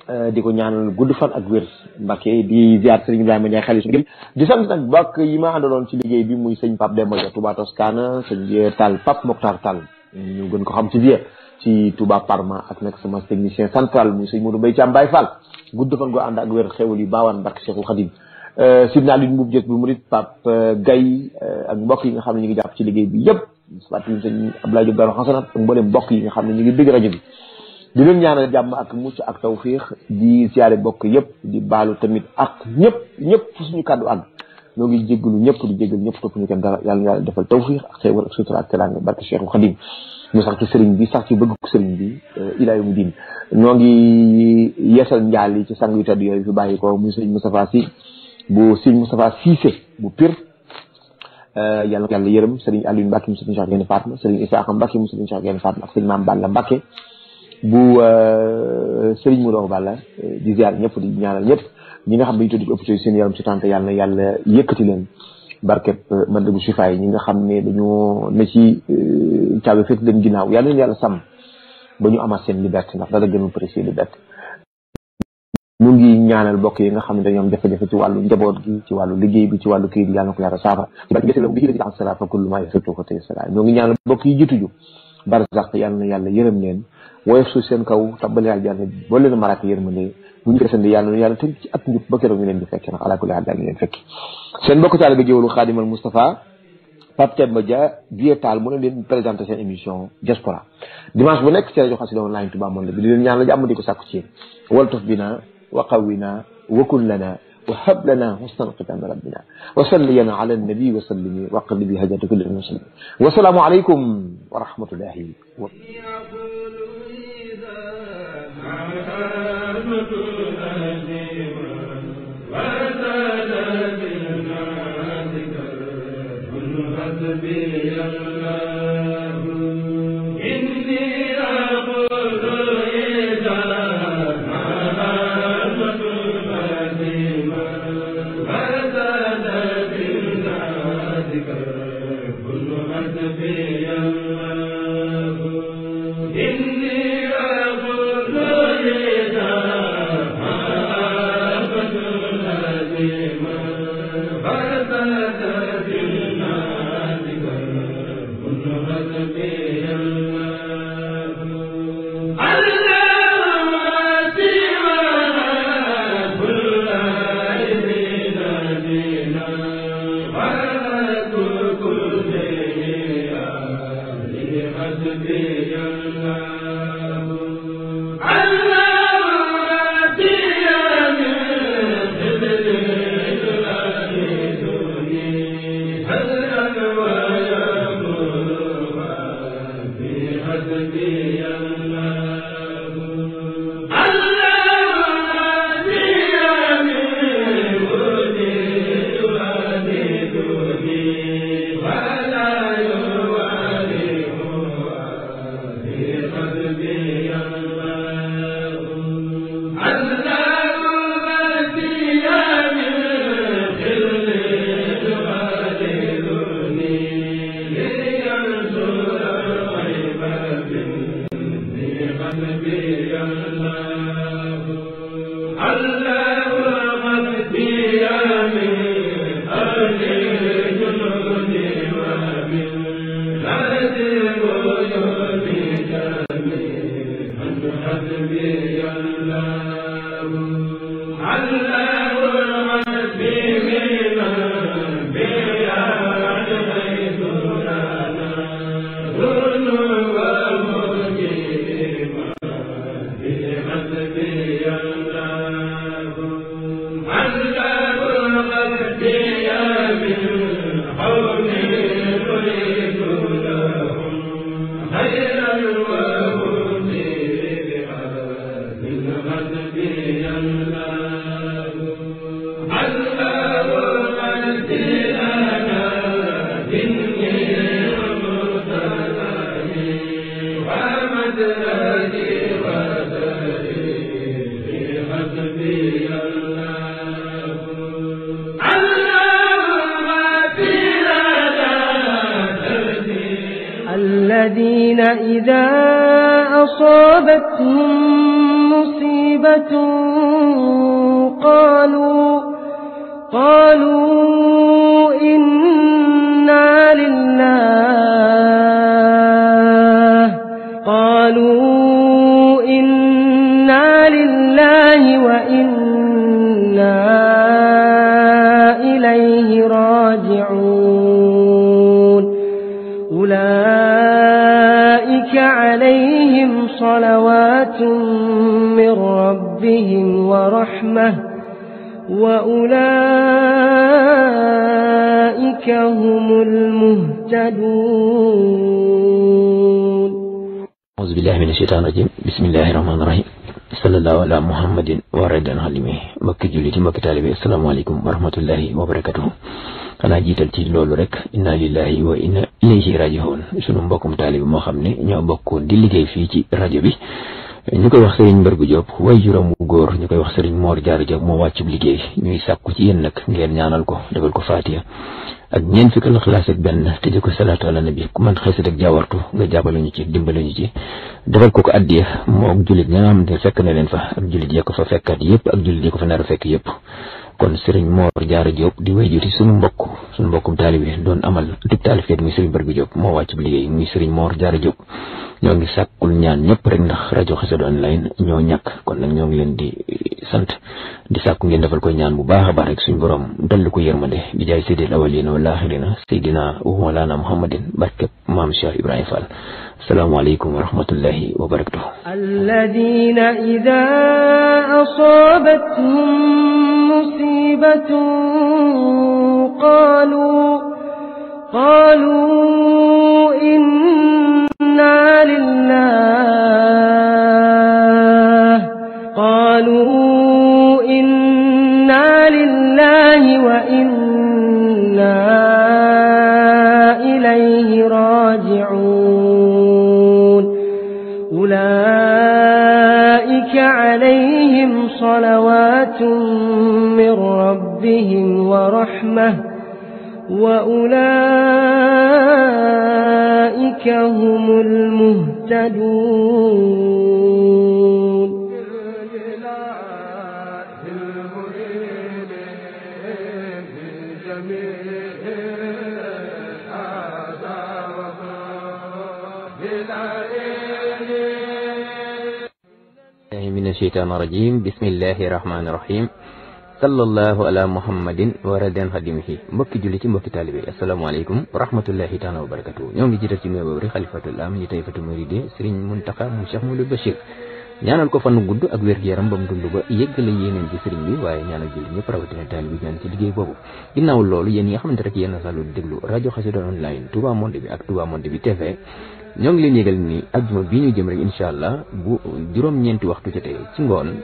eh, di ko ñaanal gudd fan ak wér Mbacke di ziar sëriñ Ibrahima Ndiaye xel yi di sant nag bokk yi ma àndaloon ci liggéey bi muy sëñ Pape Demba Dia Touba Toscana sëñ Tall Pape Mokhtar Tall ñu gën ko xam ci biir ci Touba Parma ak nag sama technicien central muy sëñ Modou Mbaye Thiam Baye Fall gudd fan goo ànd ak wér xewal yu baawaan Mbacke Cheikhul Khadim sidna Aliou Mbuub jëkk bi murit Pape euh, Gaye euh, ak mbokk yi nga xam ne ñu ngi jàpp ci liggéey bi yëpp fàttali sëñ Abdoulaye Diop Daaru Xasanat yi nga xam ne ñu ngi dégg rajo bi di leen ñaanal jàmm ak mucc ak tawfiix di siyaare bokk yëpp di baalu tamit ak ñëpp ñëpp fu suñu kàddu àgg ñoo ngi jéggalu ñëpp di jéggal ñëpp topp ñu kenn dara yàlla yàlla defal tawfiix ak xéewal ak sutura ak teraanga barke Cheikhul Xadim ñu sax ci sëriñ bi sax ci bëgg sëriñ bi euh, ilaa yawmi diin ñoo ngi yeesal njaal yi ci sang y tedd yooyu fi bu Serigne Moustapha Cissé bu Pire euh, yàlla yàlla yërëm Serigne Aliou Mbacke mu Serigne Cheikh Gaïndé Fatma Serigne Issakha Mbacke mu Serigne Cheikh Gaïndé Fatma ak Serigne Mame Balla Mbacke bu euh, Serigne Moudou Balla euh, di ziar ñëpp di ñaanal ñëpp ñi nga xam ne ñu tudd ci hôpital seen yaram si tànte yàlla yàlla yëkkati leen barkeb man dëggu sifaay yi ñi nga xam ne dañoo ne ci caabi féet leen ginnaaw yàlla leen yàlla sam ba ñu amaat seen liberté ndax dara gënul précieux liberté mu ngi ñaanal mbokk yi nga xam ne dañoo am jafe-jafe ci wàllu njaboot gi ci wàllu liggéey bi ci wàllu kii bi yàlla na ko yàlla saafara ci barke gese la bi ci am sala fa kullu ngi ñaanal mbokk yi jiitu ju barzaq yàlla na yàlla yërëm leen woyof suuf seen kaw tabbale aljanna leen maraak yërmande yàlla na at njub ba keroog ñu leen di fekk ndax alaa kulli haal daañu taal mu ne leen présenté seen émission diaspora dimanche bu nekk ci rajo Xassida Online Touba Monde bi leen ñaan la jàmm di ko sàkku ci yéen وقونا وكن لنا وهب لنا حسن ختام ربنا وسلينا على النبي وسلم وقل بهدايه كل المسلمين والسلام عليكم ورحمه الله وبركاته Diop way juróom wu góor ñu koy wax Serigne Mor Diarra Diop moo wàccub liggéey ñuy sàkku ci yéen nag ngeen ñaanal ko defal ko Fatiha ak ñeent fukki Ixlaas ak benn tëjee ko salaatu ala nabi ku man xeesit ak jaawartu nga jàppale ñu ci dimbale ñu ci defal ko ko addiya moo ak jullit ña nga xam ne fekk na leen fa ak jullit ya ko fa fekkaat yëpp ak jullit ya ko fa nar a fekk yëpp kon serigne Mor jaar Diop di wayju juri sunu mbokk sunu mbokk talibé don amal dib taalifkat muy serigne barbi Diop mo wacc bi liggéey muy serigne Mor jaar Diop ñoo ngi sakul ñaan ñep rek ndax rajo Xassida online ñoo ñak kon nak ñoo ngi leen di sant di sakku ngeen defal koy ñaan bu baaxa baax rek suñu borom dal ko yermale bi jaay seydil awalina wal sidina wa maulana muhammadin barke mam Cheikh ibrahim Fall السلام عليكم ورحمة الله وبركاته الذين إذا أصابتهم مصيبة قالوا قالوا إنا لله قالوا إنا لله وإنا إليه راجعون أولئك عليهم صلوات ربهم ورحمة وأولئك هم المهتدون من الشيطان الرجيم بسم الله الرحمن الرحيم sallallahu ala muhammadin wa raden xadimihi mbokki julli ci mbokki taalibe yi asalaamaaleykum wa rahmatullahi taala wa barakatuhu ñoo ngi jiital ci nuyoo boobu rek mu Cheikh Mouhamadou Bachir ñaanal ko fan gudd ak wér gu yaram ba mu dund ba yëggale yéeneen ci sëriñ bi waaye ñaanal julli ñëpp rawatina taalibe yi ñaan ci liggéey boobu ginnaaw loolu yéen ñi nga rek yéen a sàllu déglu rajo Xassida online Touba Monde bi ak Touba Monde TV ñoo ngi leen yégal ni allah bu juróom-ñeenti waxtu jotee ci ngoon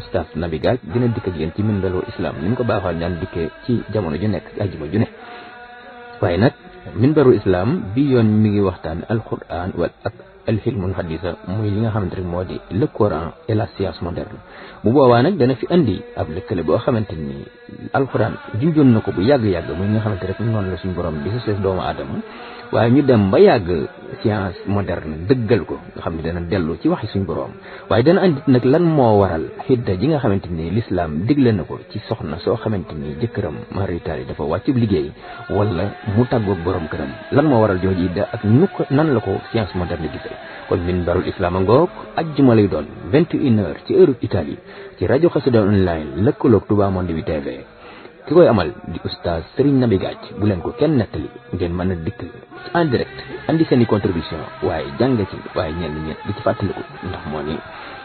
oustaz Nabi Gaaj dina dikk ak yéen ci mindalu islam ni mu ko baaxool daan dikkee ci jamono ju nekk ajjuma ju ne waaye nag mindaru islam bi yoon mu ngi waxtaan alquran wal ak alfilmul hadisa muy li nga xamante rek moo di le Coran et la science moderne bu boobaa nag dana fi andi ab lëkkale boo xamante ni alquran junjoon na ko bu yàgg-yàgg muy nga xamante rek noonu la suñu borom bi sa doomu aadama waaye ñu dem ba yàgg science moderne dëggal ko nga xam ne dana dellu ci wax waxi suñ boroom waaye dana andi nag lan moo waral xidda ji nga xamante ni lislaam digle na ko ci soxna soo xamante ni jëkkëram marital yi dafa wàccub liggéey wala mu tàggoog boroom këram lan moo waral ji idda ak nu nan la ko science moderne gisee kon minbarul islaam a ngoog ajjuma lay doon vingt et une heures ci heure Italie ci rajo Xassida online lëkkaloog Touba Monde bi TV ki koy amal di oustaz Serigne Nabi Gadji bu leen ko kenn nettali ngeen mën a dikk en direct andi seen contribution waaye jàng ci waaye ñenn ñett di ci fàttaliku ndax moo ni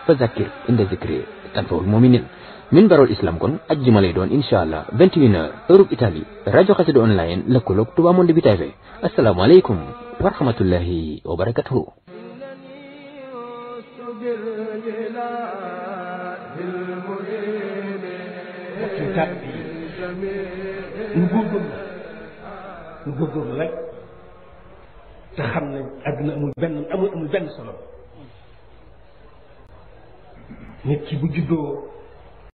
fa zakir inda zikri tanfawul muminin min barol islam kon ajjuma lay doon incha allah 21h heure Italie rajo Xassida online lëkkaloog Touba Monde bi TV asalaamaaleykum wa rahmatullahi wa barakatuhu kat ñu góorgóorlu ñu góorgóorlu rek te xam ne àdduna amul benn amul amul benn solo nit ki bu juddoo